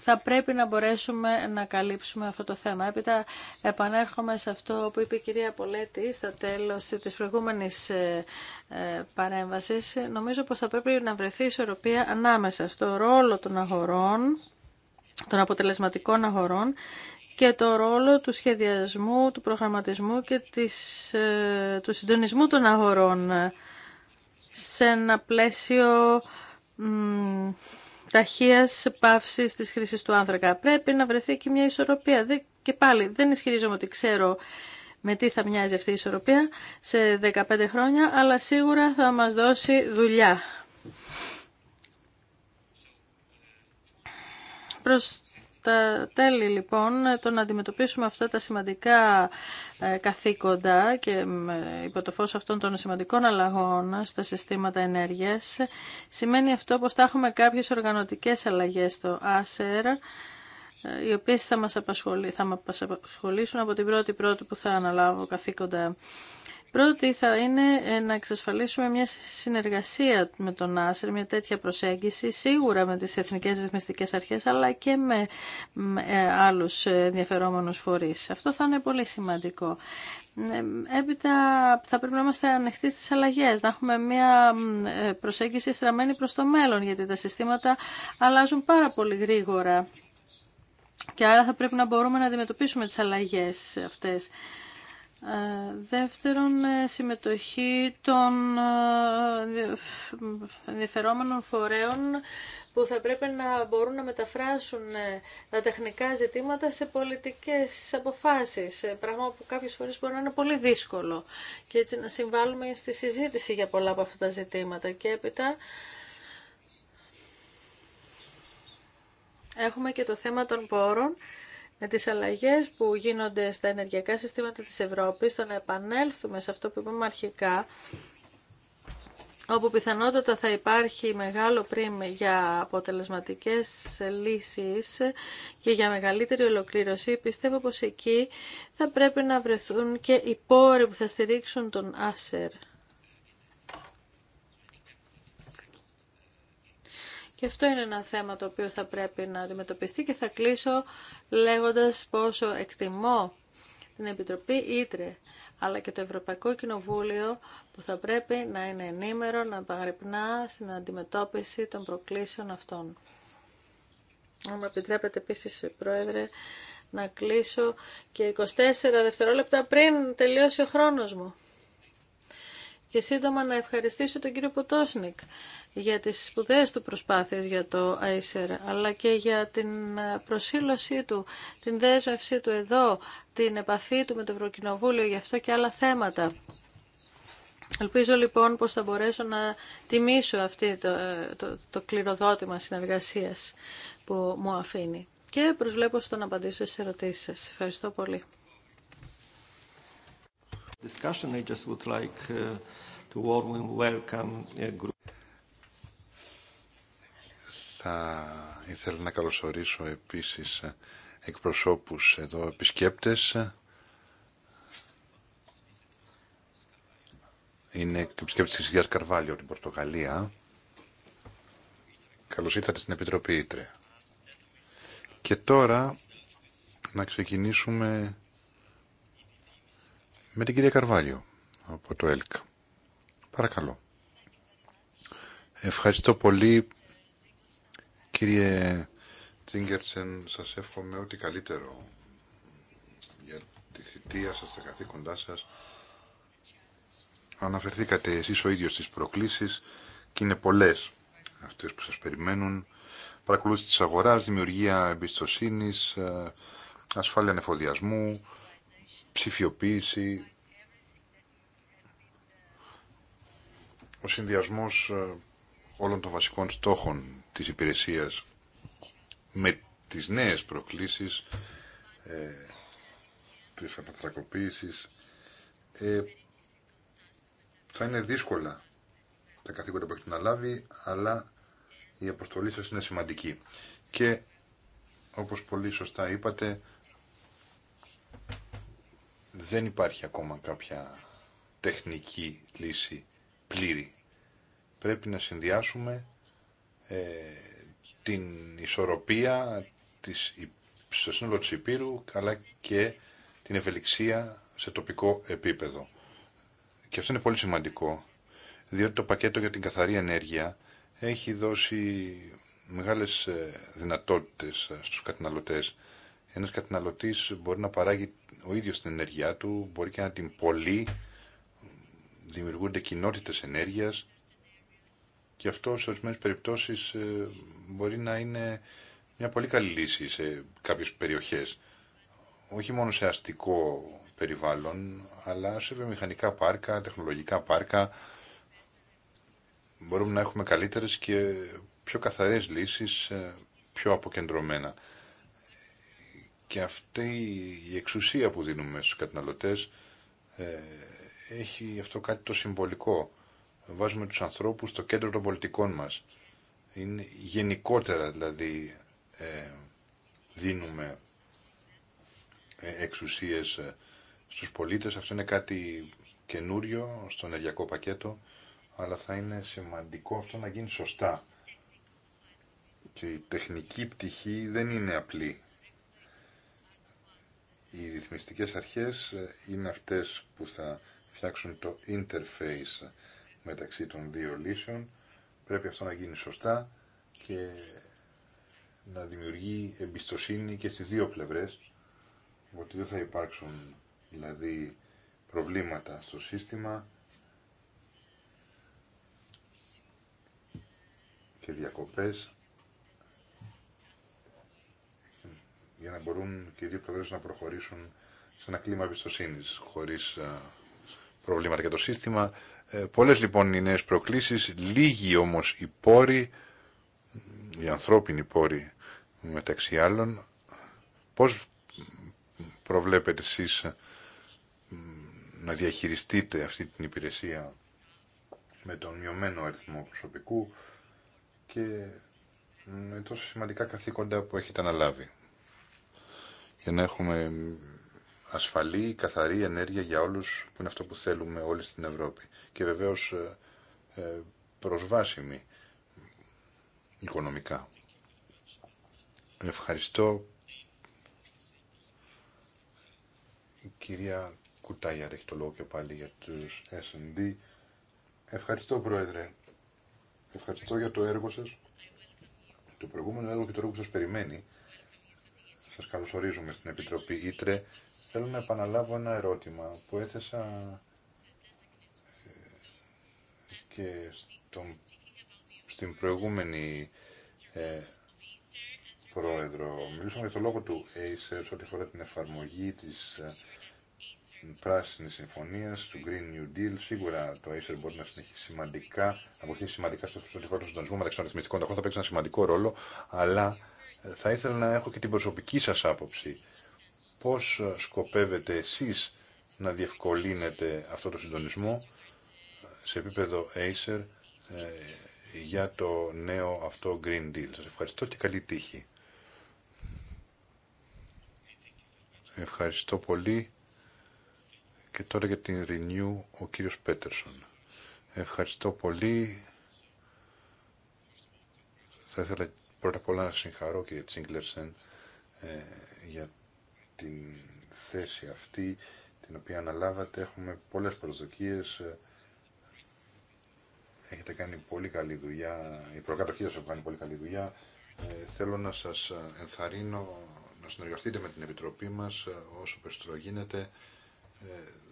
θα πρέπει να μπορέσουμε να καλύψουμε αυτό το θέμα. Έπειτα επανέρχομαι σε αυτό που είπε η κυρία Πολέτη στα τέλος της προηγούμενης ε, ε, παρέμβασης. Νομίζω πως θα πρέπει να βρεθεί ισορροπία ανάμεσα στο ρόλο των αγορών των αποτελεσματικών αγορών και το ρόλο του σχεδιασμού, του προγραμματισμού και της, ε, του συντονισμού των αγορών ε, σε ένα πλαίσιο ταχεία ταχείας παύσης της χρήσης του άνθρακα. Πρέπει να βρεθεί και μια ισορροπία. Και πάλι δεν ισχυρίζομαι ότι ξέρω με τι θα μοιάζει αυτή η ισορροπία σε 15 χρόνια, αλλά σίγουρα θα μας δώσει δουλειά. Προς τα τέλη λοιπόν το να αντιμετωπίσουμε αυτά τα σημαντικά ε, καθήκοντα και υπό το φως αυτών των σημαντικών αλλαγών στα συστήματα ενέργειας σημαίνει αυτό πως θα έχουμε κάποιες οργανωτικές αλλαγές στο ΆΣΕΡ ε, οι οποίες θα μας, απασχολήσουν από την πρώτη πρώτη που θα αναλάβω καθήκοντα Πρώτη θα είναι ε, να εξασφαλίσουμε μια συνεργασία με τον Άσερ, μια τέτοια προσέγγιση, σίγουρα με τις εθνικές ρυθμιστικές αρχές, αλλά και με ε, άλλους ενδιαφερόμενους φορείς. Αυτό θα είναι πολύ σημαντικό. Ε, έπειτα θα πρέπει να είμαστε ανοιχτοί στις αλλαγές, να έχουμε μια προσέγγιση στραμμένη προς το μέλλον, γιατί τα συστήματα αλλάζουν πάρα πολύ γρήγορα. Και άρα θα πρέπει να μπορούμε να αντιμετωπίσουμε τις αλλαγές αυτές. Ε, δεύτερον, ε, συμμετοχή των ε, ενδιαφερόμενων φορέων που θα πρέπει να μπορούν να μεταφράσουν τα τεχνικά ζητήματα σε πολιτικές αποφάσεις, πράγμα που κάποιες φορές μπορεί να είναι πολύ δύσκολο και έτσι να συμβάλλουμε στη συζήτηση για πολλά από αυτά τα ζητήματα και έπειτα έχουμε και το θέμα των πόρων με τις αλλαγές που γίνονται στα ενεργειακά συστήματα της Ευρώπης, το να επανέλθουμε σε αυτό που είπαμε αρχικά, όπου πιθανότατα θα υπάρχει μεγάλο πριμ για αποτελεσματικές λύσεις και για μεγαλύτερη ολοκλήρωση, πιστεύω πως εκεί θα πρέπει να βρεθούν και οι πόροι που θα στηρίξουν τον Άσερ. Και αυτό είναι ένα θέμα το οποίο θα πρέπει να αντιμετωπιστεί και θα κλείσω λέγοντας πόσο εκτιμώ την Επιτροπή Ήτρε, αλλά και το Ευρωπαϊκό Κοινοβούλιο που θα πρέπει να είναι ενήμερο, να παγρυπνά στην αντιμετώπιση των προκλήσεων αυτών. Αν με επιτρέπετε επίσης, Πρόεδρε, να κλείσω και 24 δευτερόλεπτα πριν τελειώσει ο χρόνος μου και σύντομα να ευχαριστήσω τον κύριο Ποτόσνικ για τις σπουδαίες του προσπάθειες για το ΆΙΣΕΡ, αλλά και για την προσήλωσή του, την δέσμευσή του εδώ, την επαφή του με το Ευρωκοινοβούλιο, γι' αυτό και άλλα θέματα. Ελπίζω λοιπόν πως θα μπορέσω να τιμήσω αυτή το, το, το κληροδότημα συνεργασίας που μου αφήνει. Και προσβλέπω στο να απαντήσω στις ερωτήσεις σας. Ευχαριστώ πολύ. Θα ήθελα να καλωσορίσω επίσης ε, εκπροσώπους εδώ επισκέπτες. Είναι επισκέπτης της Γιάς Καρβάλιο την Πορτογαλία. Καλώς ήρθατε στην Επιτροπή Ήτρε. Και τώρα να ξεκινήσουμε με την κυρία Καρβάλιο από το ΕΛΚ. Παρακαλώ. Ευχαριστώ πολύ κύριε Τσίγκερτσεν. Σας εύχομαι ό,τι καλύτερο για τη θητεία σας, τα καθήκοντά σας. Αναφερθήκατε εσείς ο ίδιος στις προκλήσεις και είναι πολλές αυτές που σας περιμένουν. Παρακολούθηση της αγοράς, δημιουργία εμπιστοσύνης, ε, ασφάλεια ανεφοδιασμού, ψηφιοποίηση, ο συνδυασμός ε, όλων των βασικών στόχων της υπηρεσίας με τις νέες προκλήσεις ε, της απατρακοποίησης ε, θα είναι δύσκολα τα καθήκοντα που έχετε να λάβει αλλά η αποστολή σας είναι σημαντική και όπως πολύ σωστά είπατε δεν υπάρχει ακόμα κάποια τεχνική λύση πλήρη. Πρέπει να συνδυάσουμε ε, την ισορροπία της, στο σύνολο της Υπήρου αλλά και την ευελιξία σε τοπικό επίπεδο. Και αυτό είναι πολύ σημαντικό, διότι το πακέτο για την καθαρή ενέργεια έχει δώσει μεγάλες ε, δυνατότητες ε, στους καταναλωτές ένας καταναλωτής μπορεί να παράγει ο ίδιος την ενέργειά του, μπορεί και να την πωλεί, δημιουργούνται κοινότητε ενέργεια και αυτό σε ορισμένε περιπτώσεις ε, μπορεί να είναι μια πολύ καλή λύση σε κάποιες περιοχές. Όχι μόνο σε αστικό περιβάλλον, αλλά σε βιομηχανικά πάρκα, τεχνολογικά πάρκα, μπορούμε να έχουμε καλύτερες και πιο καθαρές λύσεις, ε, πιο αποκεντρωμένα και αυτή η εξουσία που δίνουμε στους καταναλωτές ε, έχει αυτό κάτι το συμβολικό. Βάζουμε τους ανθρώπους στο κέντρο των πολιτικών μας. Είναι γενικότερα δηλαδή ε, δίνουμε ε, εξουσίες στους πολίτες. Αυτό είναι κάτι καινούριο στο ενεργειακό πακέτο, αλλά θα είναι σημαντικό αυτό να γίνει σωστά. Και η τεχνική πτυχή δεν είναι απλή οι ρυθμιστικές αρχές ε, είναι αυτές που θα φτιάξουν το interface μεταξύ των δύο λύσεων. Πρέπει αυτό να γίνει σωστά και να δημιουργεί εμπιστοσύνη και στις δύο πλευρές ότι δεν θα υπάρξουν δηλαδή προβλήματα στο σύστημα και διακοπές μπορούν και οι δύο πλευρέ να προχωρήσουν σε ένα κλίμα εμπιστοσύνη χωρί ε, προβλήματα για το σύστημα. Ε, Πολλέ λοιπόν οι νέε προκλήσει, λίγοι όμω οι πόροι, οι ανθρώπινοι πόροι μεταξύ άλλων. Πώ προβλέπετε εσεί ε, να διαχειριστείτε αυτή την υπηρεσία με τον μειωμένο αριθμό προσωπικού και με τόσο σημαντικά καθήκοντα που έχετε αναλάβει για να έχουμε ασφαλή, καθαρή ενέργεια για όλους που είναι αυτό που θέλουμε όλοι στην Ευρώπη και βεβαίως ε, ε, προσβάσιμη οικονομικά. Ευχαριστώ. Η κυρία Κουτάγια έχει το λόγο και πάλι για τους S&D. Ευχαριστώ Πρόεδρε. Ευχαριστώ για το έργο σας, το προηγούμενο έργο και το έργο που σας περιμένει. Σας καλωσορίζουμε στην Επιτροπή Ήτρε. Θέλω να επαναλάβω ένα ερώτημα που έθεσα ε, και στον, στην προηγούμενη ε, πρόεδρο. Μιλούσαμε για το λόγο του Acer ό,τι φορά την εφαρμογή της πράσινη ε, πράσινης συμφωνίας, του Green New Deal. Σίγουρα το Acer μπορεί να συνεχίσει σημαντικά, να βοηθήσει σημαντικά στο ό,τι φορά τον συντονισμό μεταξύ των ρυθμιστικών ταχών, θα παίξει ένα σημαντικό ρόλο, αλλά θα ήθελα να έχω και την προσωπική σας άποψη. Πώς σκοπεύετε εσείς να διευκολύνετε αυτό το συντονισμό σε επίπεδο Acer ε, για το νέο αυτό Green Deal. Σας ευχαριστώ και καλή τύχη. Ευχαριστώ πολύ. Και τώρα για την Renew ο κύριος Πέτερσον. Ευχαριστώ πολύ. Θα ήθελα Πρώτα απ' όλα να συγχαρώ κύριε Τσίγκλερσεν ε, για την θέση αυτή την οποία αναλάβατε. Έχουμε πολλές προσδοκίες. Ε, έχετε κάνει πολύ καλή δουλειά. Η προκατοχή σας έχει κάνει πολύ καλή δουλειά. Ε, θέλω να σας ενθαρρύνω να συνεργαστείτε με την Επιτροπή μας όσο περισσότερο γίνεται,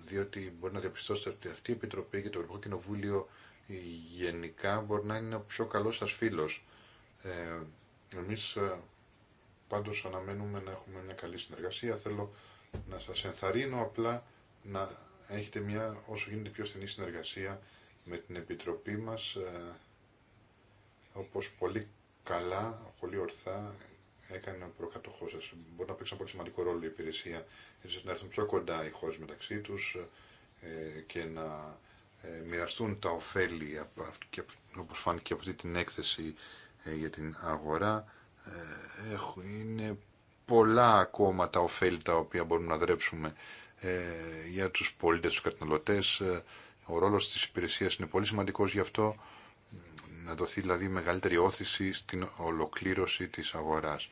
διότι μπορεί να διαπιστώσετε ότι αυτή η Επιτροπή και το Ευρωπαϊκό Κοινοβούλιο γενικά μπορεί να είναι ο πιο καλός σας φίλος. Ε, εμείς ε, πάντως αναμένουμε να έχουμε μια καλή συνεργασία. Θέλω να σας ενθαρρύνω απλά να έχετε μια όσο γίνεται πιο στενή συνεργασία με την Επιτροπή μας ε, όπως πολύ καλά, πολύ ορθά έκανε ο προκατοχό σα. Μπορεί να παίξει ένα πολύ σημαντικό ρόλο η υπηρεσία, έτσι να έρθουν πιο κοντά οι χώρε μεταξύ του ε, και να ε, μοιραστούν τα ωφέλη, όπω φάνηκε από αυτή την έκθεση ε, για την αγορά. Ε, είναι πολλά ακόμα τα ωφέλη τα οποία μπορούμε να δρέψουμε ε, για τους πολίτες, τους καταναλωτές. Ο ρόλος της υπηρεσίας είναι πολύ σημαντικός γι' αυτό να δοθεί δηλαδή μεγαλύτερη όθηση στην ολοκλήρωση της αγοράς.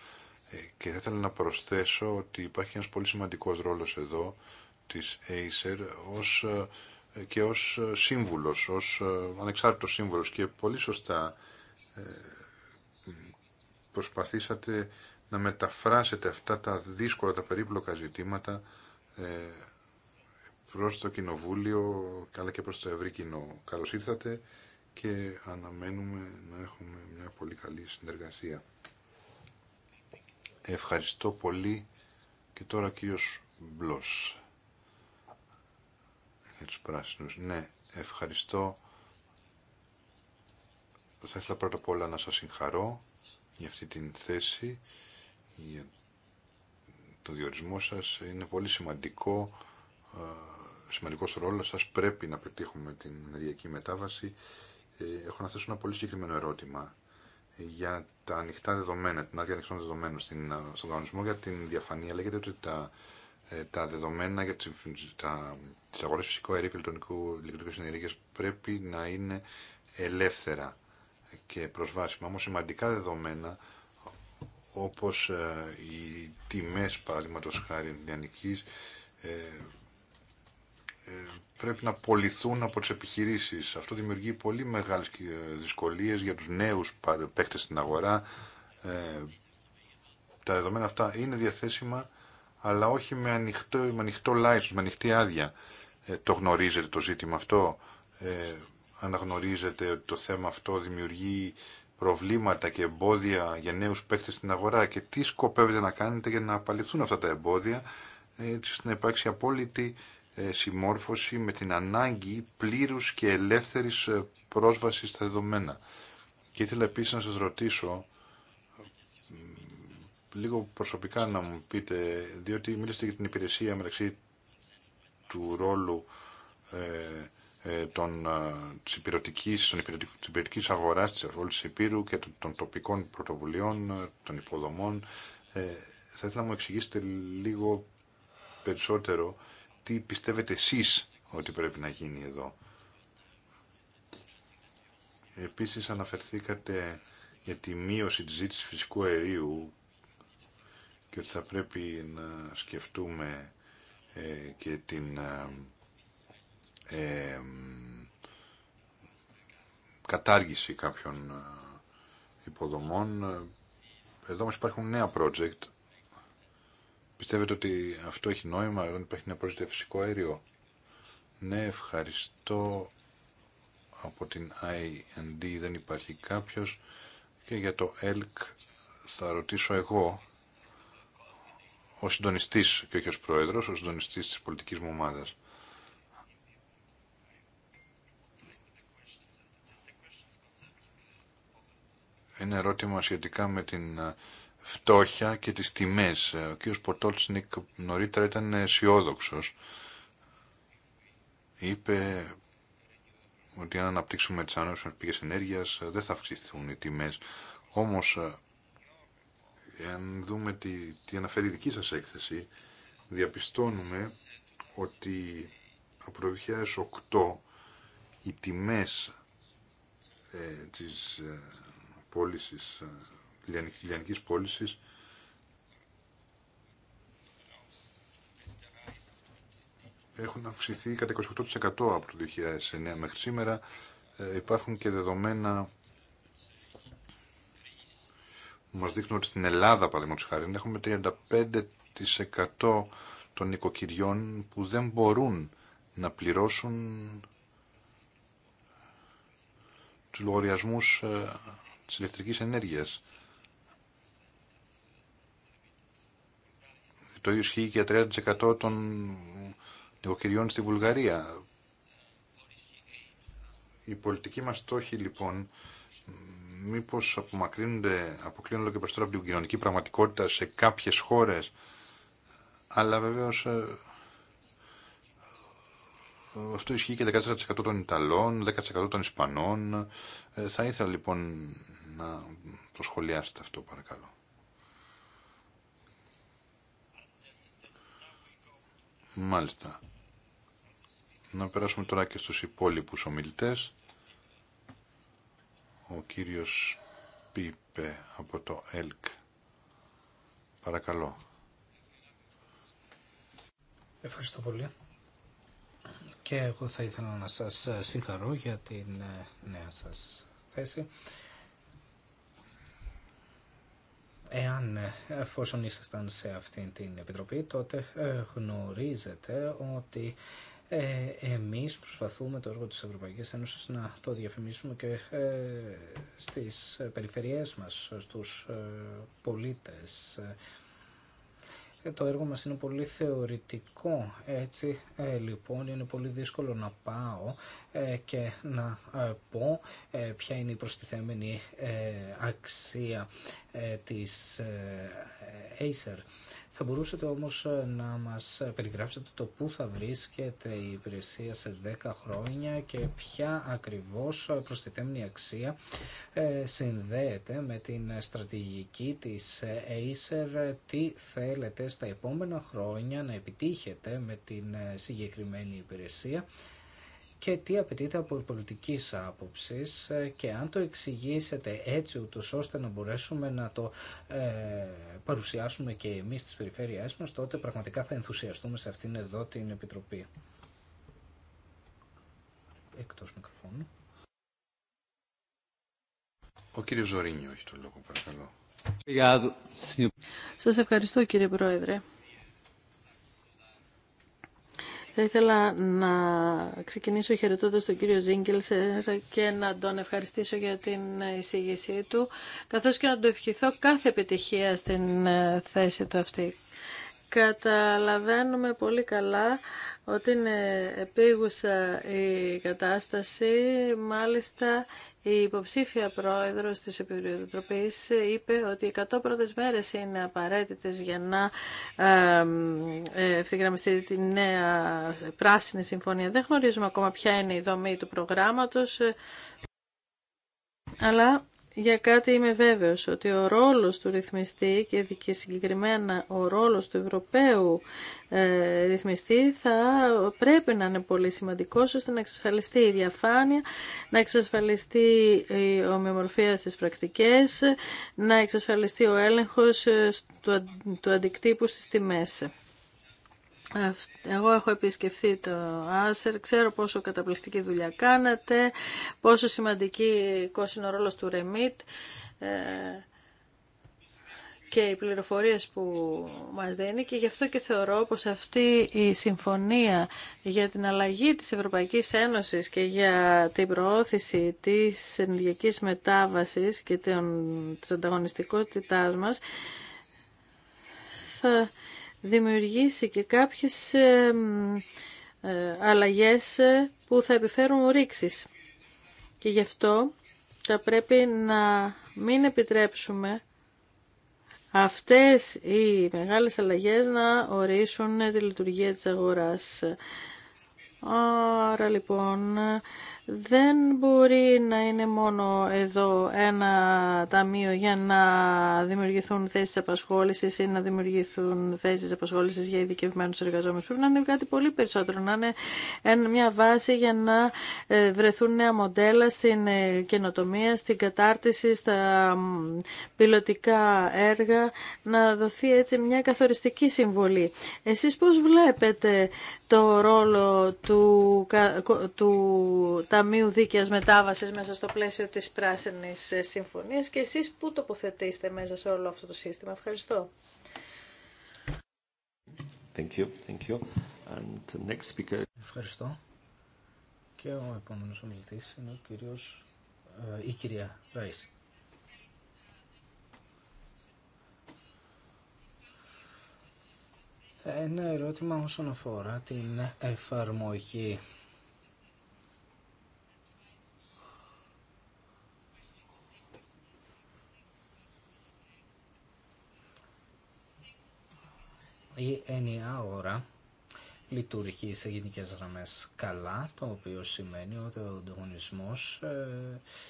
Και θα ήθελα να προσθέσω ότι υπάρχει ένας πολύ σημαντικός ρόλος εδώ της Acer ως, και ως σύμβουλος, ως ανεξάρτητος σύμβουλος και πολύ σωστά προσπαθήσατε να μεταφράσετε αυτά τα δύσκολα, τα περίπλοκα ζητήματα ε, προς το Κοινοβούλιο αλλά και προς το ευρύ κοινό. Καλώς ήρθατε και αναμένουμε να έχουμε μια πολύ καλή συνεργασία. Ευχαριστώ πολύ και τώρα κύριος Μπλος για τους πράσινους. Ναι, ευχαριστώ. Θα ήθελα πρώτα απ' όλα να σας συγχαρώ για αυτή την θέση, για το διορισμό σας. Είναι πολύ σημαντικό, ε, σημαντικός ρόλος σας. Πρέπει να πετύχουμε την ενεργειακή μετάβαση. Ε, έχω να θέσω ένα πολύ συγκεκριμένο ερώτημα για τα ανοιχτά δεδομένα, την άδεια ανοιχτών δεδομένων ε, στον κανονισμό για την διαφανία. Λέγεται ότι τα, τα δεδομένα για τις, τα, τις αγορές φυσικού αερίου και ηλεκτρονικού ηλεκτρονικού ενέργειας πρέπει να είναι ελεύθερα και προσβάσιμα, όμως σημαντικά δεδομένα όπως ε, οι τιμές παραδείγματος χάρη λιανικής ε, ε, πρέπει να πολιθούν από τις επιχειρήσεις. Αυτό δημιουργεί πολύ μεγάλες δυσκολίες για τους νέους παίκτες στην αγορά. τα δεδομένα αυτά είναι διαθέσιμα, αλλά όχι με ανοιχτό, με ανοιχτό με ανοιχτή άδεια. το γνωρίζετε το ζήτημα αυτό αναγνωρίζετε ότι το θέμα αυτό δημιουργεί προβλήματα και εμπόδια για νέους παίκτες στην αγορά και τι σκοπεύετε να κάνετε για να απαλληθούν αυτά τα εμπόδια έτσι ώστε να υπάρξει απόλυτη ε, συμμόρφωση με την ανάγκη πλήρους και ελεύθερης ε, πρόσβασης στα δεδομένα. Και ήθελα επίσης να σας ρωτήσω λίγο προσωπικά να μου πείτε, διότι μίλησατε για την υπηρεσία μεταξύ του ρόλου ε, ε, των, ε, της υπηρετικής, τη της αγοράς Υπήρου και των, τοπικών πρωτοβουλειών, ε, των υποδομών. θα ήθελα να μου εξηγήσετε λίγο περισσότερο τι πιστεύετε εσείς ότι πρέπει να γίνει εδώ. Επίσης αναφερθήκατε για τη μείωση της ζήτησης φυσικού αερίου και ότι θα πρέπει να σκεφτούμε και την κατάργηση κάποιων ε, υποδομών. Εδώ μας υπάρχουν νέα project. Πιστεύετε ότι αυτό έχει νόημα, όταν υπάρχει ένα project φυσικό αέριο. Ναι, ευχαριστώ από την IND δεν υπάρχει κάποιος και για το ΕΛΚ θα ρωτήσω εγώ ο συντονιστής και όχι ως πρόεδρος, ο συντονιστής της πολιτικής μου ομάδας. ένα ερώτημα σχετικά με την ε, φτώχεια και τις τιμές. Ε, ο κ. Ποτόλτσνικ νωρίτερα ήταν αισιόδοξο. Είπε ότι αν αναπτύξουμε τις ανώσεις πηγές ενέργειας ε, δεν θα αυξηθούν οι τιμές. Όμως, αν δούμε τι, τι αναφέρει η δική σας έκθεση, διαπιστώνουμε ότι από το 2008 οι τιμές της, πώλησης, ε, λιανικής πώλησης. Έχουν αυξηθεί κατά 28% από το 2009 μέχρι σήμερα. Ε, υπάρχουν και δεδομένα που μας δείχνουν ότι στην Ελλάδα, παραδείγματο χάρη, έχουμε 35% των οικοκυριών που δεν μπορούν να πληρώσουν τους λογαριασμούς ε, της ηλεκτρικής ενέργειας. Το ίδιο ισχύει για 30% των νοικοκυριών στη Βουλγαρία. Οι πολιτικοί μας στόχοι λοιπόν μήπως απομακρύνονται, αποκλίνονται και περισσότερο από την κοινωνική πραγματικότητα σε κάποιες χώρες αλλά βεβαίως ε, αυτό ισχύει και 14% των Ιταλών, 10% των Ισπανών. Ε, θα ήθελα λοιπόν να το σχολιάσετε αυτό παρακαλώ. Μάλιστα. Να περάσουμε τώρα και στους υπόλοιπους ομιλητές. Ο κύριος Πίπε από το ΕΛΚ. Παρακαλώ. Ευχαριστώ πολύ. Και εγώ θα ήθελα να σας ε, συγχαρώ για την ε, νέα σας θέση. Εάν ε, εφόσον ήσασταν σε αυτήν την επιτροπή, τότε γνωρίζετε ότι εμείς προσπαθούμε το έργο της Ευρωπαϊκής Ένωσης να το διαφημίσουμε και στις περιφερειές μας, στους πολίτες. Ε, το έργο μας είναι πολύ θεωρητικό, έτσι ε, λοιπόν είναι πολύ δύσκολο να πάω ε, και να πω ποια είναι η προστιθέμενη αξία της Acer. Θα μπορούσατε όμως ε, να μας ε, περιγράψετε το πού θα βρίσκεται η υπηρεσία σε 10 χρόνια και ποια ακριβώς ε, προστιθέμενη αξία συνδέεται με την στρατηγική της Acer, τι θέλετε στα επόμενα χρόνια να επιτύχετε με την συγκεκριμένη υπηρεσία και τι απαιτείται από πολιτικής άποψης ε, και αν το εξηγήσετε έτσι ούτως ώστε να μπορέσουμε να το ε, παρουσιάσουμε και εμείς στις περιφέρειές μας τότε πραγματικά θα ενθουσιαστούμε σε αυτήν εδώ την Επιτροπή. Εκτός μικροφώνου. Ο κύριος Ζωρίνιο έχει το λόγο παρακαλώ. Σας ευχαριστώ κύριε Πρόεδρε. Θα ήθελα να ξεκινήσω χαιρετώντα τον κύριο Ζίγκελσερ και να τον ευχαριστήσω για την εισήγησή του, καθώς και να του ευχηθώ κάθε επιτυχία στην ε, θέση του αυτή. Καταλαβαίνουμε πολύ καλά ότι είναι επίγουσα η κατάσταση. Μάλιστα, η υποψήφια πρόεδρος της Επιτροπής είπε ότι οι 100 πρώτες μέρες είναι απαραίτητες για να ε, ευθυγραμμιστεί τη νέα πράσινη συμφωνία. Δεν γνωρίζουμε ακόμα ποια είναι η δομή του προγράμματος, ε, αλλά για κάτι είμαι βέβαιος, ότι ο ρόλος του ρυθμιστή και συγκεκριμένα ο ρόλος του Ευρωπαίου ε, ρυθμιστή θα πρέπει να είναι πολύ σημαντικός ώστε να εξασφαλιστεί η διαφάνεια, να εξασφαλιστεί η ομοιομορφία στις πρακτικές, να εξασφαλιστεί ο έλεγχος ε, του αντικτύπου στις τιμές. Εγώ έχω επισκεφθεί το Άσερ, ξέρω πόσο καταπληκτική δουλειά κάνατε, πόσο σημαντική είναι ο ρόλος του Ρεμίτ ε, και οι πληροφορίες που μας δίνει και γι' αυτό και θεωρώ πως αυτή η συμφωνία για την αλλαγή της Ευρωπαϊκής Ένωσης και για την προώθηση της ενεργειακής μετάβασης και της ανταγωνιστικότητάς μας θα δημιουργήσει και κάποιες ε, ε, αλλαγές ε, που θα επιφέρουν ρήξεις. Και γι' αυτό θα πρέπει να μην επιτρέψουμε αυτές οι μεγάλες αλλαγές να ορίσουν τη λειτουργία της αγοράς. Άρα λοιπόν δεν μπορεί να είναι μόνο εδώ ένα ταμείο για να δημιουργηθούν θέσεις απασχόλησης ή να δημιουργηθούν θέσεις απασχόλησης για ειδικευμένους εργαζόμενους. Πρέπει να είναι κάτι πολύ περισσότερο, να είναι μια βάση για να ε, βρεθούν νέα μοντέλα στην ε, καινοτομία, στην κατάρτιση, στα πιλωτικά έργα, να δοθεί έτσι μια καθοριστική συμβολή. Εσείς πώς βλέπετε το ρόλο του, του Ταμείου Δίκαιας Μετάβασης μέσα στο πλαίσιο της Πράσινης ε, Συμφωνίας και εσείς πού τοποθετήσετε μέσα σε όλο αυτό το σύστημα. Ευχαριστώ. Thank you, thank you. And the next speaker... Ευχαριστώ. Και ο επόμενος ομιλητής είναι ο κύριος, ε, η κυρία Ράις. Ένα ερώτημα όσον αφορά την εφαρμογή η ενιαία ώρα λειτουργεί σε γενικέ γραμμέ καλά, το οποίο σημαίνει ότι ο ανταγωνισμό ε,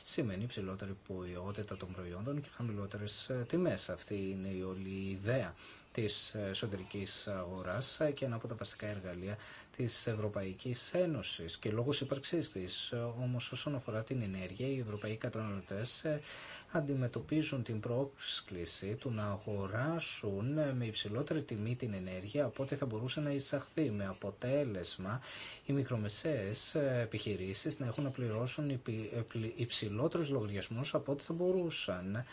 σημαίνει υψηλότερη ποιότητα των προϊόντων και χαμηλότερε ε, τιμέ. Αυτή είναι η όλη ιδέα της εσωτερική αγορά και ένα από τα βασικά εργαλεία της Ευρωπαϊκής Ένωσης και λόγω ύπαρξής της. Όμως όσον αφορά την ενέργεια, οι Ευρωπαίοι καταναλωτές αντιμετωπίζουν την πρόσκληση του να αγοράσουν με υψηλότερη τιμή την ενέργεια από ό,τι θα μπορούσε να εισαχθεί με αποτέλεσμα οι μικρομεσαίες επιχειρήσεις να έχουν να πληρώσουν ε, υψηλότερους λογαριασμούς από ό,τι θα μπορούσαν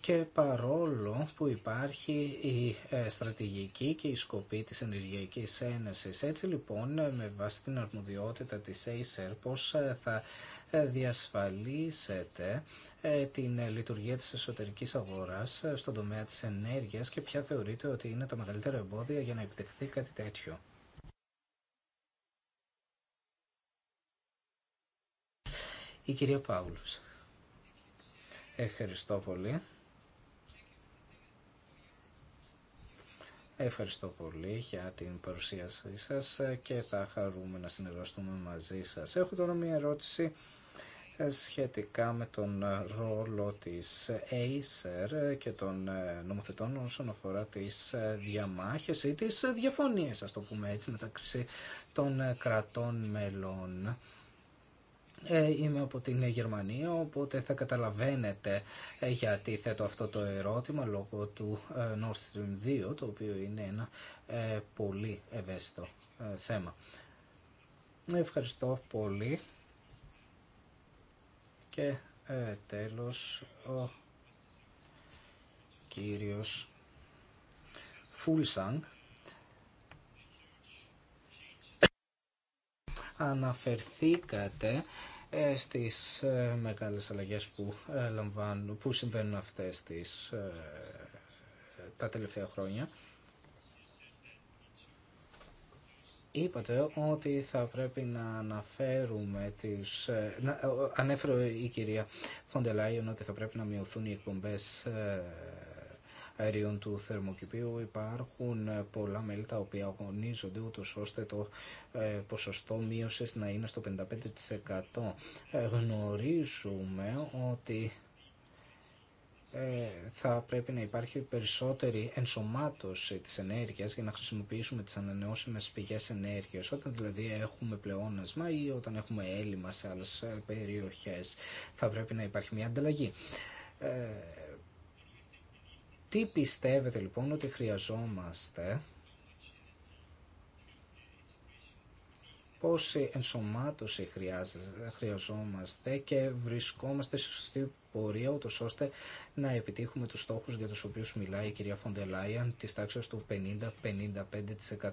και παρόλο που υπάρχει η ε, στρατηγική και η σκοπή της ενεργειακής ένωσης. Έτσι λοιπόν ε, με βάση την αρμοδιότητα της Acer πώς ε, θα διασφαλίσετε την λειτουργία της εσωτερικής αγοράς στον τομέα της ενέργειας και ποια θεωρείτε ότι είναι τα μεγαλύτερα εμπόδια για να επιτευχθεί κάτι τέτοιο. Η κυρία Παύλους. Ευχαριστώ πολύ. Ευχαριστώ πολύ για την παρουσίασή σας και θα χαρούμε να συνεργαστούμε μαζί σας. Έχω τώρα μια ερώτηση σχετικά με τον ρόλο της Acer και των νομοθετών όσον αφορά τις διαμάχες ή τις διαφωνίες, ας το πούμε έτσι, μεταξύ των κρατών μελών. Ε, είμαι από την Γερμανία, οπότε θα καταλαβαίνετε ε, γιατί θέτω αυτό το ερώτημα λόγω του ε, Nord Stream 2, το οποίο είναι ένα πολύ ευαίσθητο θέμα. Ευχαριστώ πολύ. Και τέλος ο κύριος Φούλσαν αναφερθήκατε ε, στις ε, μεγάλες αλλαγές που, ε, λαμβάνουν, που συμβαίνουν αυτές τις, τα τελευταία χρόνια. Είπατε ότι θα πρέπει να αναφέρουμε τις... ανέφερε η κυρία Φοντελάιον ότι θα πρέπει να μειωθούν οι εκπομπές αερίων του θερμοκηπίου υπάρχουν πολλά μέλη τα οποία αγωνίζονται ούτως ώστε το ε, ποσοστό μείωσης να είναι στο 55%. Ε, γνωρίζουμε ότι ε, θα πρέπει να υπάρχει περισσότερη ενσωμάτωση της ενέργειας για να χρησιμοποιήσουμε τις ανανεώσιμες πηγές ενέργειας όταν δηλαδή έχουμε πλεόνασμα ή όταν έχουμε έλλειμμα σε άλλες περιοχές θα πρέπει να υπάρχει μια ανταλλαγή τι πιστεύετε λοιπόν ότι χρειαζόμαστε πόση ενσωμάτωση χρειάζεται, χρειαζόμαστε και βρισκόμαστε στη σωστή πορεία, ούτω ώστε να επιτύχουμε του στόχου για του οποίου μιλάει η κυρία Φοντελάιαν τη τάξη του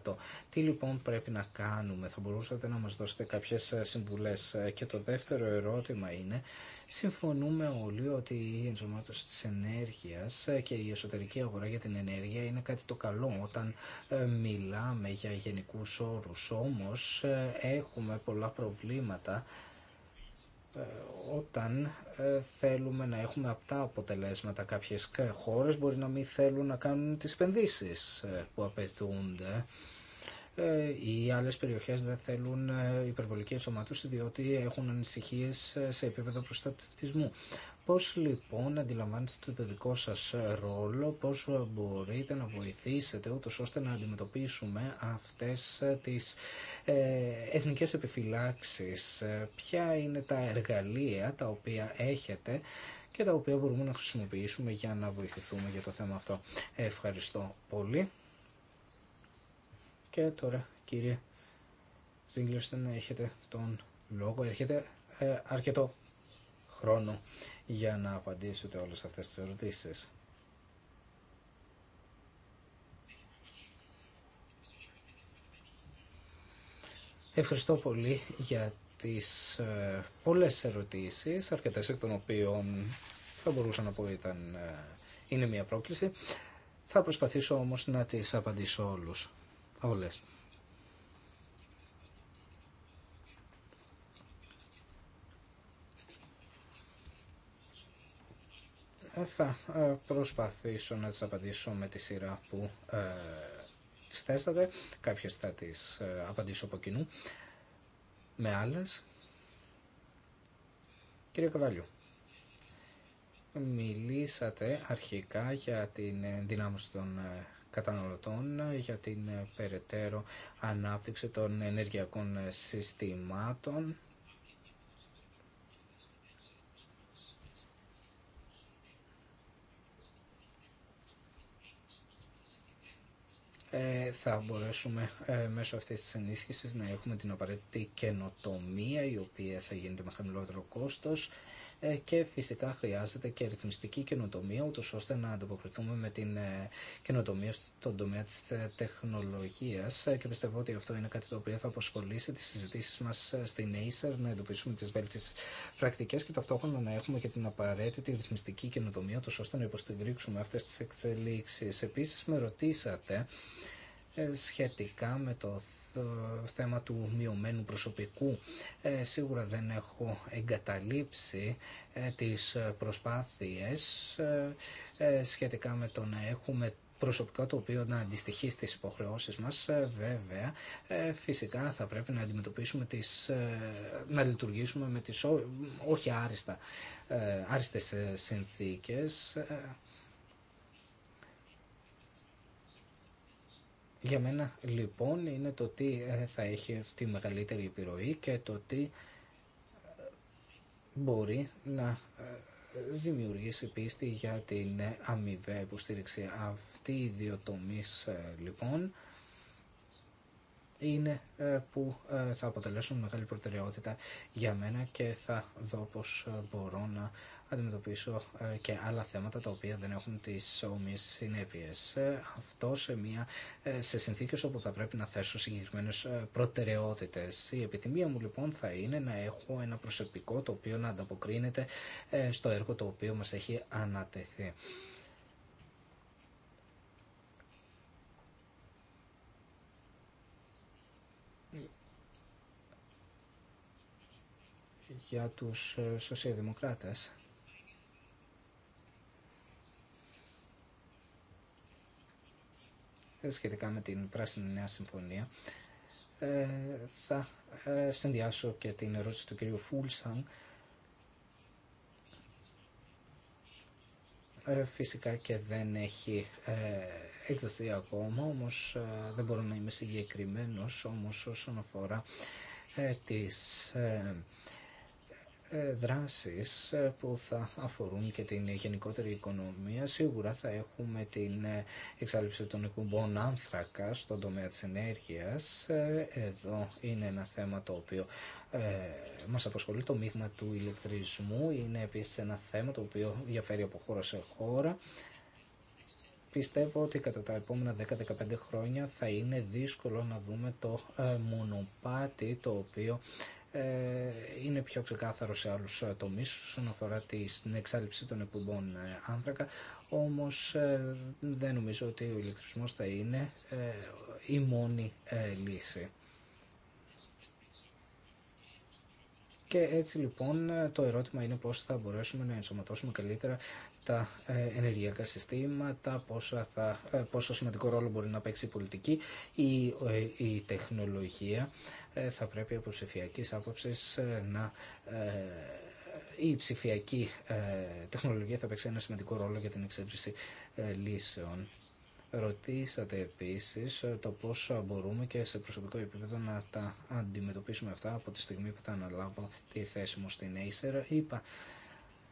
50-55%. Τι λοιπόν πρέπει να κάνουμε, θα μπορούσατε να μα δώσετε κάποιε συμβουλέ. Ε, και το δεύτερο ερώτημα είναι, συμφωνούμε όλοι ότι η ενσωμάτωση τη ενέργεια ε, και η εσωτερική αγορά για την ενέργεια είναι κάτι το καλό όταν ε, μιλάμε για γενικού όρου. Όμω έχουμε πολλά προβλήματα ε, όταν ε, θέλουμε να έχουμε αυτά αποτελέσματα κάποιες χώρες μπορεί να μην θέλουν να κάνουν τις επενδύσεις ε, που απαιτούνται οι άλλες περιοχές δεν θέλουν υπερβολική ενσωμάτωση διότι έχουν ανησυχίες σε επίπεδο προστατευτισμού. Πώς λοιπόν αντιλαμβάνεστε το δικό σας ε, ρόλο, πώς ε, μπορείτε να βοηθήσετε ούτως ώστε να αντιμετωπίσουμε αυτές ε, τις εθνικές επιφυλάξεις. Ποια είναι τα εργαλεία τα οποία έχετε και τα οποία μπορούμε να χρησιμοποιήσουμε για να βοηθηθούμε για το θέμα αυτό. Ευχαριστώ πολύ. Και τώρα κύριε Ζίγκλερστεν έχετε τον λόγο. Έρχεται αρκετό χρόνο για να απαντήσετε όλες αυτές τις ερωτήσεις. Ευχαριστώ πολύ για τις ε, πολλές ερωτήσεις, αρκετές εκ των οποίων θα μπορούσα να πω ήταν, ε, είναι μια πρόκληση. Θα προσπαθήσω όμως να τις απαντήσω όλους, όλες. Ε, θα ε, προσπαθήσω να τις απαντήσω με τη σειρά που ε, τις θέσατε. Κάποιες θα τις ε, απαντήσω από κοινού με άλλες. Κύριε Καβαλιού, μιλήσατε αρχικά για την δυνάμωση των καταναλωτών, για την περαιτέρω ανάπτυξη των ενεργειακών συστημάτων Ε, θα μπορέσουμε ε, μέσω αυτής της ενίσχυσης να έχουμε την απαραίτητη καινοτομία η οποία θα γίνεται με χαμηλότερο κόστος ε, και φυσικά χρειάζεται και ρυθμιστική καινοτομία ούτως ώστε να ανταποκριθούμε με την ε, καινοτομία στον τομέα της ε, τεχνολογίας και πιστεύω ότι αυτό είναι κάτι το οποίο θα αποσχολήσει τις συζητήσεις μας στην Acer να εντοπίσουμε τις βέλτιστες πρακτικές και ταυτόχρονα να έχουμε και την απαραίτητη ρυθμιστική καινοτομία ούτως ώστε να υποστηρίξουμε αυτές τις εξελίξεις. Επίσης με ρωτήσατε ε, σχετικά με το θέμα του μειωμένου προσωπικού. Ε, σίγουρα δεν έχω εγκαταλείψει ε, τις προσπάθειες σχετικά με το να έχουμε προσωπικό το οποίο να αντιστοιχεί στις υποχρεώσεις μας βέβαια φυσικά θα πρέπει να αντιμετωπίσουμε τις, να λειτουργήσουμε με τις όχι άριστα, άριστες συνθήκες Για μένα λοιπόν είναι το τι ε, θα έχει τη μεγαλύτερη επιρροή και το τι ε, μπορεί να ε, δημιουργήσει πίστη για την αμοιβαία υποστήριξη. Αυτοί οι δύο τομείς λοιπόν είναι που θα αποτελέσουν μεγάλη προτεραιότητα για μένα και θα δω πως μπορώ να αντιμετωπίσω ε, και άλλα θέματα τα οποία δεν έχουν τις όμοιες συνέπειες. Ε, αυτό σε, μια, ε, σε συνθήκες όπου θα πρέπει να θέσω συγκεκριμένες προτεραιότητες. Η επιθυμία μου λοιπόν θα είναι να έχω ένα προσωπικό το οποίο να ανταποκρίνεται στο έργο το οποίο μας έχει ανατεθεί. για τους σοσιαλδημοκράτες σχετικά με την Πράσινη Νέα Συμφωνία, ε, θα ε, συνδυάσω και την ερώτηση του κυρίου Φούλσαν. Ε, φυσικά και δεν έχει εκδοθεί ακόμα, όμως δεν μπορώ να είμαι συγκεκριμένος, όμως όσον αφορά τις ε, δράσεις ε, που θα αφορούν και την γενικότερη οικονομία. Σίγουρα θα έχουμε την ε, εξάλληψη των εκπομπών άνθρακα στον τομέα της ενέργειας. Εδώ είναι ένα θέμα το οποίο μας απασχολεί το μείγμα του ηλεκτρισμού. Είναι επίσης ένα θέμα το οποίο διαφέρει από χώρα σε χώρα. Πιστεύω ότι κατά τα επόμενα 10-15 χρόνια θα είναι δύσκολο να δούμε το μονοπάτι το οποίο ε, είναι πιο ξεκάθαρο σε άλλους ε, τομείς όσον αφορά την εξάλληψη των εκπομπών ε, άνθρακα όμως δεν νομίζω ότι ο ηλεκτρισμός θα είναι η μόνη λύση. Και έτσι λοιπόν το ερώτημα είναι πώς θα μπορέσουμε να ενσωματώσουμε καλύτερα τα ενεργειακά συστήματα, πόσο, θα, πόσο σημαντικό ρόλο μπορεί να παίξει η πολιτική ή η τεχνολογία ε, θα πρέπει από ψηφιακή άποψη ε, να ε, η ψηφιακή τεχνολογία θα παίξει ένα σημαντικό ρόλο για την εξέβριση λύσεων. Ρωτήσατε επίσης το πόσο μπορούμε και σε προσωπικό επίπεδο να τα αντιμετωπίσουμε αυτά από τη στιγμή που θα αναλάβω τη θέση μου στην Acer. Είπα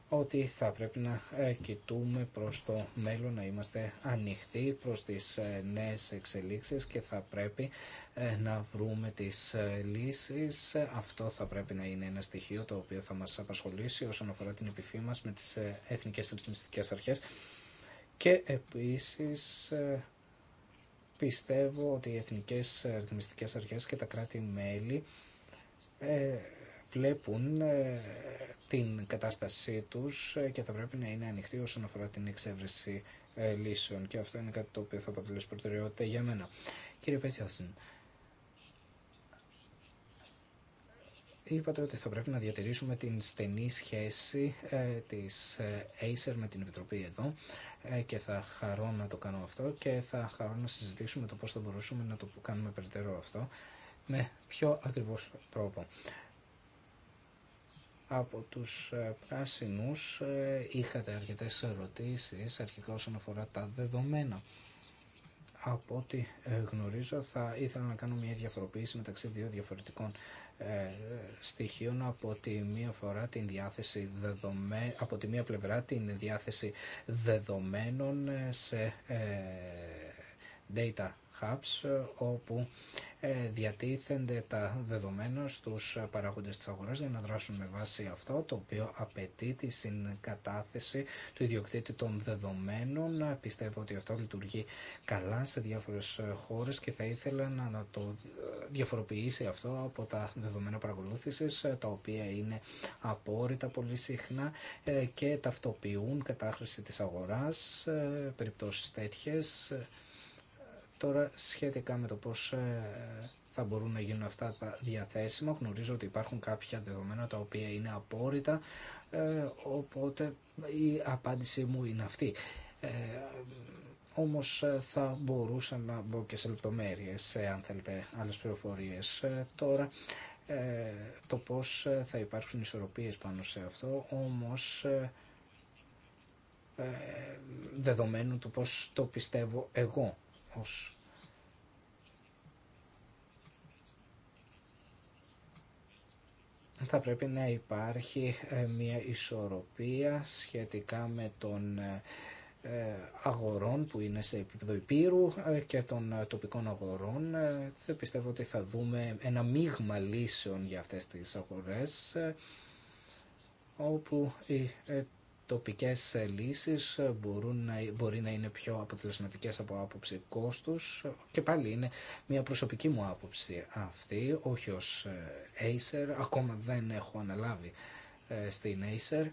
ότι θα πρέπει να ε, κοιτούμε προς το μέλλον, να είμαστε ανοιχτοί προς τις ε, νέες εξελίξεις και θα πρέπει ε, να βρούμε τις λύσεις. Αυτό θα πρέπει να είναι ένα στοιχείο το οποίο θα μας απασχολήσει όσον αφορά την επιφή μας με τις Εθνικές Ρυθμιστικές Αρχές και επίσης πιστεύω ότι οι Εθνικές Ρυθμιστικές Αρχές και τα κράτη-μέλη βλέπουν ε, την κατάστασή τους ε, και θα πρέπει να είναι ανοιχτή όσον αφορά την εξέβρεση ε, λύσεων και αυτό είναι κάτι το οποίο θα αποτελέσει προτεραιότητα για μένα. Κύριε Πέτιασιν, είπατε ότι θα πρέπει να διατηρήσουμε την στενή σχέση της Acer με την Επιτροπή εδώ και θα χαρώ να το κάνω αυτό και θα χαρώ να συζητήσουμε το πώς θα μπορούσαμε να το κάνουμε περαιτέρω αυτό με πιο ακριβώς τρόπο από τους ε, πράσινους ε, είχατε αρκετές ερωτήσεις αρχικά όσον αφορά τα δεδομένα. Από ό,τι ε, γνωρίζω θα ήθελα να κάνω μια διαφοροποίηση μεταξύ δύο διαφορετικών στοιχείων από τη μία φορά την διάθεση δεδομέ... από τη μία πλευρά την διάθεση δεδομένων σε data hubs ε, όπου ε, διατίθενται τα δεδομένα στους παράγοντες της αγοράς για να δράσουν με βάση αυτό το οποίο απαιτεί τη συγκατάθεση του ιδιοκτήτη των δεδομένων. Πιστεύω ότι αυτό λειτουργεί καλά σε διάφορες χώρες και θα ήθελα να το ε, διαφοροποιήσει αυτό από τα δεδομένα παρακολούθηση, τα οποία είναι απόρριτα πολύ συχνά και ταυτοποιούν κατάχρηση της αγοράς, περιπτώσεις τέτοιες Τώρα σχετικά με το πώς ε, θα μπορούν να γίνουν αυτά τα διαθέσιμα. Γνωρίζω ότι υπάρχουν κάποια δεδομένα τα οποία είναι απόρριτα, ε, οπότε η απάντησή μου είναι αυτή. Ε, όμως ε, θα μπορούσα να μπω και σε λεπτομέρειες, αν θέλετε άλλες πληροφορίες. Τώρα, το πώς θα υπάρξουν ισορροπίες πάνω σε αυτό, όμως δεδομένου του πώς το πιστεύω εγώ θα πρέπει να υπάρχει ε, μια ισορροπία σχετικά με τον ε, ε, αγορών που είναι σε επίπεδο υπήρου και των τοπικών αγορών. Θα πιστεύω ότι θα δούμε ένα μείγμα λύσεων για αυτές τις αγορές όπου οι τοπικές λύσεις μπορούν να, μπορεί να είναι πιο αποτελεσματικές από άποψη κόστους και πάλι είναι μια προσωπική μου άποψη αυτή, όχι ως ε, Acer, ακόμα δεν έχω αναλάβει ε, στην Acer.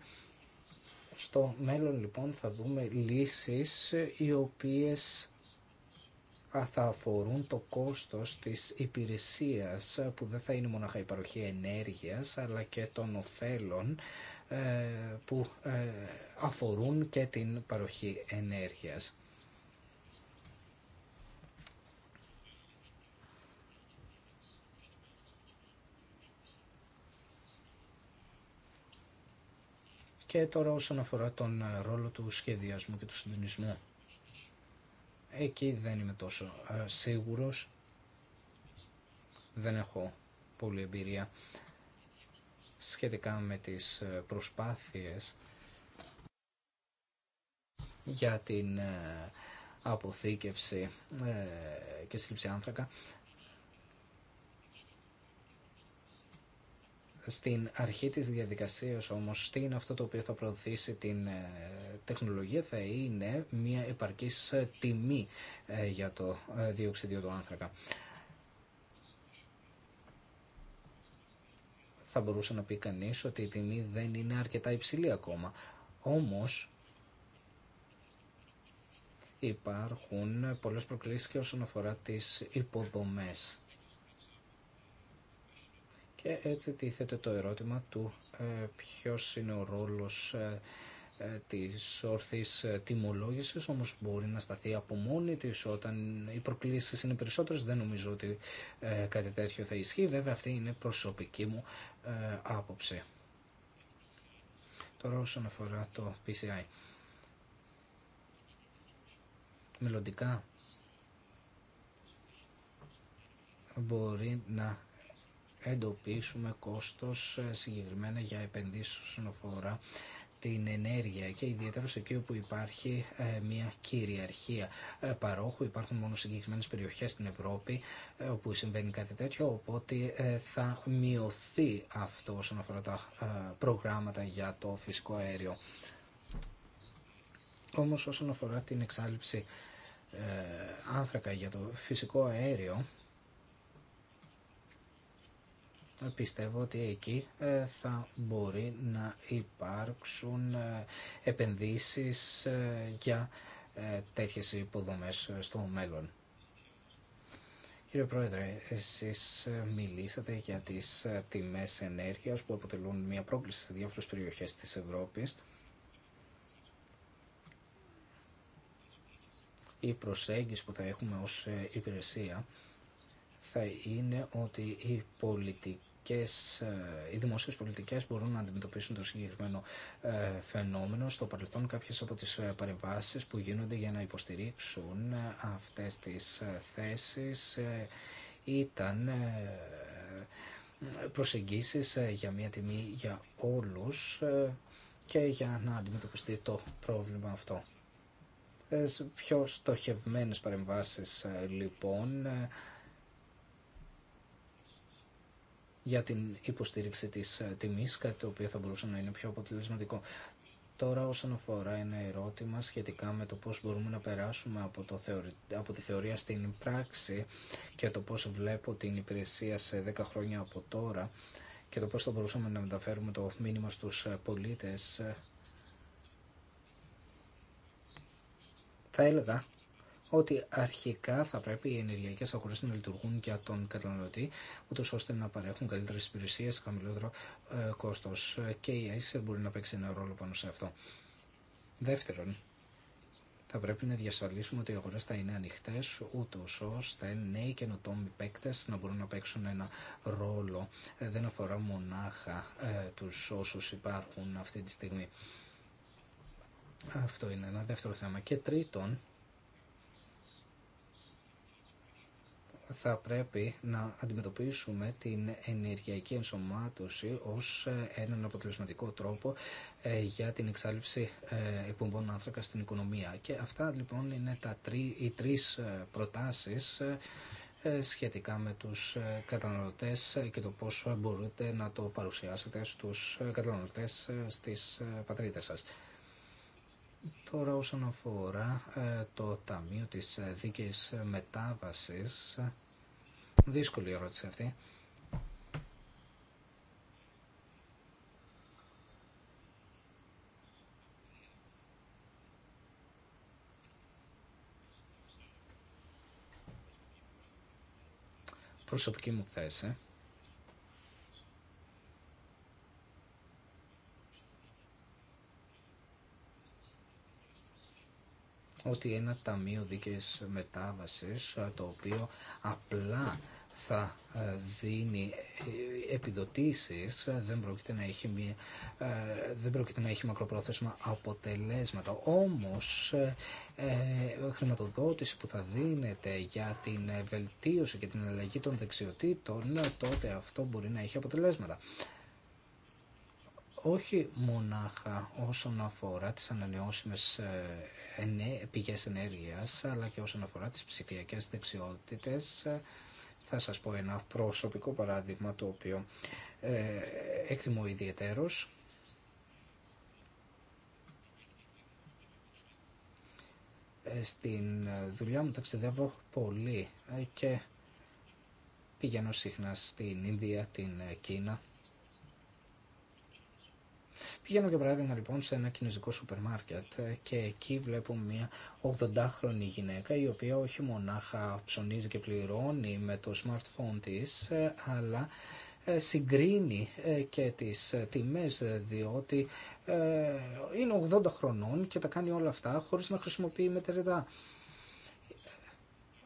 Στο μέλλον λοιπόν θα δούμε λύσεις οι οποίες θα αφορούν το κόστος της υπηρεσίας που δεν θα είναι μόνο η παροχή ενέργειας αλλά και των ωφέλων ε, που ε, αφορούν και την παροχή ενέργειας. και τώρα όσον αφορά τον ε, ρόλο του σχεδιασμού και του συντονισμού. Ναι. Εκεί δεν είμαι τόσο σίγουρος, δεν έχω πολλή εμπειρία σχετικά με τις ε, προσπάθειες για την ε, αποθήκευση ε, και σύλληψη άνθρακα στην αρχή της διαδικασίας όμως τι είναι αυτό το οποίο θα προωθήσει την τεχνολογία θα είναι μια επαρκής τιμή για το διοξίδιο του άνθρακα. θα μπορούσε να πει κανείς ότι η τιμή δεν είναι αρκετά υψηλή ακόμα. Όμως υπάρχουν πολλές προκλήσεις και όσον αφορά τις υποδομές. Και έτσι τίθεται το ερώτημα του ε, ποιος είναι ο ρόλος ε, ε, της ορθής ε, τιμολόγησης, όμως μπορεί να σταθεί από μόνη της όταν οι προκλήσεις είναι περισσότερες. Δεν νομίζω ότι ε, κάτι τέτοιο θα ισχύει. Βέβαια αυτή είναι προσωπική μου άποψη. Τώρα όσον αφορά το PCI. Μελλοντικά μπορεί να εντοπίσουμε κόστος συγκεκριμένα για επενδύσεις όσον αφορά την ενέργεια και ιδιαίτερα εκεί όπου υπάρχει ε, μια κυριαρχία ε, παρόχου. Υπάρχουν μόνο συγκεκριμένε περιοχές στην Ευρώπη ε, όπου συμβαίνει κάτι τέτοιο, οπότε θα μειωθεί αυτό όσον αφορά τα προγράμματα για το φυσικό αέριο. Όμως όσον αφορά την εξάλληψη άνθρακα για το φυσικό αέριο, πιστεύω ότι εκεί ε, θα μπορεί να υπάρξουν ε, επενδύσεις ε, για τέτοιες υποδομές στο μέλλον. Κύριε Πρόεδρε, εσείς μιλήσατε για τις τιμές ενέργειας που αποτελούν μια πρόκληση σε διάφορες περιοχές της Ευρώπης. Η προσέγγιση που θα έχουμε ως υπηρεσία θα είναι ότι η πολιτική πολιτικές, ε, οι δημοσίες πολιτικές μπορούν να αντιμετωπίσουν το συγκεκριμένο ε, φαινόμενο. Στο παρελθόν κάποιες από τις ε, παρεμβάσεις που γίνονται για να υποστηρίξουν αυτές τις θέσεις ήταν προσεγγίσεις για μια τιμή για όλους και για να αντιμετωπιστεί το πρόβλημα αυτό. Πιο στοχευμένες παρεμβάσεις λοιπόν για την υποστήριξη της ε, τιμής, κάτι το οποίο θα μπορούσε να είναι πιο αποτελεσματικό. Τώρα όσον αφορά ένα ερώτημα σχετικά με το πώς μπορούμε να περάσουμε από, το από τη θεωρία στην πράξη και το πώς βλέπω την υπηρεσία σε 10 χρόνια από τώρα και το πώς θα μπορούσαμε να μεταφέρουμε το μήνυμα στους ε, πολίτες ε, θα έλεγα ότι αρχικά θα πρέπει οι ενεργειακέ αγορέ να λειτουργούν για τον καταναλωτή, ούτω ώστε να παρέχουν καλύτερες υπηρεσίες, χαμηλότερο ε, κόστος και η ICE μπορεί να παίξει ένα ρόλο πάνω σε αυτό. Δεύτερον, θα πρέπει να διασφαλίσουμε ότι οι αγορέ θα είναι ανοιχτέ, ούτω ώστε νέοι καινοτόμοι παίκτε να μπορούν να παίξουν ένα ρόλο. Ε, δεν αφορά μονάχα ε, του όσου υπάρχουν αυτή τη στιγμή. Αυτό είναι ένα δεύτερο θέμα. Και τρίτον, θα πρέπει να αντιμετωπίσουμε την ενεργειακή ενσωμάτωση ως ε, έναν αποτελεσματικό τρόπο ε, για την εξάλληψη ε, εκπομπών άνθρακα στην οικονομία. Και αυτά λοιπόν είναι τα τρί, οι τρεις προτάσεις σχετικά με τους καταναλωτές και το πώς μπορείτε να το παρουσιάσετε στους καταναλωτές στις πατρίδες σας. Τώρα όσον αφορά ε, το Ταμείο της ε, Δίκαιης Μετάβασης, δύσκολη ερώτηση αυτή. Προσωπική μου θέση ότι ένα ταμείο δίκαιης μετάβασης ε, το οποίο απλά θα ε, δίνει ε, επιδοτήσεις δεν πρόκειται να έχει, μία, δεν πρόκειται να έχει μακροπρόθεσμα αποτελέσματα. Όμως ε, χρηματοδότηση που θα δίνεται για την βελτίωση και την αλλαγή των δεξιοτήτων τότε αυτό μπορεί να έχει αποτελέσματα όχι μονάχα όσον αφορά τις ανανεώσιμες ε, πηγές ενέργειας, αλλά και όσον αφορά τις ψηφιακές δεξιότητες. Θα σας πω ένα προσωπικό παράδειγμα το οποίο ε, εκτιμώ ιδιαιτέρως. Ε, στην δουλειά μου ταξιδεύω πολύ και πηγαίνω συχνά στην Ινδία, την Κίνα, Πηγαίνω για παράδειγμα λοιπόν σε ένα κινέζικο σούπερ μάρκετ ε, και εκεί βλέπω μια 80χρονη γυναίκα η οποία όχι μονάχα ψωνίζει και πληρώνει με το smartphone της ε, αλλά ε, συγκρίνει και τις τιμές διότι είναι 80 χρονών και τα κάνει όλα αυτά χωρίς να χρησιμοποιεί μετερετα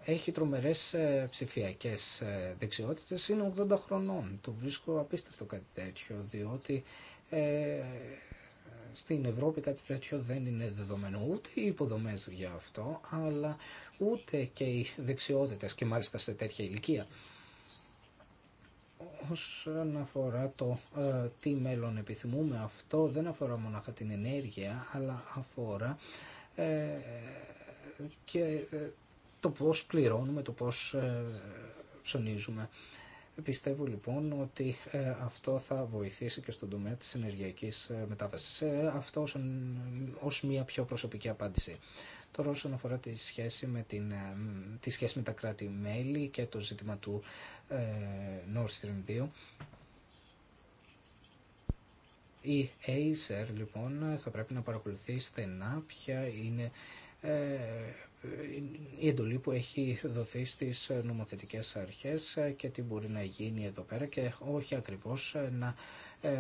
Έχει τρομερές ψηφιακές δεξιότητες, είναι 80 χρονών. Το βρίσκω απίστευτο κάτι τέτοιο διότι ε, στην Ευρώπη κάτι τέτοιο δεν είναι δεδομένο ούτε οι υποδομές για αυτό, αλλά ούτε και οι δεξιότητες και μάλιστα σε τέτοια ηλικία. Όσον αφορά το ε, τι μέλλον επιθυμούμε, αυτό δεν αφορά μόνο την ενέργεια, αλλά αφορά ε, και ε, το πώς πληρώνουμε, το πώς ψωνίζουμε. Πιστεύω λοιπόν ότι ε, αυτό θα βοηθήσει και στον τομέα της ενεργειακής ε, μετάβασης. Ε, αυτό ως μία πιο προσωπική απάντηση. Τώρα όσον αφορά τη σχέση με, την, τη σχέση με τα κράτη-μέλη και το ζήτημα του Nord Stream 2, η Acer λοιπόν θα πρέπει να παρακολουθεί στενά ποια είναι η εντολή που έχει δοθεί στις νομοθετικές αρχές ε, και τι μπορεί να γίνει εδώ πέρα και όχι ακριβώς ε, να ε,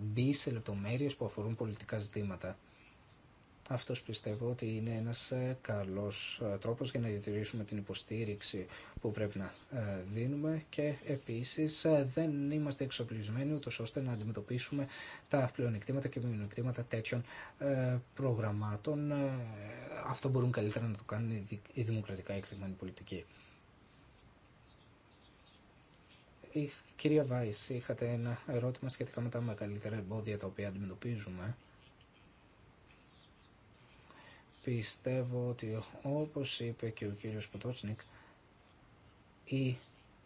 μπει σε λεπτομέρειες που αφορούν πολιτικά ζητήματα. Αυτός πιστεύω ότι είναι ένας ε, καλός ε, τρόπος για να διατηρήσουμε την υποστήριξη που πρέπει να ε, δίνουμε και επίσης δεν είμαστε εξοπλισμένοι ούτω ώστε να αντιμετωπίσουμε τα πλεονεκτήματα και μειονεκτήματα τέτοιων προγραμμάτων. Αυτό μπορούν καλύτερα να το κάνουν οι δημοκρατικά εκλεγμένοι πολιτικοί. κυρία Βάης, είχατε ένα ερώτημα σχετικά με τα μεγαλύτερα εμπόδια τα οποία αντιμετωπίζουμε Πιστεύω ότι όπως είπε και ο κύριος Ποτότσνικ, η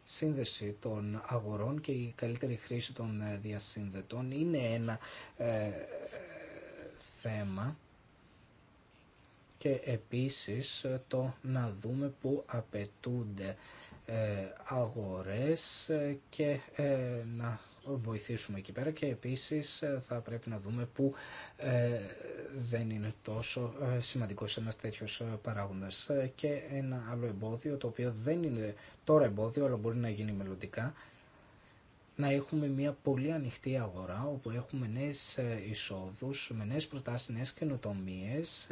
σύνδεση των αγορών και η καλύτερη χρήση των ε, διασύνδετών είναι ένα ε, θέμα και επίσης ε, το να δούμε που απαιτούνται ε, αγορές και να βοηθήσουμε εκεί πέρα και επίσης ε, θα πρέπει να δούμε που ε, δεν είναι τόσο ε, σημαντικός ένας τέτοιος παράγοντας. Και ένα άλλο εμπόδιο, το οποίο δεν είναι τώρα εμπόδιο, αλλά μπορεί να γίνει μελλοντικά, να έχουμε μια πολύ ανοιχτή αγορά όπου έχουμε νέες εισόδους, με νέες προτάσεις, νέες καινοτομίες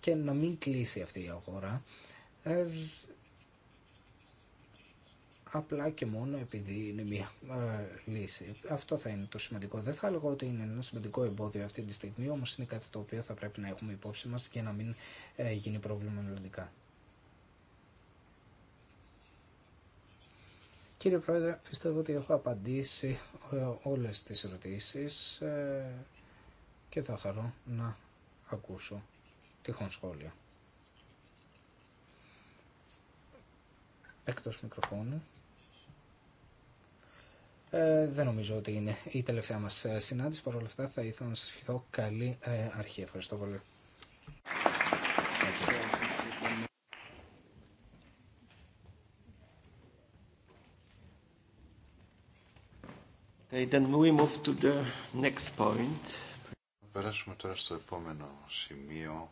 και να μην κλείσει αυτή η αγορά απλά και μόνο επειδή είναι μια ε, λύση. Αυτό θα είναι το σημαντικό. Δεν θα έλεγα ότι είναι ένα σημαντικό εμπόδιο αυτή τη στιγμή, όμως είναι κάτι το οποίο θα πρέπει να έχουμε υπόψη μας και να μην ε, γίνει πρόβλημα μελλοντικά. Κύριε Πρόεδρε, πιστεύω ότι έχω απαντήσει ε, όλες τις ερωτήσεις και θα χαρώ να ακούσω τυχόν σχόλια. Εκτός μικροφώνου. Ε, δεν νομίζω ότι είναι η τελευταία μας ε, συνάντηση. Παρ' όλα αυτά θα ήθελα να σας ευχηθώ καλή ε, αρχή. Ευχαριστώ πολύ. Okay, then we move to the next point. Περάσουμε τώρα στο επόμενο σημείο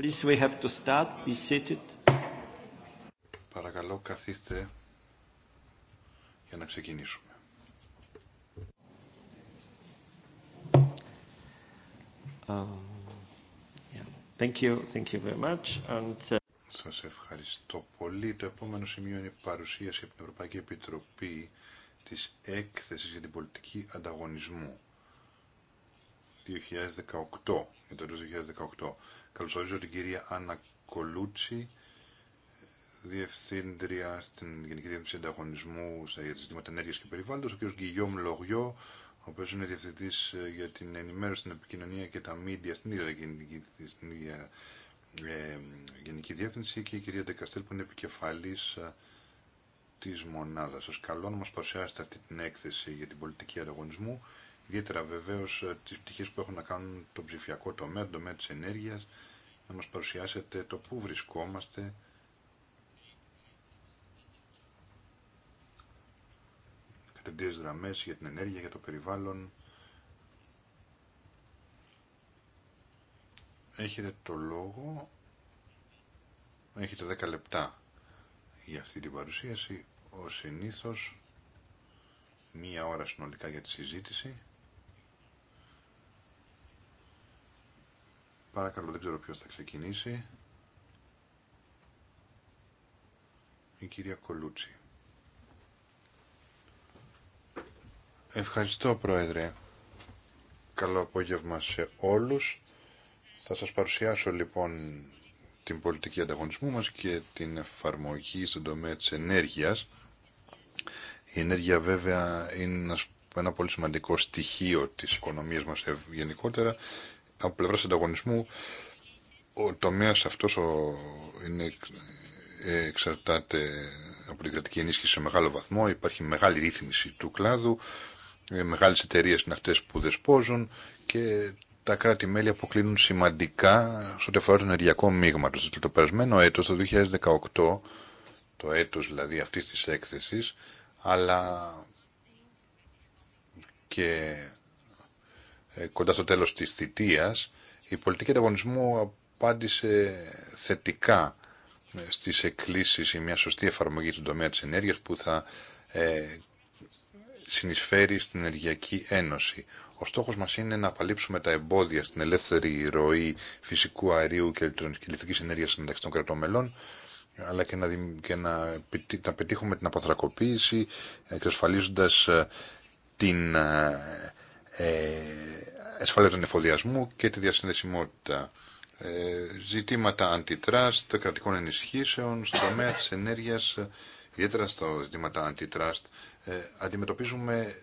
Please, we have to start. Be seated. Παρακαλώ, καθίστε για να ξεκινήσουμε. Uh, Thank you, thank you very much. And, uh, Σας ευχαριστώ πολύ. Το επόμενο σημείο είναι η παρουσίαση από την Ευρωπαϊκή Επιτροπή της έκθεσης για την πολιτική ανταγωνισμού. 2018, για το 2018. Καλωσορίζω την κυρία Άννα Κολούτσι, διευθύντρια στην Γενική Διεύθυνση Ανταγωνισμού για τα ζητήματα ενέργεια και περιβάλλοντο, ο κ. Γκυγιόμ Λογιό, ο οποίο είναι διευθυντή ε, για την ενημέρωση, την επικοινωνία και τα μίντια στην ίδια, Γενική ε, Διεύθυνση, και η κυρία Ντεκαστέλ, που είναι επικεφαλή ε, τη μονάδα. Σα καλώ να μα παρουσιάσετε αυτή την έκθεση για την πολιτική ανταγωνισμού ιδιαίτερα βεβαίω ε, τις πτυχές που έχουν να κάνουν το ψηφιακό τομέα, τον τομέα της ενέργειας, να μας παρουσιάσετε το πού βρισκόμαστε, Κατευθείαν γραμμέ για την ενέργεια, για το περιβάλλον. Έχετε το λόγο, έχετε 10 λεπτά για αυτή την παρουσίαση, ο συνήθως μία ώρα συνολικά για τη συζήτηση. Παρακαλώ, δεν ξέρω ποιος θα ξεκινήσει. Η κυρία Κολούτσι. Ευχαριστώ, Πρόεδρε. Καλό απόγευμα σε όλους. Θα σας παρουσιάσω λοιπόν την πολιτική ανταγωνισμού μας και την εφαρμογή στον τομέα της ενέργειας. Η ενέργεια βέβαια είναι ένα πολύ σημαντικό στοιχείο της οικονομίας μας ε, γενικότερα από πλευρά ανταγωνισμού ο τομέας αυτός είναι, ε, εξαρτάται από την κρατική ενίσχυση σε μεγάλο βαθμό. Υπάρχει μεγάλη ρύθμιση του κλάδου, ε, μεγάλες εταιρείε είναι αυτέ που δεσπόζουν και τα κράτη-μέλη αποκλίνουν σημαντικά σε ό,τι αφορά το ενεργειακό μείγμα του. Το περασμένο έτος, το 2018, το έτος δηλαδή αυτή τη έκθεση, αλλά και ε, κοντά στο τέλος της θητείας, η πολιτική ανταγωνισμού απάντησε θετικά ε, στις εκκλήσεις ή μια σωστή εφαρμογή του τομέα της ενέργειας που θα ε, συνεισφέρει στην Ενεργειακή Ένωση. Ο στόχος μας είναι να απαλείψουμε τα εμπόδια στην ελεύθερη ροή φυσικού αερίου και ηλεκτρικής ενέργειας μεταξύ των κρατών μελών, αλλά και να, να, πετύχουμε την αποθρακοποίηση εξασφαλίζοντας ε, την ε, ασφάλεια των εφοδιασμού και τη διασυνδεσιμότητα. Ε, ζητήματα αντιτράστ, κρατικών ενισχύσεων, στον τομέα της ενέργειας, ιδιαίτερα στα ζητήματα αντιτράστ, ε, αντιμετωπίζουμε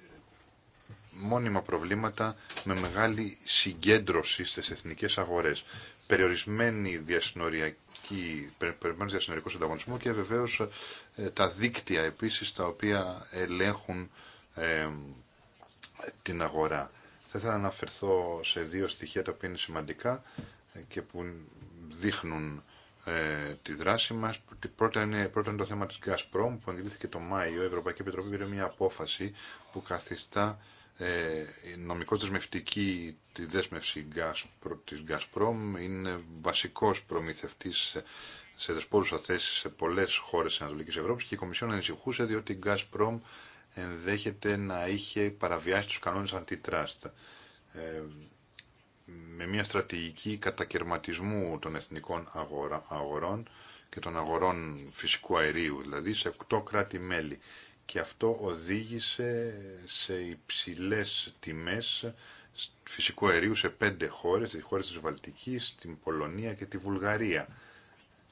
μόνιμα προβλήματα με μεγάλη συγκέντρωση στις εθνικές αγορές. Περιορισμένη διασυνοριακή, περιορισμένος διασυνοριακός ανταγωνισμό και βεβαίως τα δίκτυα επίσης τα οποία ελέγχουν την αγορά. Θα ήθελα να αναφερθώ σε δύο στοιχεία τα οποία είναι σημαντικά και που δείχνουν ε, τη δράση μας. Πρώτα είναι, πρώτα το θέμα της Gazprom που εγκρίθηκε το Μάιο. Η Ευρωπαϊκή Επιτροπή πήρε μια απόφαση που καθιστά ε, νομικώς δεσμευτική τη δέσμευση της Gazprom. Είναι βασικός προμηθευτής σε δεσπόρουσα θέση σε πολλές χώρες της Ανατολικής Ευρώπης και η Κομισιόν ανησυχούσε διότι η Gazprom ενδέχεται να είχε παραβιάσει τους κανόνες αντιτράστ ε, με μια στρατηγική κατακαιρματισμού των εθνικών αγορών και των αγορών φυσικού αερίου, δηλαδή σε 8 κράτη-μέλη. Και αυτό οδήγησε σε υψηλές τιμές φυσικού αερίου σε πέντε χώρες, τις χώρες της Βαλτικής, την Πολωνία και τη Βουλγαρία.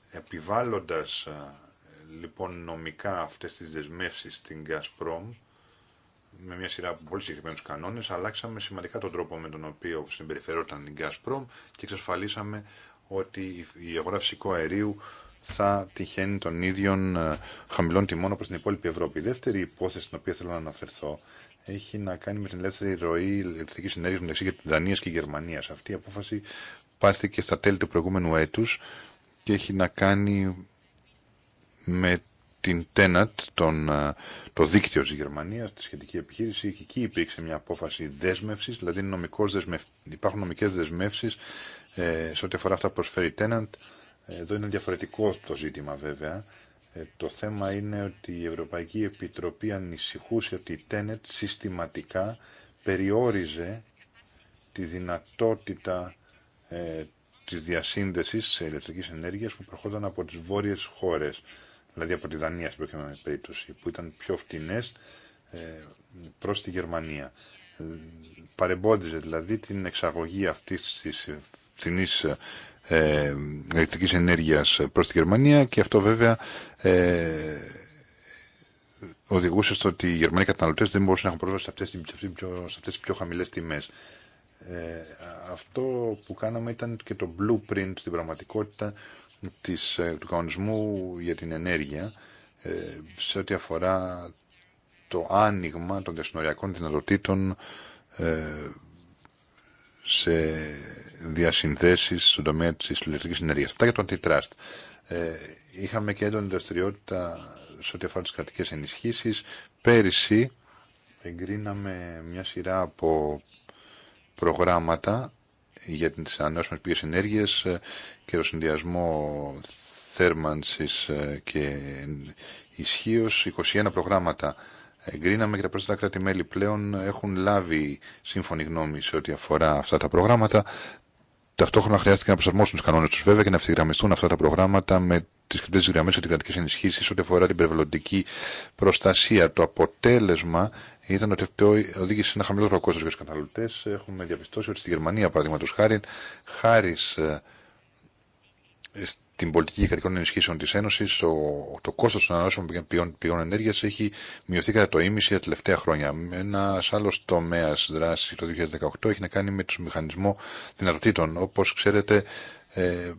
Επιβάλλοντας λοιπόν νομικά αυτές τις δεσμεύσεις στην Gazprom με μια σειρά από πολύ συγκεκριμένου κανόνε, αλλάξαμε σημαντικά τον τρόπο με τον οποίο συμπεριφερόταν η Gazprom και εξασφαλίσαμε ότι η αγορά φυσικού αερίου θα τυχαίνει των ίδιων ε, χαμηλών τιμών όπω στην υπόλοιπη Ευρώπη. Η δεύτερη υπόθεση στην οποία θέλω να αναφερθώ έχει να κάνει με την ελεύθερη ροή ηλεκτρική συνέργεια μεταξύ Δανία και Γερμανία. Αυτή η απόφαση πάστηκε στα τέλη του προηγούμενου έτου και έχει να κάνει με την ΤΕΝΑΤ, τον, ε, το δίκτυο της Γερμανίας, τη σχετική επιχείρηση, και εκεί υπήρξε μια απόφαση δέσμευσης, δηλαδή δεσμευ... υπάρχουν νομικές δεσμεύσεις ε, σε ό,τι αφορά αυτά που προσφέρει η ΤΕΝΑΤ. Εδώ είναι διαφορετικό το ζήτημα βέβαια. Ε, το θέμα είναι ότι η Ευρωπαϊκή Επιτροπή ανησυχούσε ότι η ΤΕΝΕΤ συστηματικά περιόριζε τη δυνατότητα ε, της διασύνδεσης σε ηλεκτρικής ενέργειας που προχώταν από τις βόρειες χώρες δηλαδή από τη Δανία στην προκειμένη περίπτωση, που ήταν πιο φτηνές ε, προ τη Γερμανία. Παρεμπόδιζε δηλαδή την εξαγωγή αυτή τη ε, φτηνή ε, ηλεκτρικής ενέργειας προς τη Γερμανία και αυτό βέβαια ε, οδηγούσε στο ότι οι Γερμανοί καταναλωτέ δεν μπορούσαν να έχουν πρόσβαση σε αυτέ τι πιο, πιο χαμηλές τιμές. αυτό που κάναμε ήταν και το blueprint στην πραγματικότητα της, ε, του κανονισμού για την ενέργεια ε, σε ό,τι αφορά το άνοιγμα των διασυνοριακών δυνατοτήτων ε, σε διασυνδέσεις στον τομέα της ηλεκτρικής ενέργειας. Αυτά για το αντιτράστ. Είχαμε και έντονη δραστηριότητα σε ό,τι αφορά τις κρατικές ενισχύσεις. Πέρυσι εγκρίναμε μια σειρά από προγράμματα για τις ανανεώσιμες πηγές ενέργειας ε, και το συνδυασμό θέρμανσης ε, και ισχύω 21 προγράμματα εγκρίναμε και τα περισσότερα κράτη-μέλη πλέον έχουν λάβει σύμφωνη γνώμη σε ό,τι αφορά αυτά τα προγράμματα. Ταυτόχρονα χρειάστηκε να προσαρμόσουν του κανόνε του βέβαια και να ευθυγραμμιστούν αυτά τα προγράμματα με τι κρυπτέ γραμμέ και τι κρατικέ ενισχύσει ό,τι αφορά την περιβαλλοντική προστασία. Το αποτέλεσμα ήταν ότι αυτό οδήγησε σε ένα χαμηλότερο κόστο για του καταναλωτέ. Έχουμε διαπιστώσει ότι στη Γερμανία, παραδείγματο χάρη, χάρη ε, στην πολιτική κρατικών ενισχύσεων τη Ένωση, το κόστο των ανανεώσιμων πηγών, πηγών ενέργεια έχει μειωθεί κατά το ίμιση τα τελευταία χρόνια. Ένα άλλο τομέα δράση το 2018 έχει να κάνει με του μηχανισμό δυνατοτήτων. Όπω ξέρετε, ε,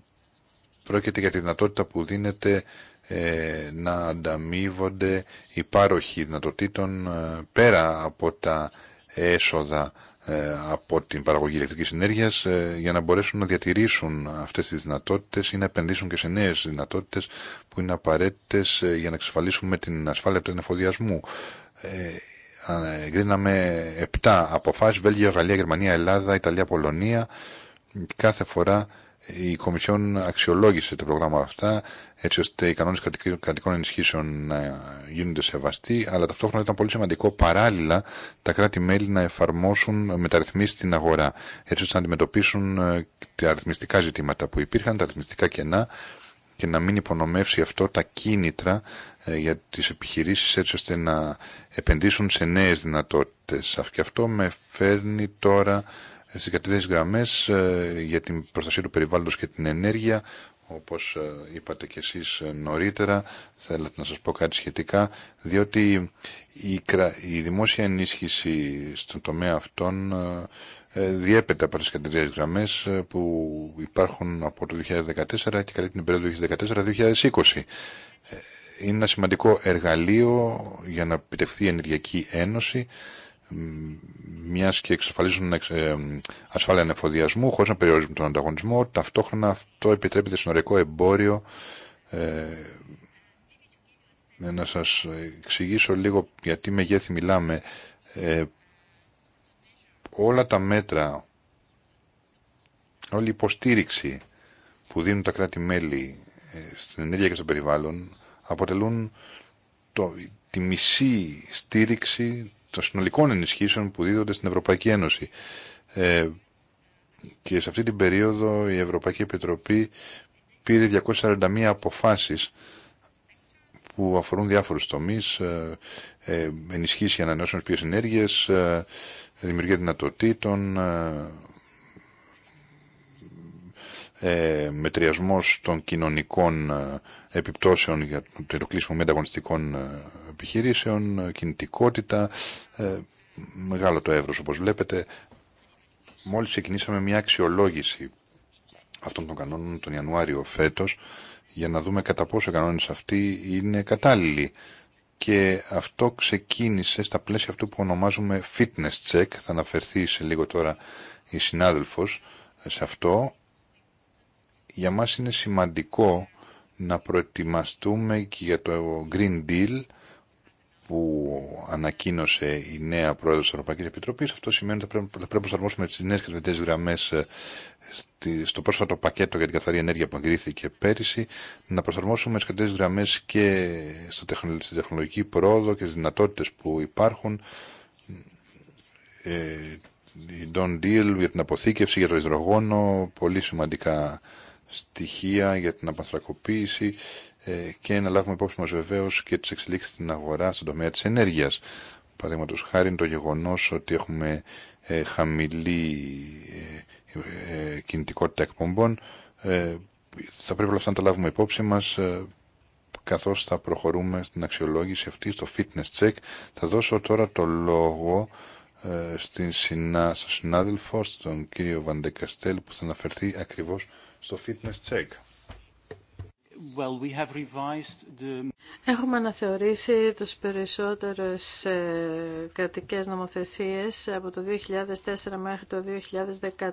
πρόκειται για τη δυνατότητα που δίνεται ε, να ανταμείβονται οι πάροχοι δυνατοτήτων ε, πέρα από τα έσοδα ε, από την παραγωγή ηλεκτρική ενέργεια ε, για να μπορέσουν να διατηρήσουν αυτές τις δυνατότητες ή να επενδύσουν και σε νέες δυνατότητες που είναι απαραίτητε ε, για να εξασφαλίσουμε την ασφάλεια του ενεφοδιασμού. Εγκρίναμε 7 αποφάσεις, Βέλγιο, Γαλλία, Γερμανία, Ελλάδα, Ιταλία, Πολωνία. Κάθε φορά η Κομισιόν αξιολόγησε το πρόγραμμα αυτά έτσι ώστε οι κανόνε κρατικών ενισχύσεων να γίνονται σεβαστοί αλλά ταυτόχρονα ήταν πολύ σημαντικό παράλληλα τα κράτη-μέλη να εφαρμόσουν μεταρρυθμίσεις στην αγορά έτσι ώστε να αντιμετωπίσουν ε, τα αριθμιστικά ζητήματα που υπήρχαν, τα αριθμιστικά κενά και να μην υπονομεύσει αυτό τα κίνητρα ε, για τις επιχειρήσεις έτσι ώστε να επενδύσουν σε νέες δυνατότητες. αυτό με φέρνει τώρα στις κατηδές γραμμές ε, για την προστασία του περιβάλλοντος και την ενέργεια. Όπως ε, είπατε και εσείς ε, νωρίτερα, θέλατε να σας πω κάτι σχετικά, διότι η δημόσια ενίσχυση στον τομέα αυτών διέπεται από τις κατηδές γραμμές που υπάρχουν από το 2014 και κατά την περίοδο 2014-2020 είναι ένα σημαντικό εργαλείο για να επιτευχθεί η Ενεργειακή Ένωση μιας και εξασφαλίζουν ε, ε, ασφάλεια ανεφοδιασμού χωρίς να περιορίζουν τον ανταγωνισμό. Ταυτόχρονα αυτό επιτρέπεται στον ορικό εμπόριο. Ε, ε, να σας εξηγήσω λίγο γιατί μεγέθη μιλάμε. όλα τα μέτρα, όλη η υποστήριξη που δίνουν τα κράτη-μέλη στην ενέργεια και στο περιβάλλον αποτελούν το, τη μισή στήριξη των συνολικών ενισχύσεων που δίδονται στην Ευρωπαϊκή Ένωση. Ε, και σε αυτή την περίοδο η Ευρωπαϊκή Επιτροπή πήρε 241 αποφάσεις που αφορούν διάφορους τομείς, ε, ε, ενισχύσει ανανεώσιμες ποιες ενέργειες, ε, δημιουργία δυνατοτήτων, ε, ε μετριασμός των κοινωνικών ε, επιπτώσεων για το κλείσιμο μεταγωνιστικών επιχειρήσεων, κινητικότητα, ε, μεγάλο το εύρος όπως βλέπετε. Μόλις ξεκινήσαμε μια αξιολόγηση αυτών των κανόνων τον Ιανουάριο φέτος για να δούμε κατά πόσο οι κανόνες αυτοί είναι κατάλληλοι. Και αυτό ξεκίνησε στα πλαίσια αυτού που ονομάζουμε fitness check. Θα αναφερθεί σε λίγο τώρα η συνάδελφος σε αυτό. Για μας είναι σημαντικό να προετοιμαστούμε και για το Green Deal που ανακοίνωσε η νέα πρόεδρο τη Ευρωπαϊκή Επιτροπή. Αυτό σημαίνει ότι θα πρέπει, να προσαρμόσουμε τι νέε κρατικέ γραμμέ ε, στο πρόσφατο πακέτο για την καθαρή ενέργεια που εγκρίθηκε πέρυσι, να προσαρμόσουμε τι κρατικέ γραμμέ και στη τεχνολογική πρόοδο και τι δυνατότητε που υπάρχουν. Ε, η Don Deal για την αποθήκευση, για το υδρογόνο, πολύ σημαντικά στοιχεία για την απανθρακοποίηση ε, και να λάβουμε υπόψη μας βεβαίως και τις εξελίξεις στην αγορά στον τομέα της ενέργειας. Παραδείγματο χάρη είναι το γεγονός ότι έχουμε ε, χαμηλή ε, κινητικότητα εκπομπών. Θα πρέπει όλα αυτά να τα λάβουμε υπόψη μας καθώς θα προχωρούμε στην αξιολόγηση αυτή, στο fitness check. Θα δώσω τώρα το λόγο στην συνά, στον συνάδελφο, στον κύριο Βαντεκαστέλ, που θα αναφερθεί ακριβώς στο fitness check. Well, we have revised the... Έχουμε αναθεωρήσει τους περισσότερες ε, κρατικές νομοθεσίες από το 2004 μέχρι το 2014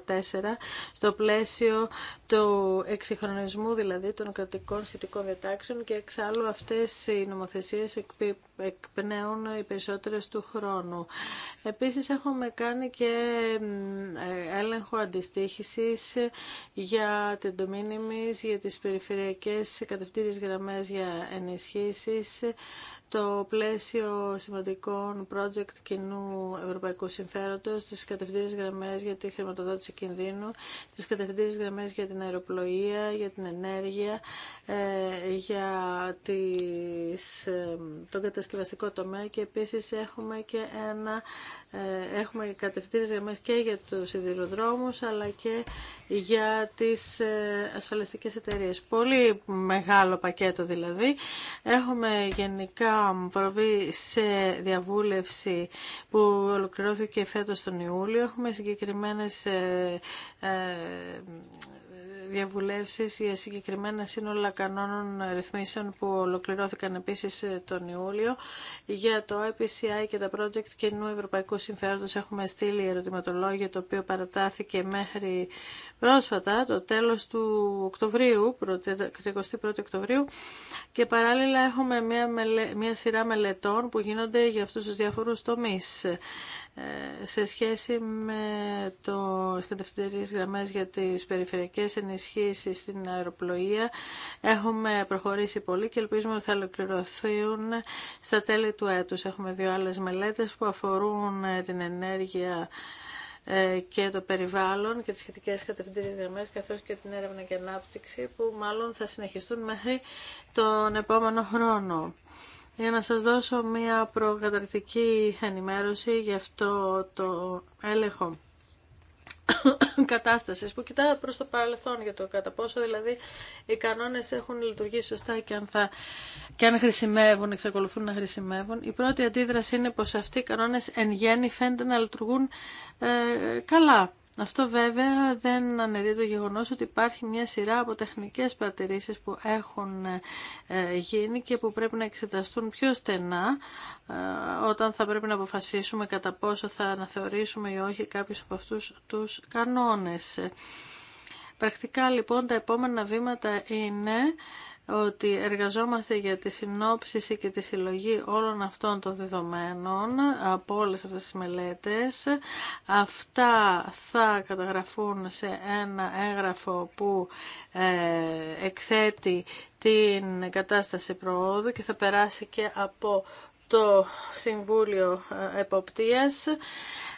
στο πλαίσιο του εξυγχρονισμού δηλαδή των κρατικών σχετικών διατάξεων και εξάλλου αυτές οι νομοθεσίες εκπίπτουν εκπνέουν οι περισσότερες του χρόνου. Επίσης έχουμε κάνει και ε, έλεγχο αντιστοίχησης για την τομήνυμης, για τις περιφερειακές κατευθύνες γραμμές για ενισχύσεις το πλαίσιο σημαντικών project κοινού ευρωπαϊκού συμφέροντος, τις κατευθύνσεις γραμμές για τη χρηματοδότηση κινδύνου, τις κατευθύνσεις γραμμές για την αεροπλοεία, για την ενέργεια, ε, για τις, ε, τον κατασκευαστικό τομέα και επίσης έχουμε και ένα, ε, έχουμε κατευθύνσεις γραμμές και για τους σιδηροδρόμους αλλά και για τις ασφαλιστικές εταιρείες. Πολύ μεγάλο πακέτο δηλαδή. Έχουμε γενικά προβεί σε διαβούλευση που ολοκληρώθηκε φέτος τον Ιούλιο. Έχουμε συγκεκριμένες ε, ε, διαβουλεύσεις για συγκεκριμένα σύνολα κανόνων ρυθμίσεων που ολοκληρώθηκαν επίσης ε, τον Ιούλιο. Για το IPCI και τα project καινού ευρωπαϊκού συμφέροντος έχουμε στείλει ερωτηματολόγιο το οποίο παρατάθηκε μέχρι πρόσφατα, το τέλος του Οκτωβρίου, 21 Οκτωβρίου και παράλληλα έχουμε μια, μια σειρά μελετών που γίνονται για αυτούς τους διαφορούς τομείς ε, σε σχέση με το κατευθυντήριες γραμμές για τις περιφερειακές ενισχύσεις στην αεροπλοεία έχουμε προχωρήσει πολύ και ελπίζουμε ότι θα ολοκληρωθούν στα τέλη του έτους. Έχουμε δύο άλλες μελέτες που αφορούν ε, την ενέργεια ε, και το περιβάλλον και τις σχετικές κατευθυντήριες γραμμές καθώς και την έρευνα και ανάπτυξη που μάλλον θα συνεχιστούν μέχρι τον επόμενο χρόνο. Για να σας δώσω μια προκαταρκτική ενημέρωση για αυτό το έλεγχο κατάστασης που κοιτά προς το παρελθόν για το κατά πόσο δηλαδή οι κανόνες έχουν λειτουργήσει σωστά και αν, θα, και αν χρησιμεύουν, εξακολουθούν να χρησιμεύουν. Η πρώτη αντίδραση είναι πως αυτοί οι κανόνες εν γέννη φαίνεται να λειτουργούν ε, καλά. Αυτό βέβαια δεν αναιρεί το γεγονός ότι υπάρχει μια σειρά από τεχνικές παρατηρήσεις που έχουν ε, γίνει και που πρέπει να εξεταστούν πιο στενά ε, όταν θα πρέπει να αποφασίσουμε κατά πόσο θα αναθεωρήσουμε ή όχι κάποιους από αυτούς τους κανόνες. Πρακτικά λοιπόν τα επόμενα βήματα είναι ότι εργαζόμαστε για τη συνόψιση και τη συλλογή όλων αυτών των δεδομένων από όλες αυτές τις μελέτες. Αυτά θα καταγραφούν σε ένα έγγραφο που ε, εκθέτει την κατάσταση προόδου και θα περάσει και από το Συμβούλιο ε, Εποπτείας.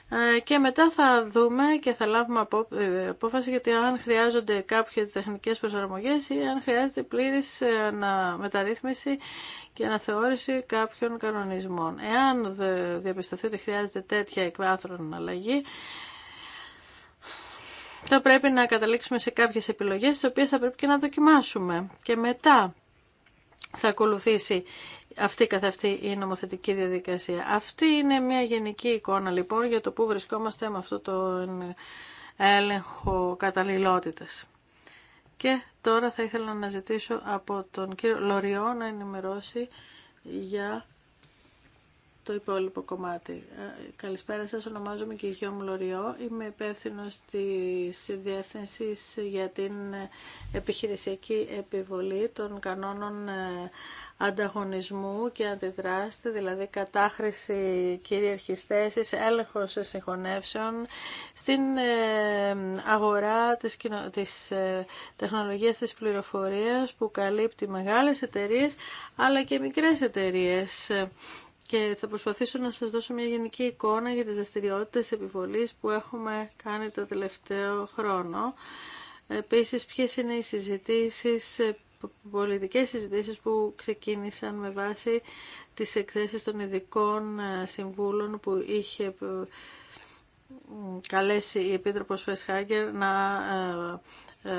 Ε, και μετά θα δούμε και θα λάβουμε ε, απόφαση γιατί αν χρειάζονται κάποιες τεχνικές προσαρμογές ή αν χρειάζεται πλήρης ε, μεταρρύθμιση και αναθεώρηση κάποιων κανονισμών. Εάν διαπιστωθεί ότι χρειάζεται τέτοια εκβάθρον αλλαγή, θα πρέπει να καταλήξουμε σε κάποιες επιλογές τις οποίες θα πρέπει και να δοκιμάσουμε. Και μετά θα ακολουθήσει αυτή καθ' αυτή η νομοθετική διαδικασία. Αυτή είναι μια γενική εικόνα λοιπόν για το που βρισκόμαστε με αυτό το έλεγχο καταλληλότητας. Και τώρα θα ήθελα να ζητήσω από τον κύριο Λοριό να ενημερώσει για το υπόλοιπο κομμάτι. Ε, καλησπέρα σας, ονομάζομαι Κυριό Λοριό. Είμαι υπεύθυνο της διεύθυνση για την επιχειρησιακή επιβολή των κανόνων ε, ανταγωνισμού και αντιδράστη, δηλαδή κατάχρηση κυρίαρχης θέσης, έλεγχος συγχωνεύσεων στην ε, αγορά της, κοινο... της τεχνολογίας της πληροφορίας που καλύπτει μεγάλες εταιρείες αλλά και μικρές εταιρείες και θα προσπαθήσω να σας δώσω μια γενική εικόνα για τις δραστηριότητες επιβολής που έχουμε κάνει το τελευταίο χρόνο. Επίσης, ποιες είναι οι συζητήσεις, πολιτικές συζητήσεις που ξεκίνησαν με βάση τις εκθέσεις των ειδικών συμβούλων που είχε καλέσει η Επίτροπος Φεσχάγκερ να ε, ε,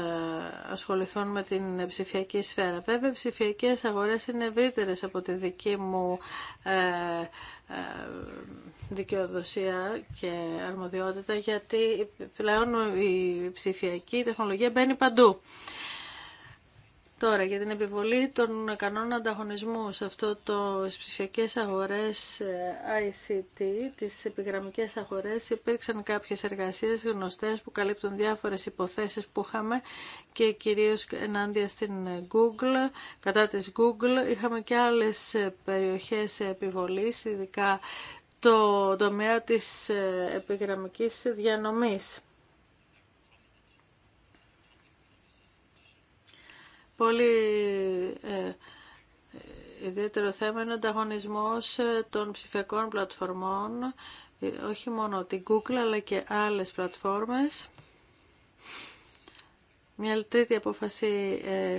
ασχοληθούν με την ψηφιακή σφαίρα. Βέβαια, οι ψηφιακές αγορές είναι ευρύτερε από τη δική μου ε, δικαιοδοσία και αρμοδιότητα, γιατί πλέον η ψηφιακή τεχνολογία μπαίνει παντού. Τώρα, για την επιβολή των κανόνων ανταγωνισμού σε αυτό το ψηφιακέ αγορέ ε, ICT, τις επιγραμμικές αγορέ, υπήρξαν κάποιες εργασίες γνωστέ που καλύπτουν διάφορες υποθέσεις που είχαμε και κυρίως ενάντια στην Google, κατά της Google. Είχαμε και άλλε περιοχές επιβολή ειδικά το τομέα της ε, επιγραμμικής διανομής. πολύ ε, ε, ιδιαίτερο θέμα είναι ο ανταγωνισμός ε, των ψηφιακών πλατφορμών, όχι μόνο την Google αλλά και άλλες πλατφόρμες. Μια τρίτη απόφαση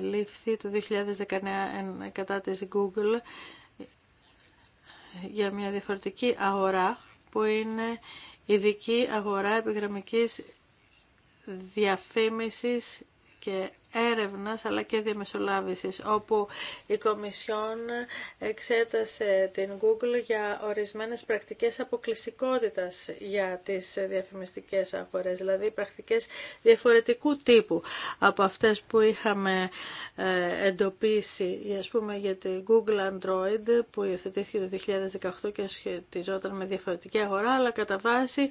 λήφθη το 2019 κατά της Google για μια διαφορετική αγορά που είναι ειδική αγορά επιγραμμικής διαφήμισης και έρευνας αλλά και διαμεσολάβησης όπου η Κομισιόν εξέτασε την Google για ορισμένες πρακτικές αποκλειστικότητας για τις διαφημιστικές αγορές δηλαδή πρακτικές διαφορετικού τύπου από αυτές που είχαμε ε, εντοπίσει ας πούμε για την Google Android που υιοθετήθηκε το 2018 και σχετιζόταν με διαφορετική αγορά αλλά κατά βάση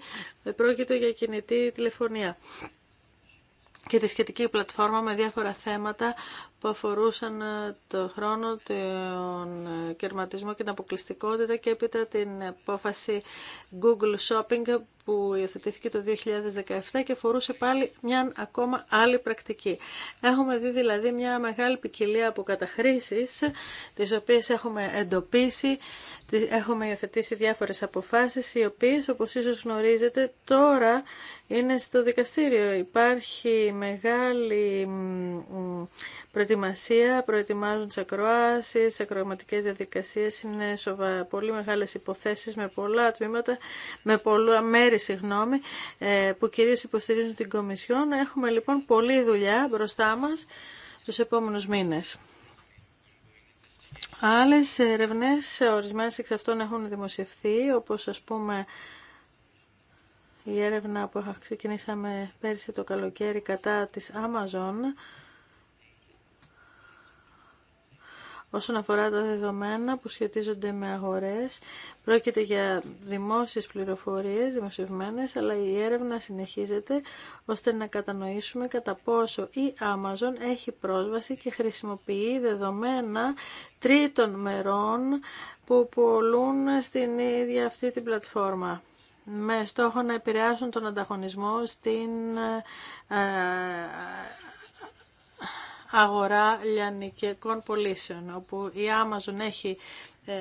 πρόκειται για κινητή τηλεφωνία και τη σχετική πλατφόρμα με διάφορα θέματα που αφορούσαν ε, το χρόνο, τον ε, κερματισμό και την αποκλειστικότητα και έπειτα την απόφαση Google Shopping που υιοθετήθηκε το 2017 και φορούσε πάλι μια ακόμα άλλη πρακτική. Έχουμε δει δηλαδή μια μεγάλη ποικιλία από καταχρήσεις, τις οποίες έχουμε εντοπίσει, έχουμε υιοθετήσει διάφορες αποφάσεις, οι οποίες όπως ίσως γνωρίζετε τώρα είναι στο δικαστήριο. Υπάρχει μεγάλη προετοιμασία, προετοιμάζουν τις ακροάσεις, τις ακροαματικές διαδικασίες, είναι πολύ μεγάλες υποθέσεις με πολλά τμήματα, με πολλά μέρη ε, που κυρίως υποστηρίζουν την Κομισιόν. Έχουμε λοιπόν πολλή δουλειά μπροστά μας τους επόμενους μήνες. Άλλες ερευνές, ορισμένες εξ αυτών έχουν δημοσιευθεί, όπως ας πούμε η έρευνα που ξεκινήσαμε πέρσι το καλοκαίρι κατά της Amazon, Όσον αφορά τα δεδομένα που σχετίζονται με αγορές, πρόκειται για δημόσιες πληροφορίες, δημοσιευμένες, αλλά η έρευνα συνεχίζεται ώστε να κατανοήσουμε κατά πόσο η Amazon έχει πρόσβαση και χρησιμοποιεί δεδομένα τρίτων μερών που πολλούν στην ίδια αυτή την πλατφόρμα με στόχο να επηρεάσουν τον ανταγωνισμό στην ε, αγορά λιανικών πωλήσεων, όπου η Amazon έχει ε,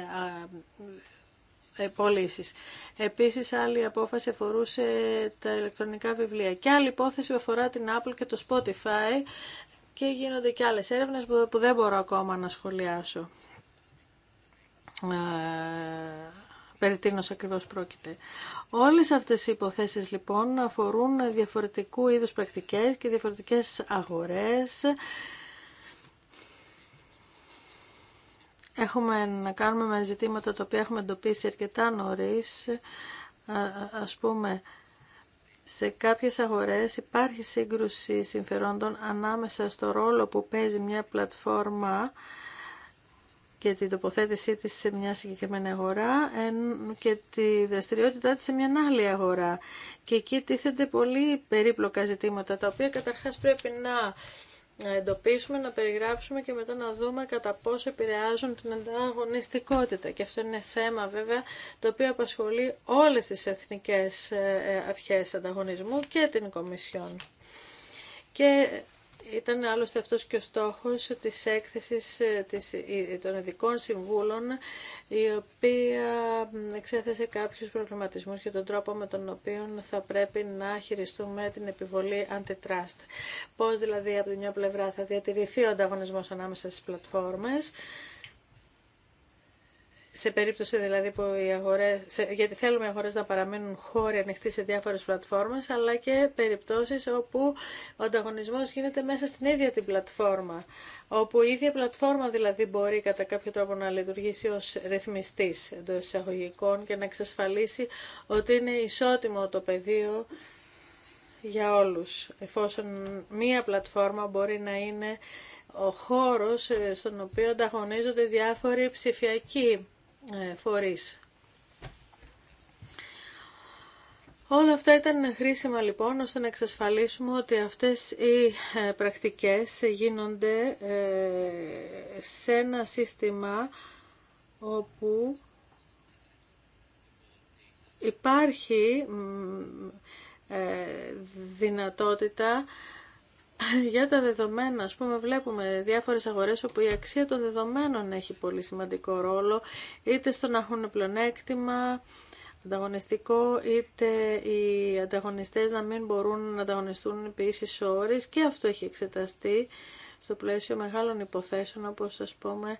ε, πωλήσεις. Επίσης, άλλη απόφαση αφορούσε τα ηλεκτρονικά βιβλία. Και άλλη υπόθεση αφορά την Apple και το Spotify και γίνονται και άλλες έρευνες που δεν μπορώ ακόμα να σχολιάσω. Ε, περί τίνος ακριβώς πρόκειται. Όλες αυτές οι υποθέσεις λοιπόν αφορούν διαφορετικού είδους πρακτικές και διαφορετικές αγορές. Έχουμε να κάνουμε με ζητήματα τα οποία έχουμε εντοπίσει αρκετά νωρίς, ας πούμε... Σε κάποιες αγορές υπάρχει σύγκρουση συμφερόντων ανάμεσα στο ρόλο που παίζει μια πλατφόρμα και την τοποθέτησή της σε μια συγκεκριμένη αγορά και τη δραστηριότητά της σε μια άλλη αγορά. Και εκεί τίθενται πολύ περίπλοκα ζητήματα, τα οποία καταρχάς πρέπει να εντοπίσουμε, να περιγράψουμε και μετά να δούμε κατά πόσο επηρεάζουν την ανταγωνιστικότητα. Και αυτό είναι θέμα βέβαια το οποίο απασχολεί όλες τις εθνικές ε, ε, αρχές ανταγωνισμού και την Κομισιόν. Και ήταν άλλωστε αυτός και ο στόχος της έκθεσης ε, ε, ε, των ειδικών συμβούλων, η οποία εξέθεσε κάποιους προβληματισμούς για τον τρόπο με τον οποίο θα πρέπει να χειριστούμε την επιβολή antitrust. Πώς δηλαδή από την μια πλευρά θα διατηρηθεί ο ανταγωνισμός ανάμεσα στις πλατφόρμες, σε περίπτωση δηλαδή που οι αγορές, γιατί θέλουμε οι αγορές να παραμείνουν χώροι ανοιχτοί σε διάφορες πλατφόρμες, αλλά και περιπτώσεις όπου ο ανταγωνισμός γίνεται μέσα στην ίδια την πλατφόρμα, όπου η ίδια πλατφόρμα δηλαδή μπορεί κατά κάποιο τρόπο να λειτουργήσει ως ρυθμιστής εντό εισαγωγικών και να εξασφαλίσει ότι είναι ισότιμο το πεδίο για όλους, εφόσον μία πλατφόρμα μπορεί να είναι ο χώρος ε, στον οποίο ανταγωνίζονται διάφοροι ψηφιακοί ε, φορείς. Όλα αυτά ήταν χρήσιμα λοιπόν ώστε να εξασφαλίσουμε ότι αυτές οι ε, πρακτικές γίνονται ε, σε ένα σύστημα όπου υπάρχει δυνατότητα για τα δεδομένα, ας πούμε, βλέπουμε διάφορες αγορές όπου η αξία των δεδομένων έχει πολύ σημαντικό ρόλο, είτε στο να έχουν πλονέκτημα, ανταγωνιστικό, είτε οι ανταγωνιστές να μην μπορούν να ανταγωνιστούν επίση ώρε και αυτό έχει εξεταστεί στο πλαίσιο μεγάλων υποθέσεων, όπως ας πούμε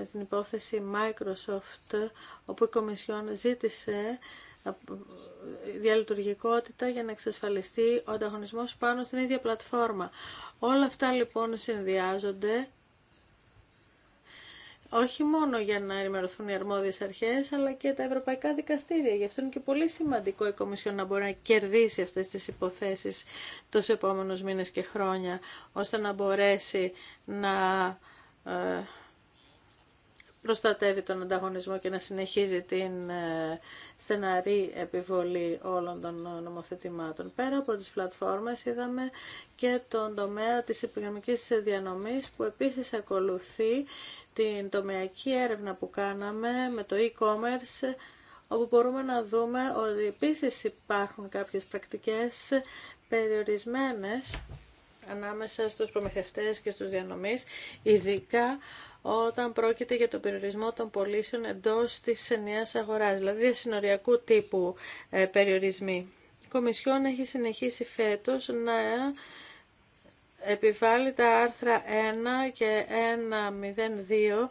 ε, στην υπόθεση Microsoft, όπου η Κομισιόν ζήτησε διαλειτουργικότητα για να εξασφαλιστεί ο ανταγωνισμός πάνω στην ίδια πλατφόρμα. Όλα αυτά λοιπόν συνδυάζονται όχι μόνο για να ενημερωθούν οι αρμόδιε αρχέ, αλλά και τα ευρωπαϊκά δικαστήρια. Γι' αυτό είναι και πολύ σημαντικό η Κομισιόν να μπορεί να κερδίσει αυτέ τι υποθέσει του επόμενου μήνε και χρόνια, ώστε να μπορέσει να ε, προστατεύει τον ανταγωνισμό και να συνεχίζει την ε, στεναρή επιβολή όλων των νομοθετημάτων. Πέρα από τις πλατφόρμες είδαμε και τον τομέα της επιγραμμικής διανομής που επίσης ακολουθεί την τομεακή έρευνα που κάναμε με το e-commerce όπου μπορούμε να δούμε ότι επίσης υπάρχουν κάποιες πρακτικές περιορισμένες ανάμεσα στους προμηθευτές και στους διανομής, ειδικά όταν πρόκειται για τον περιορισμό των πωλήσεων εντός της ενιαίας αγοράς, δηλαδή συνοριακού τύπου ε, περιορισμοί. Η Κομισιόν έχει συνεχίσει φέτος να επιβάλλει τα άρθρα 1 και 1.02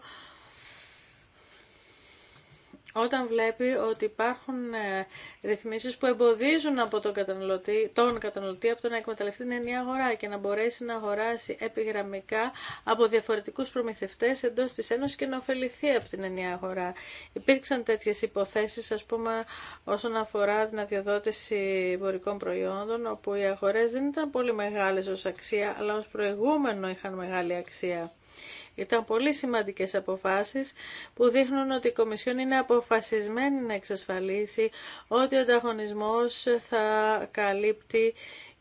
όταν βλέπει ότι υπάρχουν ε, ρυθμίσεις που εμποδίζουν από τον καταναλωτή, τον καταναλωτή από το να εκμεταλλευτεί την ενιαία αγορά και να μπορέσει να αγοράσει επιγραμμικά από διαφορετικούς προμηθευτές εντός της Ένωσης και να ωφεληθεί από την ενιαία αγορά. Υπήρξαν τέτοιες υποθέσεις, ας πούμε, όσον αφορά την αδειοδότηση εμπορικών προϊόντων, όπου οι αγορές δεν ήταν πολύ μεγάλες ως αξία, αλλά ως προηγούμενο είχαν μεγάλη αξία. Ήταν πολύ σημαντικές αποφάσεις που δείχνουν ότι η Κομισιόν είναι αποφασισμένη να εξασφαλίσει ότι ο ανταγωνισμός θα καλύπτει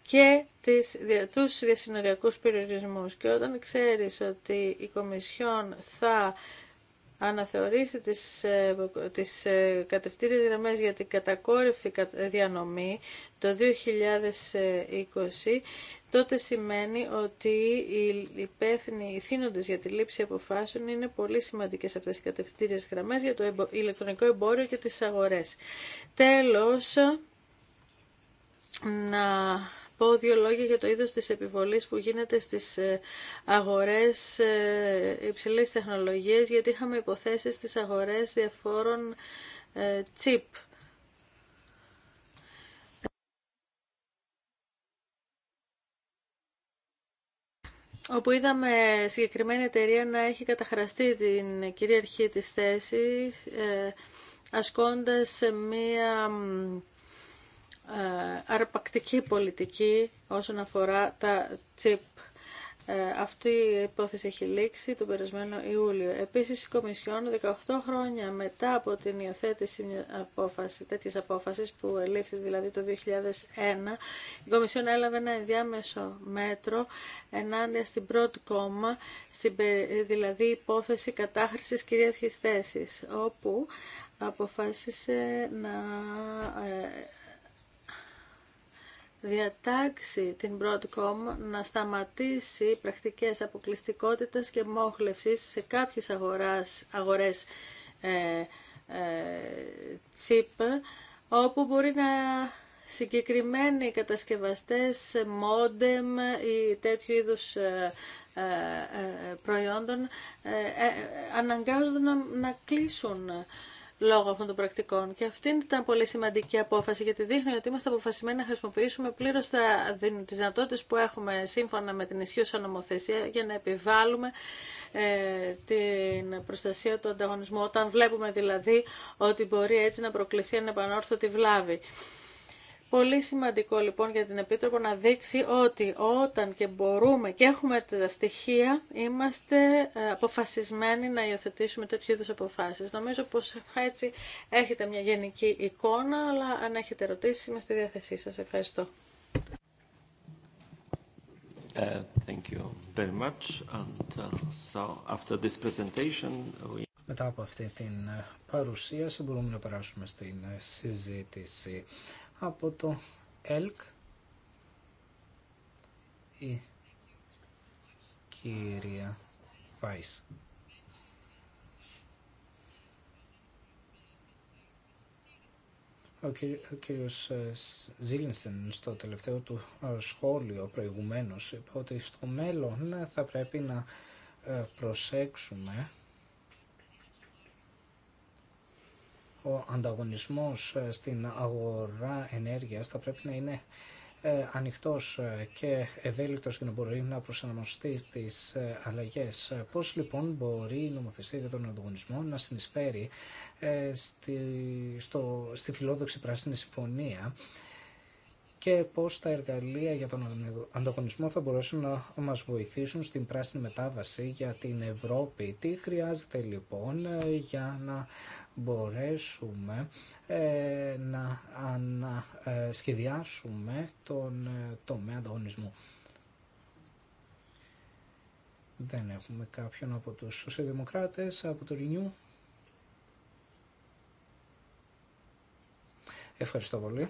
και τις, τους διασυνοριακούς περιορισμούς. Και όταν ξέρεις ότι η Κομισιόν θα αναθεωρήσει τις, ε, τις ε, κατευθύνες γραμμές για την κατακόρυφη ε, διανομή το 2020, τότε σημαίνει ότι οι υπεύθυνοι, οι θύνοντες για τη λήψη αποφάσεων είναι πολύ σημαντικές αυτές οι κατευθύνες γραμμές για το ηλεκτρονικό εμπόριο και τις αγορές. Τέλος, να πω δύο λόγια για το είδος της επιβολής που γίνεται στις ε, αγορές ε, υψηλής τεχνολογίας, γιατί είχαμε υποθέσεις στις αγορές διαφόρων ε, τσίπ. όπου είδαμε συγκεκριμένη εταιρεία να έχει καταχραστεί την κυρίαρχή της θέσης, ασκώντας μία ε, αρπακτική πολιτική όσον αφορά τα τσιπ. Ε, αυτή η υπόθεση έχει λήξει τον περασμένο Ιούλιο. Επίσης, η Κομισιόν 18 χρόνια μετά από την υιοθέτηση απόφαση, τέτοιες απόφασης που ελήφθη δηλαδή το 2001, η Κομισιόν έλαβε ένα ενδιάμεσο μέτρο ενάντια στην πρώτη κόμμα, δηλαδή υπόθεση κατάχρησης κυρίαρχης θέσης, όπου αποφάσισε να ε, διατάξει την Broadcom να σταματήσει πρακτικές αποκλειστικότητας και μόχλευσης σε κάποιες αγοράς, αγορές ε, chip, ε, όπου μπορεί να συγκεκριμένοι κατασκευαστές, μόντεμ ή τέτοιου είδους ε, ε, προϊόντων αναγκάζονται να, να κλείσουν λόγω αυτών των πρακτικών. Και αυτή ήταν πολύ σημαντική απόφαση, γιατί δείχνει ότι είμαστε αποφασισμένοι να χρησιμοποιήσουμε πλήρω τι δυνατότητε που έχουμε σύμφωνα με την ισχύουσα νομοθεσία για να επιβάλλουμε ε, την προστασία του ανταγωνισμού, όταν βλέπουμε δηλαδή ότι μπορεί έτσι να προκληθεί ένα επανόρθωτη βλάβη. Πολύ σημαντικό λοιπόν για την Επίτροπο να δείξει ότι όταν και μπορούμε και έχουμε τα στοιχεία είμαστε ε, αποφασισμένοι να υιοθετήσουμε τέτοιου είδους αποφάσεις. Νομίζω πως έτσι έχετε μια γενική εικόνα, αλλά αν έχετε ερωτήσεις είμαι στη διάθεσή σας. Ευχαριστώ. Uh, thank you very much. And, uh, so after this presentation we... Μετά από αυτή την ε, παρουσίαση μπορούμε να περάσουμε στην συζήτηση από το ΕΛΚ η κυρία Βάις. Ο, κύριο ο κύριος ε, Ζήλινσεν στο τελευταίο του ε, σχόλιο προηγουμένως είπε ότι στο μέλλον θα πρέπει να ε, προσέξουμε ο ανταγωνισμός ε, στην αγορά ενέργειας θα πρέπει να είναι ε, ανοιχτός ε, και ευέλικτος και να μπορεί να προσαρμοστεί στις αλλαγές. Πώς λοιπόν μπορεί η νομοθεσία για τον ανταγωνισμό να συνεισφέρει στη, στο, στη φιλόδοξη πράσινη συμφωνία και πώς τα εργαλεία για τον ανταγωνισμό θα μπορέσουν να μας βοηθήσουν στην πράσινη μετάβαση για την Ευρώπη. Τι χρειάζεται λοιπόν για να μπορέσουμε ε, να ανασχεδιάσουμε ε, τον ε, τομέα ανταγωνισμού. Δεν έχουμε κάποιον από τους σοσιαλδημοκράτες, από το Ρινιού; Ευχαριστώ πολύ.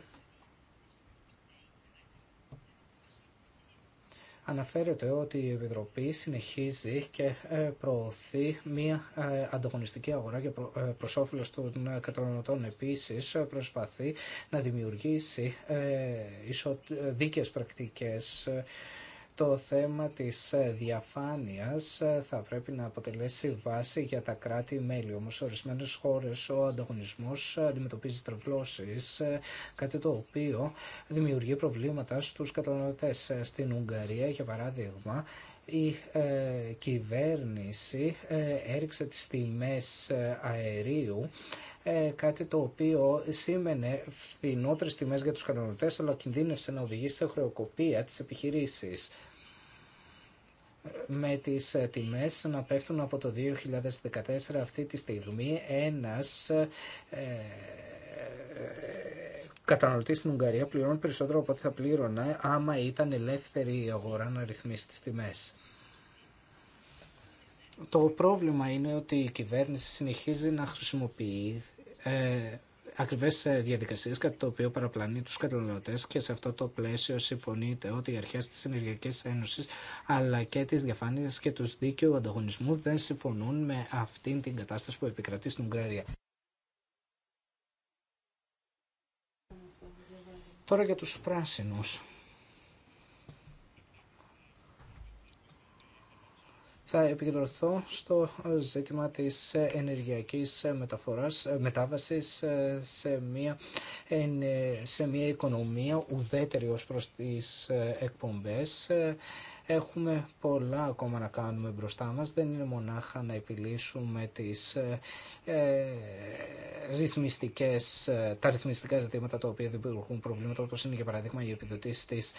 αναφέρεται ότι η Επιτροπή συνεχίζει και ε, προωθεί μία ε, ανταγωνιστική αγορά και ε, προς όφελος των καταναλωτών. Επίσης προσπαθεί να δημιουργήσει δίκαιες πρακτικές το θέμα της ε, διαφάνειας ε, θα πρέπει να αποτελέσει βάση για τα κράτη-μέλη. Όμως, σε ορισμένες χώρες ο ανταγωνισμός ε, αντιμετωπίζει στρεβλώσεις, κάτι το οποίο δημιουργεί προβλήματα στους καταναλωτές. Στην Ουγγαρία, για παράδειγμα, η κυβέρνηση έριξε τις τιμές αερίου ε, κάτι το οποίο σήμαινε φθηνότερε τιμές για τους καταναλωτέ, αλλά κινδύνευσε να οδηγήσει σε χρεοκοπία τη επιχειρήση. με τις ε, τιμές να πέφτουν από το 2014 αυτή τη στιγμή ένας ε, ε καταναλωτή στην Ουγγαρία πληρώνει περισσότερο από ό,τι θα πλήρωνε άμα ήταν ελεύθερη η αγορά να ρυθμίσει τις τιμές. Το πρόβλημα είναι ότι η κυβέρνηση συνεχίζει να χρησιμοποιεί ε, ακριβές ε, διαδικασίες κατά το οποίο παραπλανεί τους καταναλωτές και σε αυτό το πλαίσιο συμφωνείται ότι οι αρχές της Ενεργειακής Ένωσης αλλά και της διαφάνειας και του δίκαιου ανταγωνισμού δεν συμφωνούν με αυτήν την κατάσταση που επικρατεί στην Ουγγαρία. Τώρα για τους πράσινους. θα επικεντρωθώ στο ζήτημα της ενεργειακής μεταφοράς, ε, μετάβασης ε, σε μια, σε μια οικονομία ουδέτερη ως προς τις ε, εκπομπές Έχουμε πολλά ακόμα να κάνουμε μπροστά μας. Δεν είναι μονάχα να επιλύσουμε τις ε, ε, ρυθμιστικές, ε, τα ρυθμιστικά ζητήματα τα οποία δημιουργούν προβλήματα όπως είναι για παράδειγμα οι επιδοτήσεις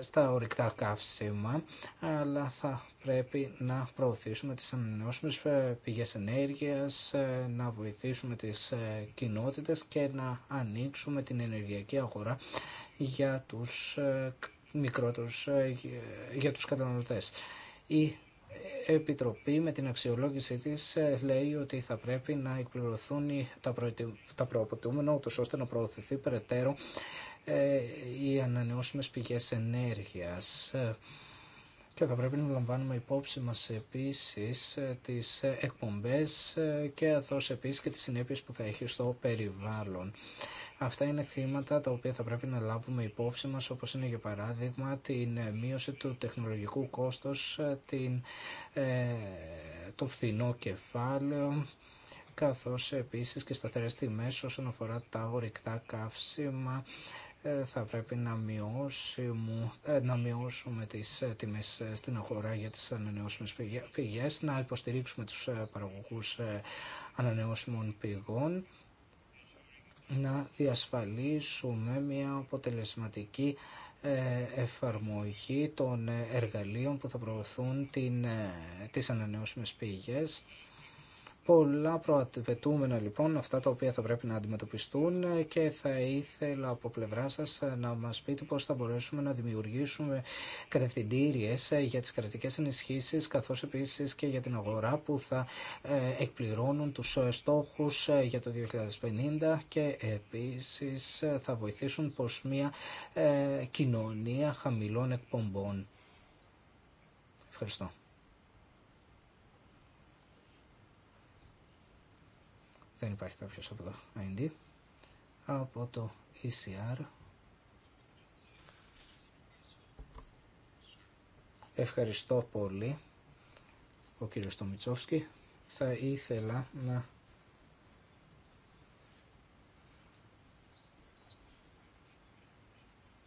στα ορυκτά καύσιμα αλλά θα πρέπει να προωθήσουμε τις ανανεώσιμες πηγές ενέργειας, να βοηθήσουμε τις κοινότητες και να ανοίξουμε την ενεργειακή αγορά για τους μικρότερους ε, για τους καταναλωτές. Η Επιτροπή με την αξιολόγηση της ε, λέει ότι θα πρέπει να εκπληρωθούν τα, προετοι... τα ώστε να προωθηθεί περαιτέρω ε, οι ανανεώσιμες πηγές ενέργειας. Και θα πρέπει να λαμβάνουμε υπόψη μας επίσης τις εκπομπές και αθώς επίσης και τις συνέπειες που θα έχει στο περιβάλλον. Αυτά είναι θύματα τα οποία θα πρέπει να λάβουμε υπόψη μας, όπως είναι για παράδειγμα την ε, μείωση του τεχνολογικού κόστος, ε, την, ε, το φθηνό κεφάλαιο, καθώς επίσης και σταθερές τιμές όσον αφορά τα ορυκτά καύσιμα, ε, θα πρέπει να μειώσουμε, να μειώσουμε τις τιμές στην αγορά για τις ανανεώσιμες πηγές, να υποστηρίξουμε τους παραγωγούς ανανεώσιμων πηγών να διασφαλίσουμε μια αποτελεσματική ε, εφαρμογή των ε, εργαλείων που θα προωθούν την, ε, τις ανανεώσιμες πηγές Πολλά προαπαιτούμενα λοιπόν, αυτά τα οποία θα πρέπει να αντιμετωπιστούν και θα ήθελα από πλευρά σας να μας πείτε πώς θα μπορέσουμε να δημιουργήσουμε κατευθυντήριες για τις κρατικές ενισχύσεις καθώς επίσης και για την αγορά που θα ε, εκπληρώνουν τους ε, στόχους ε, για το 2050 και επίσης θα βοηθήσουν προς μια κοινωνία χαμηλών εκπομπών. Ευχαριστώ. Δεν υπάρχει κάποιος από το IND. Από το ECR. Ευχαριστώ πολύ ο κύριος Τομιτσόφσκι. Θα ήθελα να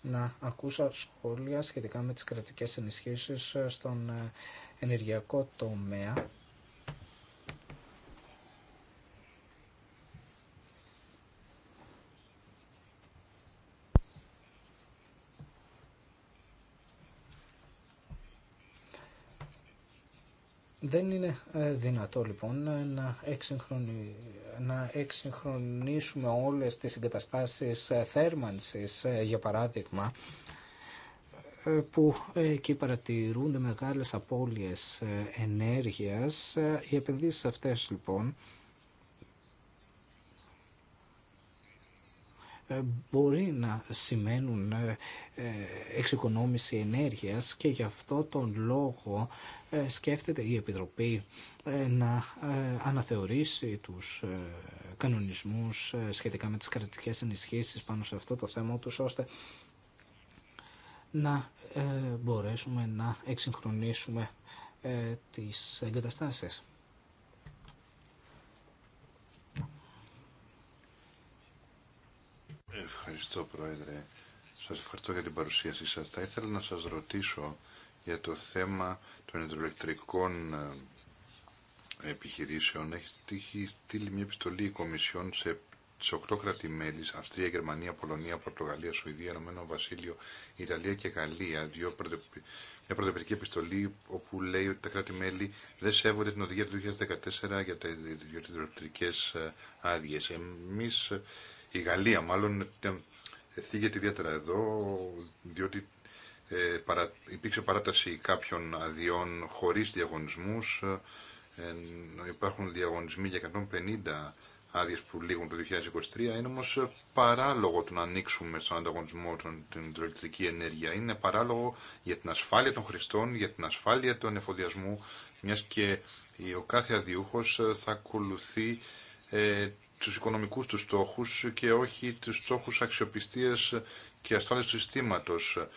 να ακούσα σχόλια σχετικά με τις κρατικές ενισχύσεις στον ενεργειακό τομέα Δεν είναι ε, δυνατό λοιπόν να, εξυγχρονι... να εξυγχρονίσουμε όλες τις εγκαταστάσεις ε, θέρμανσης, ε, για παράδειγμα, που εκεί παρατηρούνται μεγάλες απώλειες ενέργειας. Οι επενδύσεις αυτές λοιπόν Ε, μπορεί να σημαίνουν ε, ε, εξοικονόμηση ενέργειας και γι' αυτό τον λόγο σκέφτεται η Επιτροπή να αναθεωρήσει τους κανονισμούς σχετικά με τις κρατικές ενισχύσεις πάνω σε αυτό το θέμα τους ώστε να μπορέσουμε να εξυγχρονίσουμε τις εγκαταστάσεις. Ευχαριστώ Πρόεδρε. Σας ευχαριστώ για την παρουσίασή σας. Θα ήθελα να σας ρωτήσω για το θέμα των υδροελεκτρικών ε, επιχειρήσεων. Έχει στείλει μια επιστολή η Κομισιόν σε σε 8 κράτη-μέλη, Αυστρία, Γερμανία, Πολωνία, Πορτογαλία, Σουηδία, Ηνωμένο Βασίλειο, Ιταλία και Γαλλία, δύο μια πρωτοπερική επιστολή όπου λέει ότι τα κράτη-μέλη δεν σέβονται την οδηγία του 2014 για τι διορτικέ ε, άδειε. Εμεί η Γαλλία μάλλον θίγεται ιδιαίτερα εδώ, διότι ε, παρα, υπήρξε παράταση κάποιων αδειών χωρίς διαγωνισμούς. Ε, υπάρχουν διαγωνισμοί για 150 άδειες που λήγουν το 2023. Είναι όμως παράλογο το να ανοίξουμε στον ανταγωνισμό την ηλεκτρική ενέργεια. Είναι παράλογο για την ασφάλεια των χρηστών, για την ασφάλεια του εφοδιασμού, μιας και ο κάθε αδειούχος θα ακολουθεί ε, τους οικονομικούς τους στόχους και όχι τους στόχους αξιοπιστίας και ασφάλεια του συστήματος.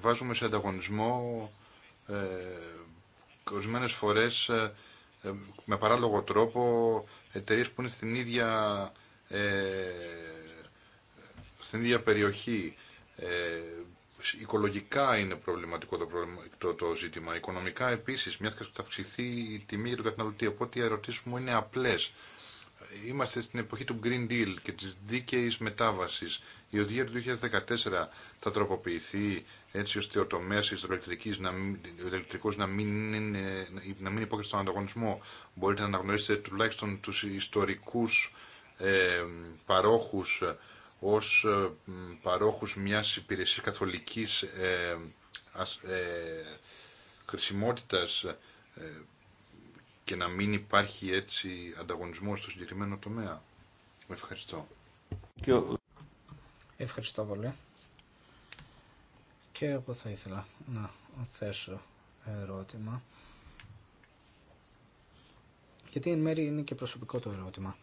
Βάζουμε σε ανταγωνισμό ε, ορισμένες φορές ε, ε, με παράλογο τρόπο εταιρείε που είναι στην ίδια, ε, στην ίδια περιοχή. Ε, οικολογικά είναι προβληματικό το, το, ζήτημα. Οικονομικά επίσης, μια και θα αυξηθεί η τιμή για τον καταναλωτή. Οπότε οι ερωτήσεις μου είναι απλές. Είμαστε στην εποχή του Green Deal και της δίκαιης μετάβασης. Η οδηγία του 2014 θα τροποποιηθεί έτσι ώστε ο τομέας της ηλεκτρικής να μην, να μην υπόκειται στον ανταγωνισμό. Μπορείτε να αναγνωρίσετε τουλάχιστον τους ιστορικούς ε, παρόχους ως ε, παρόχους μιας υπηρεσίας καθολικής ε, ε, χρησιμότητας ε, και να μην υπάρχει έτσι ανταγωνισμό στο συγκεκριμένο τομέα. Ευχαριστώ. Ευχαριστώ πολύ. Και εγώ θα ήθελα να θέσω ερώτημα. Γιατί εν μέρει είναι και προσωπικό το ερώτημα.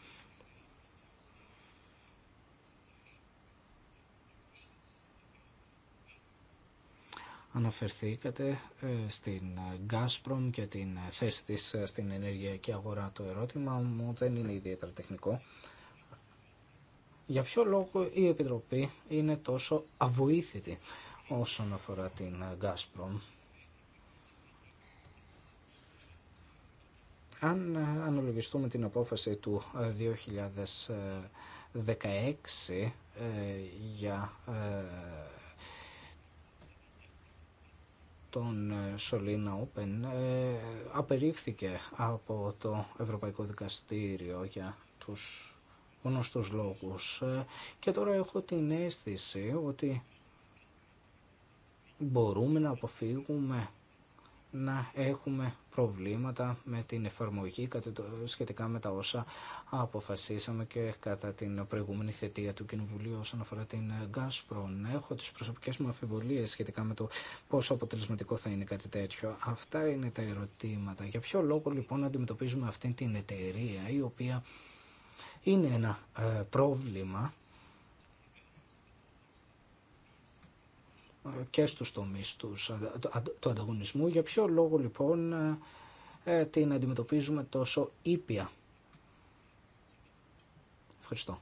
Αναφερθήκατε ε, στην ε, Gazprom και την ε, θέση της στην ενεργειακή αγορά. Το ερώτημα μου δεν είναι ιδιαίτερα τεχνικό. Για ποιο λόγο η Επιτροπή είναι τόσο αβοήθητη όσον αφορά την Gazprom. Αν αναλογιστούμε την απόφαση του 2016 για τον ε, Σολίνα Όπεν ε, απερίφθηκε από το Ευρωπαϊκό Δικαστήριο για τους γνωστούς λόγους ε, και τώρα έχω την αίσθηση ότι μπορούμε να αποφύγουμε να έχουμε προβλήματα με την εφαρμογή σχετικά με τα όσα αποφασίσαμε και κατά την προηγούμενη θετία του Κοινοβουλίου όσον αφορά την Gazprom. Έχω τις προσωπικές μου αφιβολίες σχετικά με το πόσο αποτελεσματικό θα είναι κάτι τέτοιο. Αυτά είναι τα ερωτήματα. Για ποιο λόγο λοιπόν αντιμετωπίζουμε αυτή την εταιρεία η οποία είναι ένα ε, πρόβλημα και στους τομείς τους, του ανταγωνισμού. Για ποιο λόγο λοιπόν ε, ε, την αντιμετωπίζουμε τόσο ήπια. Ευχαριστώ.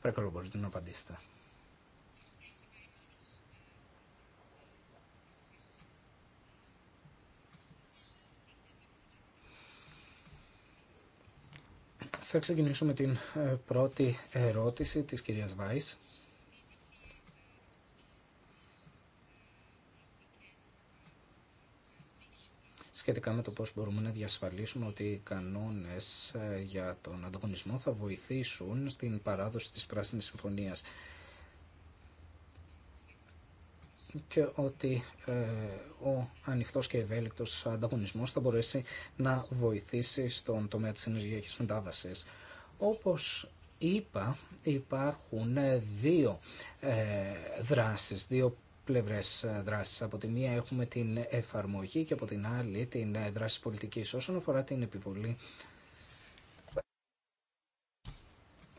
Παρακαλώ μπορείτε να απαντήσετε. Θα ξεκινήσω με την ε, πρώτη ερώτηση της κυρίας Βάης. σχετικά με το πώς μπορούμε να διασφαλίσουμε ότι οι κανόνες ε, για τον ανταγωνισμό θα βοηθήσουν στην παράδοση της Πράσινης Συμφωνίας και ότι ε, ο ανοιχτός και ευέλικτος ανταγωνισμός θα μπορέσει να βοηθήσει στον τομέα της ενεργειακής μετάβασης. Όπως είπα, υπάρχουν ε, δύο ε, δράσεις, δύο πλευρές δράσης. Από τη μία έχουμε την εφαρμογή και από την άλλη την δράση πολιτικής όσον αφορά την επιβολή.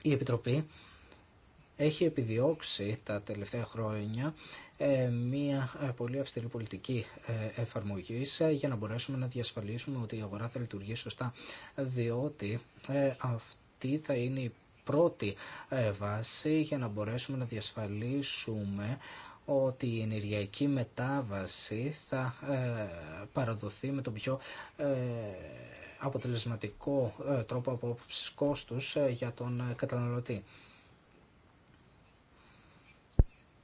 Η Επιτροπή έχει επιδιώξει τα τελευταία χρόνια ε, μια ε, πολύ αυστηρή πολιτική ε, εφαρμογή για να μπορέσουμε να διασφαλίσουμε ότι η αγορά θα λειτουργεί σωστά, διότι αυτή θα είναι η πρώτη βάση για να μπορέσουμε να διασφαλίσουμε ότι η ενεργειακή μετάβαση θα παραδοθεί με τον πιο αποτελεσματικό τρόπο απόψης κόστους για τον καταναλωτή.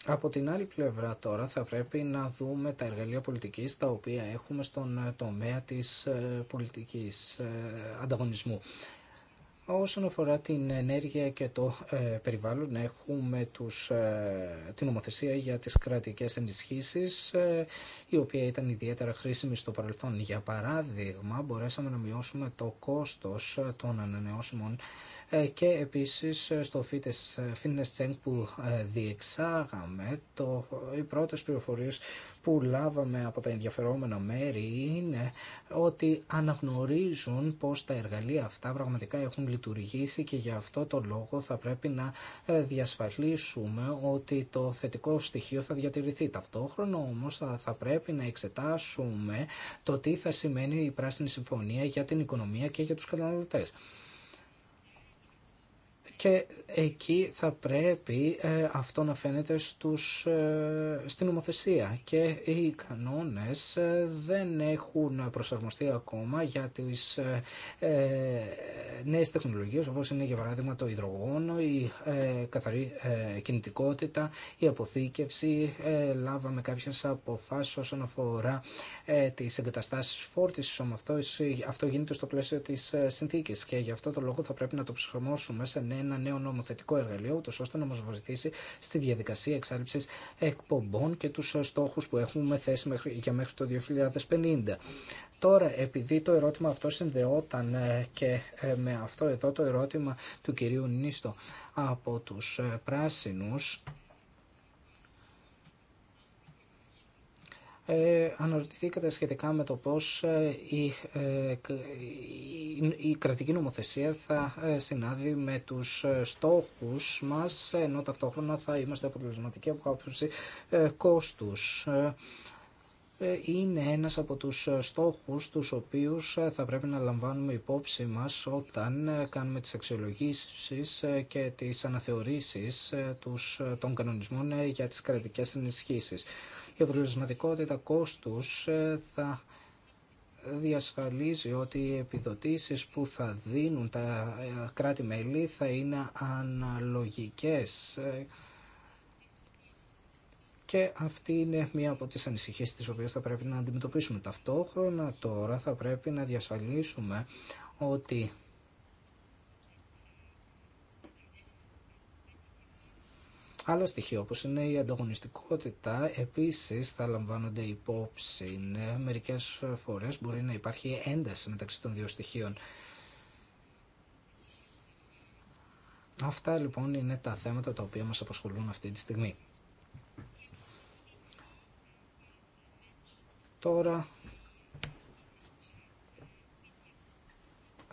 Από την άλλη πλευρά τώρα θα πρέπει να δούμε τα εργαλεία πολιτικής τα οποία έχουμε στον ε, τομέα της ε, πολιτικής ε, ανταγωνισμού. Όσον αφορά την ενέργεια και το περιβάλλον, έχουμε τους, την νομοθεσία για τις κρατικές ενισχύσεις, η οποία ήταν ιδιαίτερα χρήσιμη στο παρελθόν. Για παράδειγμα, μπορέσαμε να μειώσουμε το κόστος των ανανεώσιμων ε, και επίσης ε, στο fitness ε, check που διεξάγαμε το, οι πρώτες πληροφορίες που λάβαμε από τα ενδιαφερόμενα μέρη είναι ότι αναγνωρίζουν πως τα εργαλεία αυτά πραγματικά έχουν λειτουργήσει και γι' αυτό το λόγο θα πρέπει να διασφαλίσουμε ότι το θετικό στοιχείο θα διατηρηθεί. Ταυτόχρονα όμως θα, θα πρέπει να εξετάσουμε το τι θα σημαίνει η Πράσινη Συμφωνία για την οικονομία και για τους καταναλωτές και εκεί θα πρέπει ε, αυτό να φαίνεται στους, ε, στην νομοθεσία και οι κανόνες ε, δεν έχουν προσαρμοστεί ακόμα για τις νέες τεχνολογίες όπως είναι για παράδειγμα το υδρογόνο, η καθαρή κινητικότητα, η αποθήκευση. Λάβαμε κάποιες αποφάσεις όσον αφορά τις εγκαταστάσεις φόρτισης, όμως αυτό, αυτό γίνεται στο πλαίσιο της συνθήκης και γι' αυτό το λόγο θα πρέπει να το προσαρμόσουμε σε νέα ένα νέο νομοθετικό εργαλείο, ούτως ώστε να μας βοηθήσει στη διαδικασία εξάλληψης εκπομπών και τους στόχους που έχουμε θέσει για μέχρι το 2050. Τώρα, επειδή το ερώτημα αυτό συνδεόταν ε, και ε, με αυτό εδώ το ερώτημα του κυρίου Νίστο από τους ε, πράσινους, ε, αναρωτηθήκατε σχετικά με το πώς ε, ε, η, κρατική νομοθεσία θα ε, συνάδει με τους στόχους μας, ενώ ταυτόχρονα θα είμαστε αποτελεσματικοί από άποψη κόστους είναι ένας από τους στόχους τους οποίους θα πρέπει να λαμβάνουμε υπόψη μας όταν κάνουμε τις αξιολογήσεις και τις αναθεωρήσεις των κανονισμών για τις κρατικές ενισχύσεις η αποτελεσματικότητα κόστους ε, θα διασφαλίζει ότι οι επιδοτήσεις που θα δίνουν τα ε, κράτη-μέλη θα είναι αναλογικές ε, και αυτή είναι μία από τις ανησυχίες τις οποίες θα πρέπει να αντιμετωπίσουμε. Ταυτόχρονα τώρα θα πρέπει να διασφαλίσουμε ότι Άλλα στοιχεία όπως είναι η ανταγωνιστικότητα επίσης θα λαμβάνονται υπόψη. Ναι, μερικές φορές μπορεί να υπάρχει ένταση μεταξύ των δύο στοιχείων. Αυτά λοιπόν είναι τα θέματα τα οποία μας απασχολούν αυτή τη στιγμή. Τώρα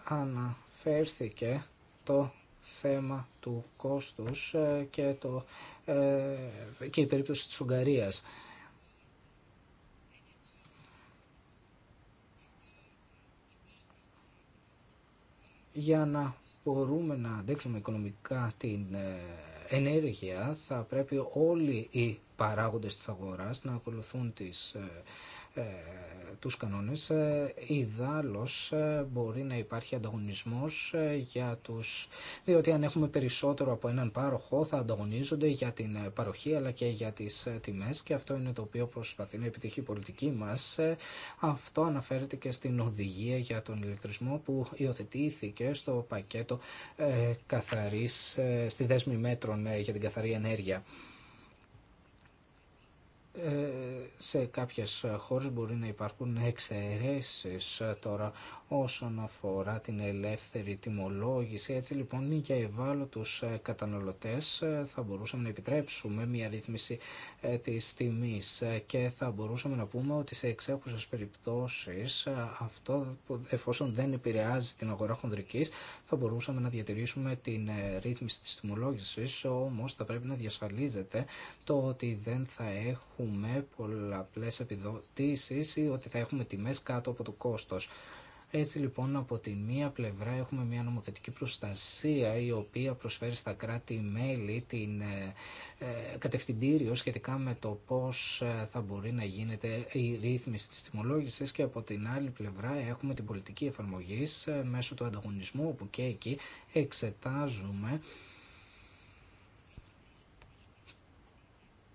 αναφέρθηκε το θέμα του κόστους ε, και, το, ε, και η περίπτωση της Ουγγαρίας. Για να μπορούμε να αντέξουμε οικονομικά την ε, ενέργεια θα πρέπει όλοι οι παράγοντες της αγοράς να ακολουθούν τις ε, τους κανόνες, ε, ε, μπορεί να υπάρχει ανταγωνισμός ε, για τους, διότι αν έχουμε περισσότερο από έναν πάροχο θα ανταγωνίζονται για την παροχή αλλά και για τις τιμές και αυτό είναι το οποίο προσπαθεί να επιτυχεί η πολιτική μας. Αυτό αναφέρεται και στην οδηγία για τον ηλεκτρισμό που υιοθετήθηκε στο πακέτο καθαρής, στη δέσμη μέτρων για την καθαρή ενέργεια. Ε, σε κάποιες χώρες μπορεί να υπάρχουν εξαιρέσεις τώρα όσον αφορά την ελεύθερη τιμολόγηση. Έτσι λοιπόν για ευάλωτους ε, καταναλωτές ε, θα μπορούσαμε να επιτρέψουμε μια ρύθμιση ε, της τιμής και θα μπορούσαμε να πούμε ότι σε εξέχουσες περιπτώσεις αυτό εφόσον δεν επηρεάζει την αγορά χονδρικής θα μπορούσαμε να διατηρήσουμε την ρύθμιση της τιμολόγησης όμως θα πρέπει να διασφαλίζεται το ότι δεν θα έχουμε πολλαπλές επιδοτήσεις ή ότι θα έχουμε τιμές κάτω από το κόστος. Έτσι λοιπόν από τη μία πλευρά έχουμε μια νομοθετική προστασία η οποία προσφέρει στα κράτη-μέλη την ε, ε, κατευθυντήριο σχετικά με το πώς ε, θα μπορεί να γίνεται η ρύθμιση της τιμολόγησης και από την άλλη πλευρά έχουμε την πολιτική εφαρμογής μέσω του ανταγωνισμού όπου και εκεί εξετάζουμε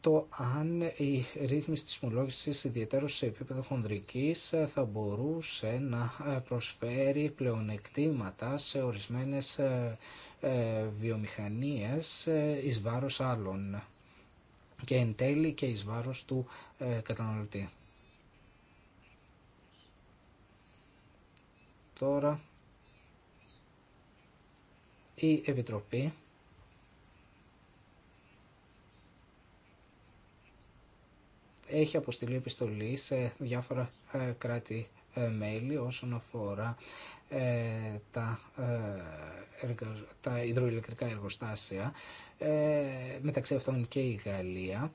το αν η ρύθμιση της μολόγησης ιδιαίτερως σε επίπεδο χονδρικής θα μπορούσε να ε, προσφέρει πλεονεκτήματα σε ορισμένες ε, ε, βιομηχανίες εις βάρος άλλων και εν τέλει και εις βάρος του καταναλωτή. Τώρα η Επιτροπή έχει αποστείλει επιστολή σε διάφορα ε, κράτη-μέλη ε, όσον αφορά ε, τα, εργα... τα υδροηλεκτρικά εργοστάσια, μεταξύ αυτών και η Γαλλία.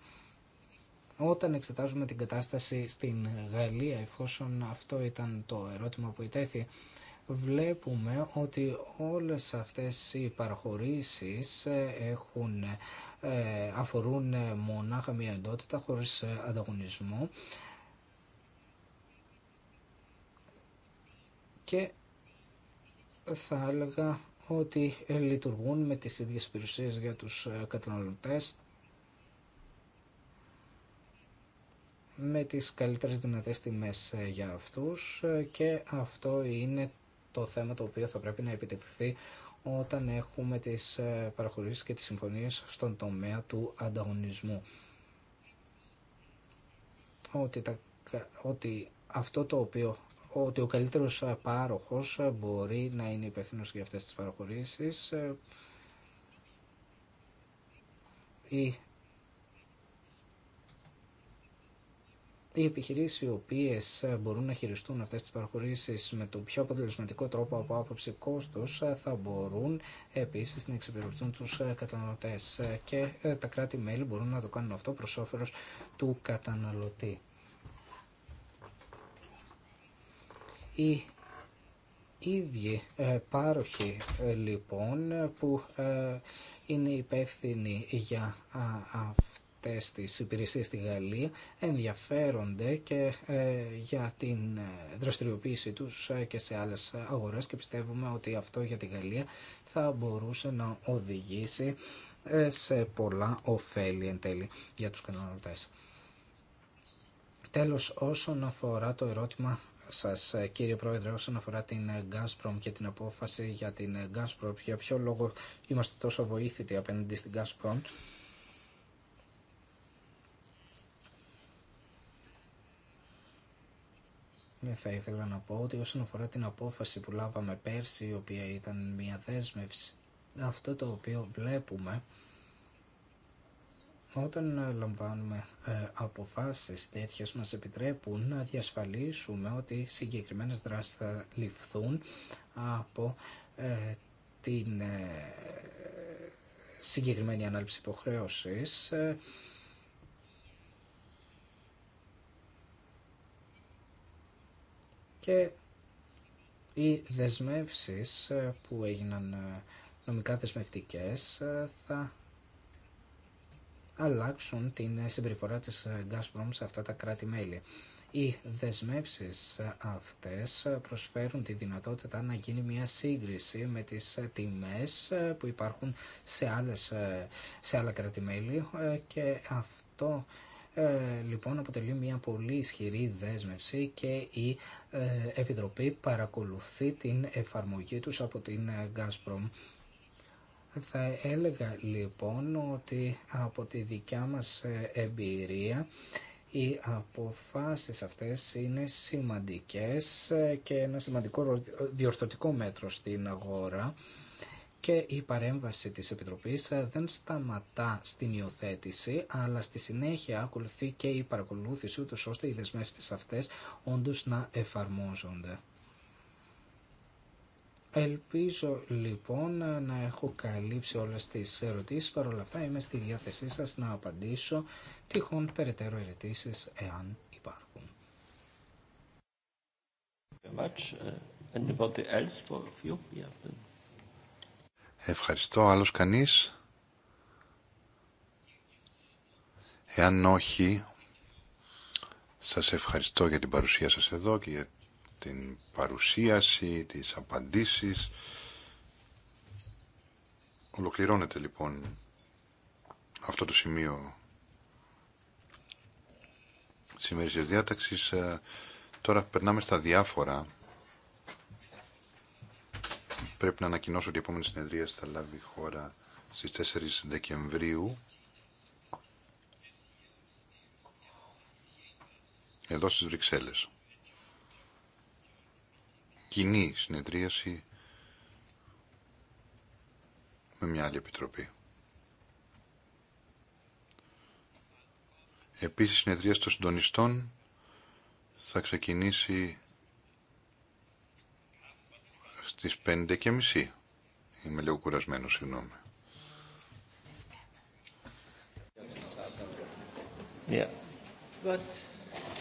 Όταν εξετάζουμε την κατάσταση στην Γαλλία, εφόσον αυτό ήταν το ερώτημα που ητέθη, βλέπουμε ότι όλες αυτές οι παραχωρήσεις έχουν ε, αφορούν ε, μονάχα μία εντότητα χωρίς ε, ανταγωνισμό και θα έλεγα ότι λειτουργούν με τις ίδιες περιουσίες για τους καταναλωτές με τις καλύτερες δυνατές τιμές για αυτούς και αυτό είναι το θέμα το οποίο θα πρέπει να επιτευχθεί όταν έχουμε τις ε, παραχωρήσεις και τις συμφωνίες στον τομέα του ανταγωνισμού. Ότι, τα, ότι αυτό το οποίο ότι ο καλύτερος ε, πάροχος ε, μπορεί να είναι υπεύθυνος για αυτές τις παραχωρήσεις ή οι επιχειρήσει οι οποίε ε, μπορούν να χειριστούν αυτέ τι παραχωρήσει με τον πιο αποτελεσματικό τρόπο από άποψη κόστου ε, θα μπορούν επίση να εξυπηρετούν του ε, καταναλωτέ και τα κράτη-μέλη μπορούν να το κάνουν αυτό προ όφελο του καταναλωτή. Οι ίδιοι πάροχοι λοιπόν που είναι υπεύθυνοι για αυτό αυτές τις υπηρεσίες στη Γαλλία ενδιαφέρονται και ε, για την ε, δραστηριοποίησή τους ε, και σε άλλες αγορές και πιστεύουμε ότι αυτό για τη Γαλλία θα μπορούσε να οδηγήσει σε πολλά ωφέλη εν τέλει για τους καταναλωτές. Τέλος, όσον αφορά το ερώτημα σας κύριε Πρόεδρε όσον αφορά την Gazprom και την απόφαση για την Gazprom για ποιο λόγο είμαστε τόσο βοήθητοι απέναντι στην Gazprom Ναι, θα ήθελα να πω ότι όσον αφορά την απόφαση που λάβαμε πέρσι, η οποία ήταν μια δέσμευση, αυτό το οποίο βλέπουμε όταν λαμβάνουμε ε, αποφάσεις τέτοιες μας επιτρέπουν να διασφαλίσουμε ότι συγκεκριμένες δράσεις θα ληφθούν από ε, την ε, συγκεκριμένη ανάληψη υποχρέωσης και οι δεσμεύσεις ε, που έγιναν ε, νομικά δεσμευτικές ε, θα αλλάξουν την συμπεριφορά της Gazprom σε αυτά τα κράτη-μέλη. Οι δεσμεύσεις αυτές προσφέρουν τη δυνατότητα να γίνει μια σύγκριση με τις τιμές που υπάρχουν σε, άλλες, σε άλλα κράτη-μέλη και αυτό ε, λοιπόν αποτελεί μια πολύ ισχυρή δέσμευση και η ε, Επιτροπή παρακολουθεί την εφαρμογή τους από την ε, Gazprom. Θα έλεγα λοιπόν ότι από τη δικιά μας εμπειρία οι αποφάσεις αυτές είναι σημαντικές και ένα σημαντικό διορθωτικό μέτρο στην αγορά και η παρέμβαση της Επιτροπής ε, δεν σταματά στην υιοθέτηση, αλλά στη συνέχεια ακολουθεί και η παρακολούθηση, ούτως ώστε οι δεσμεύσεις αυτές όντως να εφαρμόζονται. Ελπίζω λοιπόν ε, να έχω καλύψει όλες τις ερωτήσεις, παρόλα αυτά είμαι στη διάθεσή σας να απαντήσω τυχόν περαιτέρω ερωτήσεις εάν υπάρχουν. Ευχαριστώ. Άλλος κανείς? Εάν όχι, σας ευχαριστώ για την παρουσία σας εδώ και για την παρουσίαση, τις απαντήσεις. Ολοκληρώνεται λοιπόν αυτό το σημείο της διάταξης. Ε, τώρα περνάμε στα διάφορα πρέπει να ανακοινώσω ότι η επόμενη συνεδρία θα λάβει χώρα στις 4 Δεκεμβρίου. Εδώ στις Βρυξέλλες. Κοινή συνεδρίαση με μια άλλη επιτροπή. Επίσης, η συνεδρία των συντονιστών θα ξεκινήσει στις 5 και μισή. Είμαι λίγο κουρασμένο, συγγνώμη. Yeah.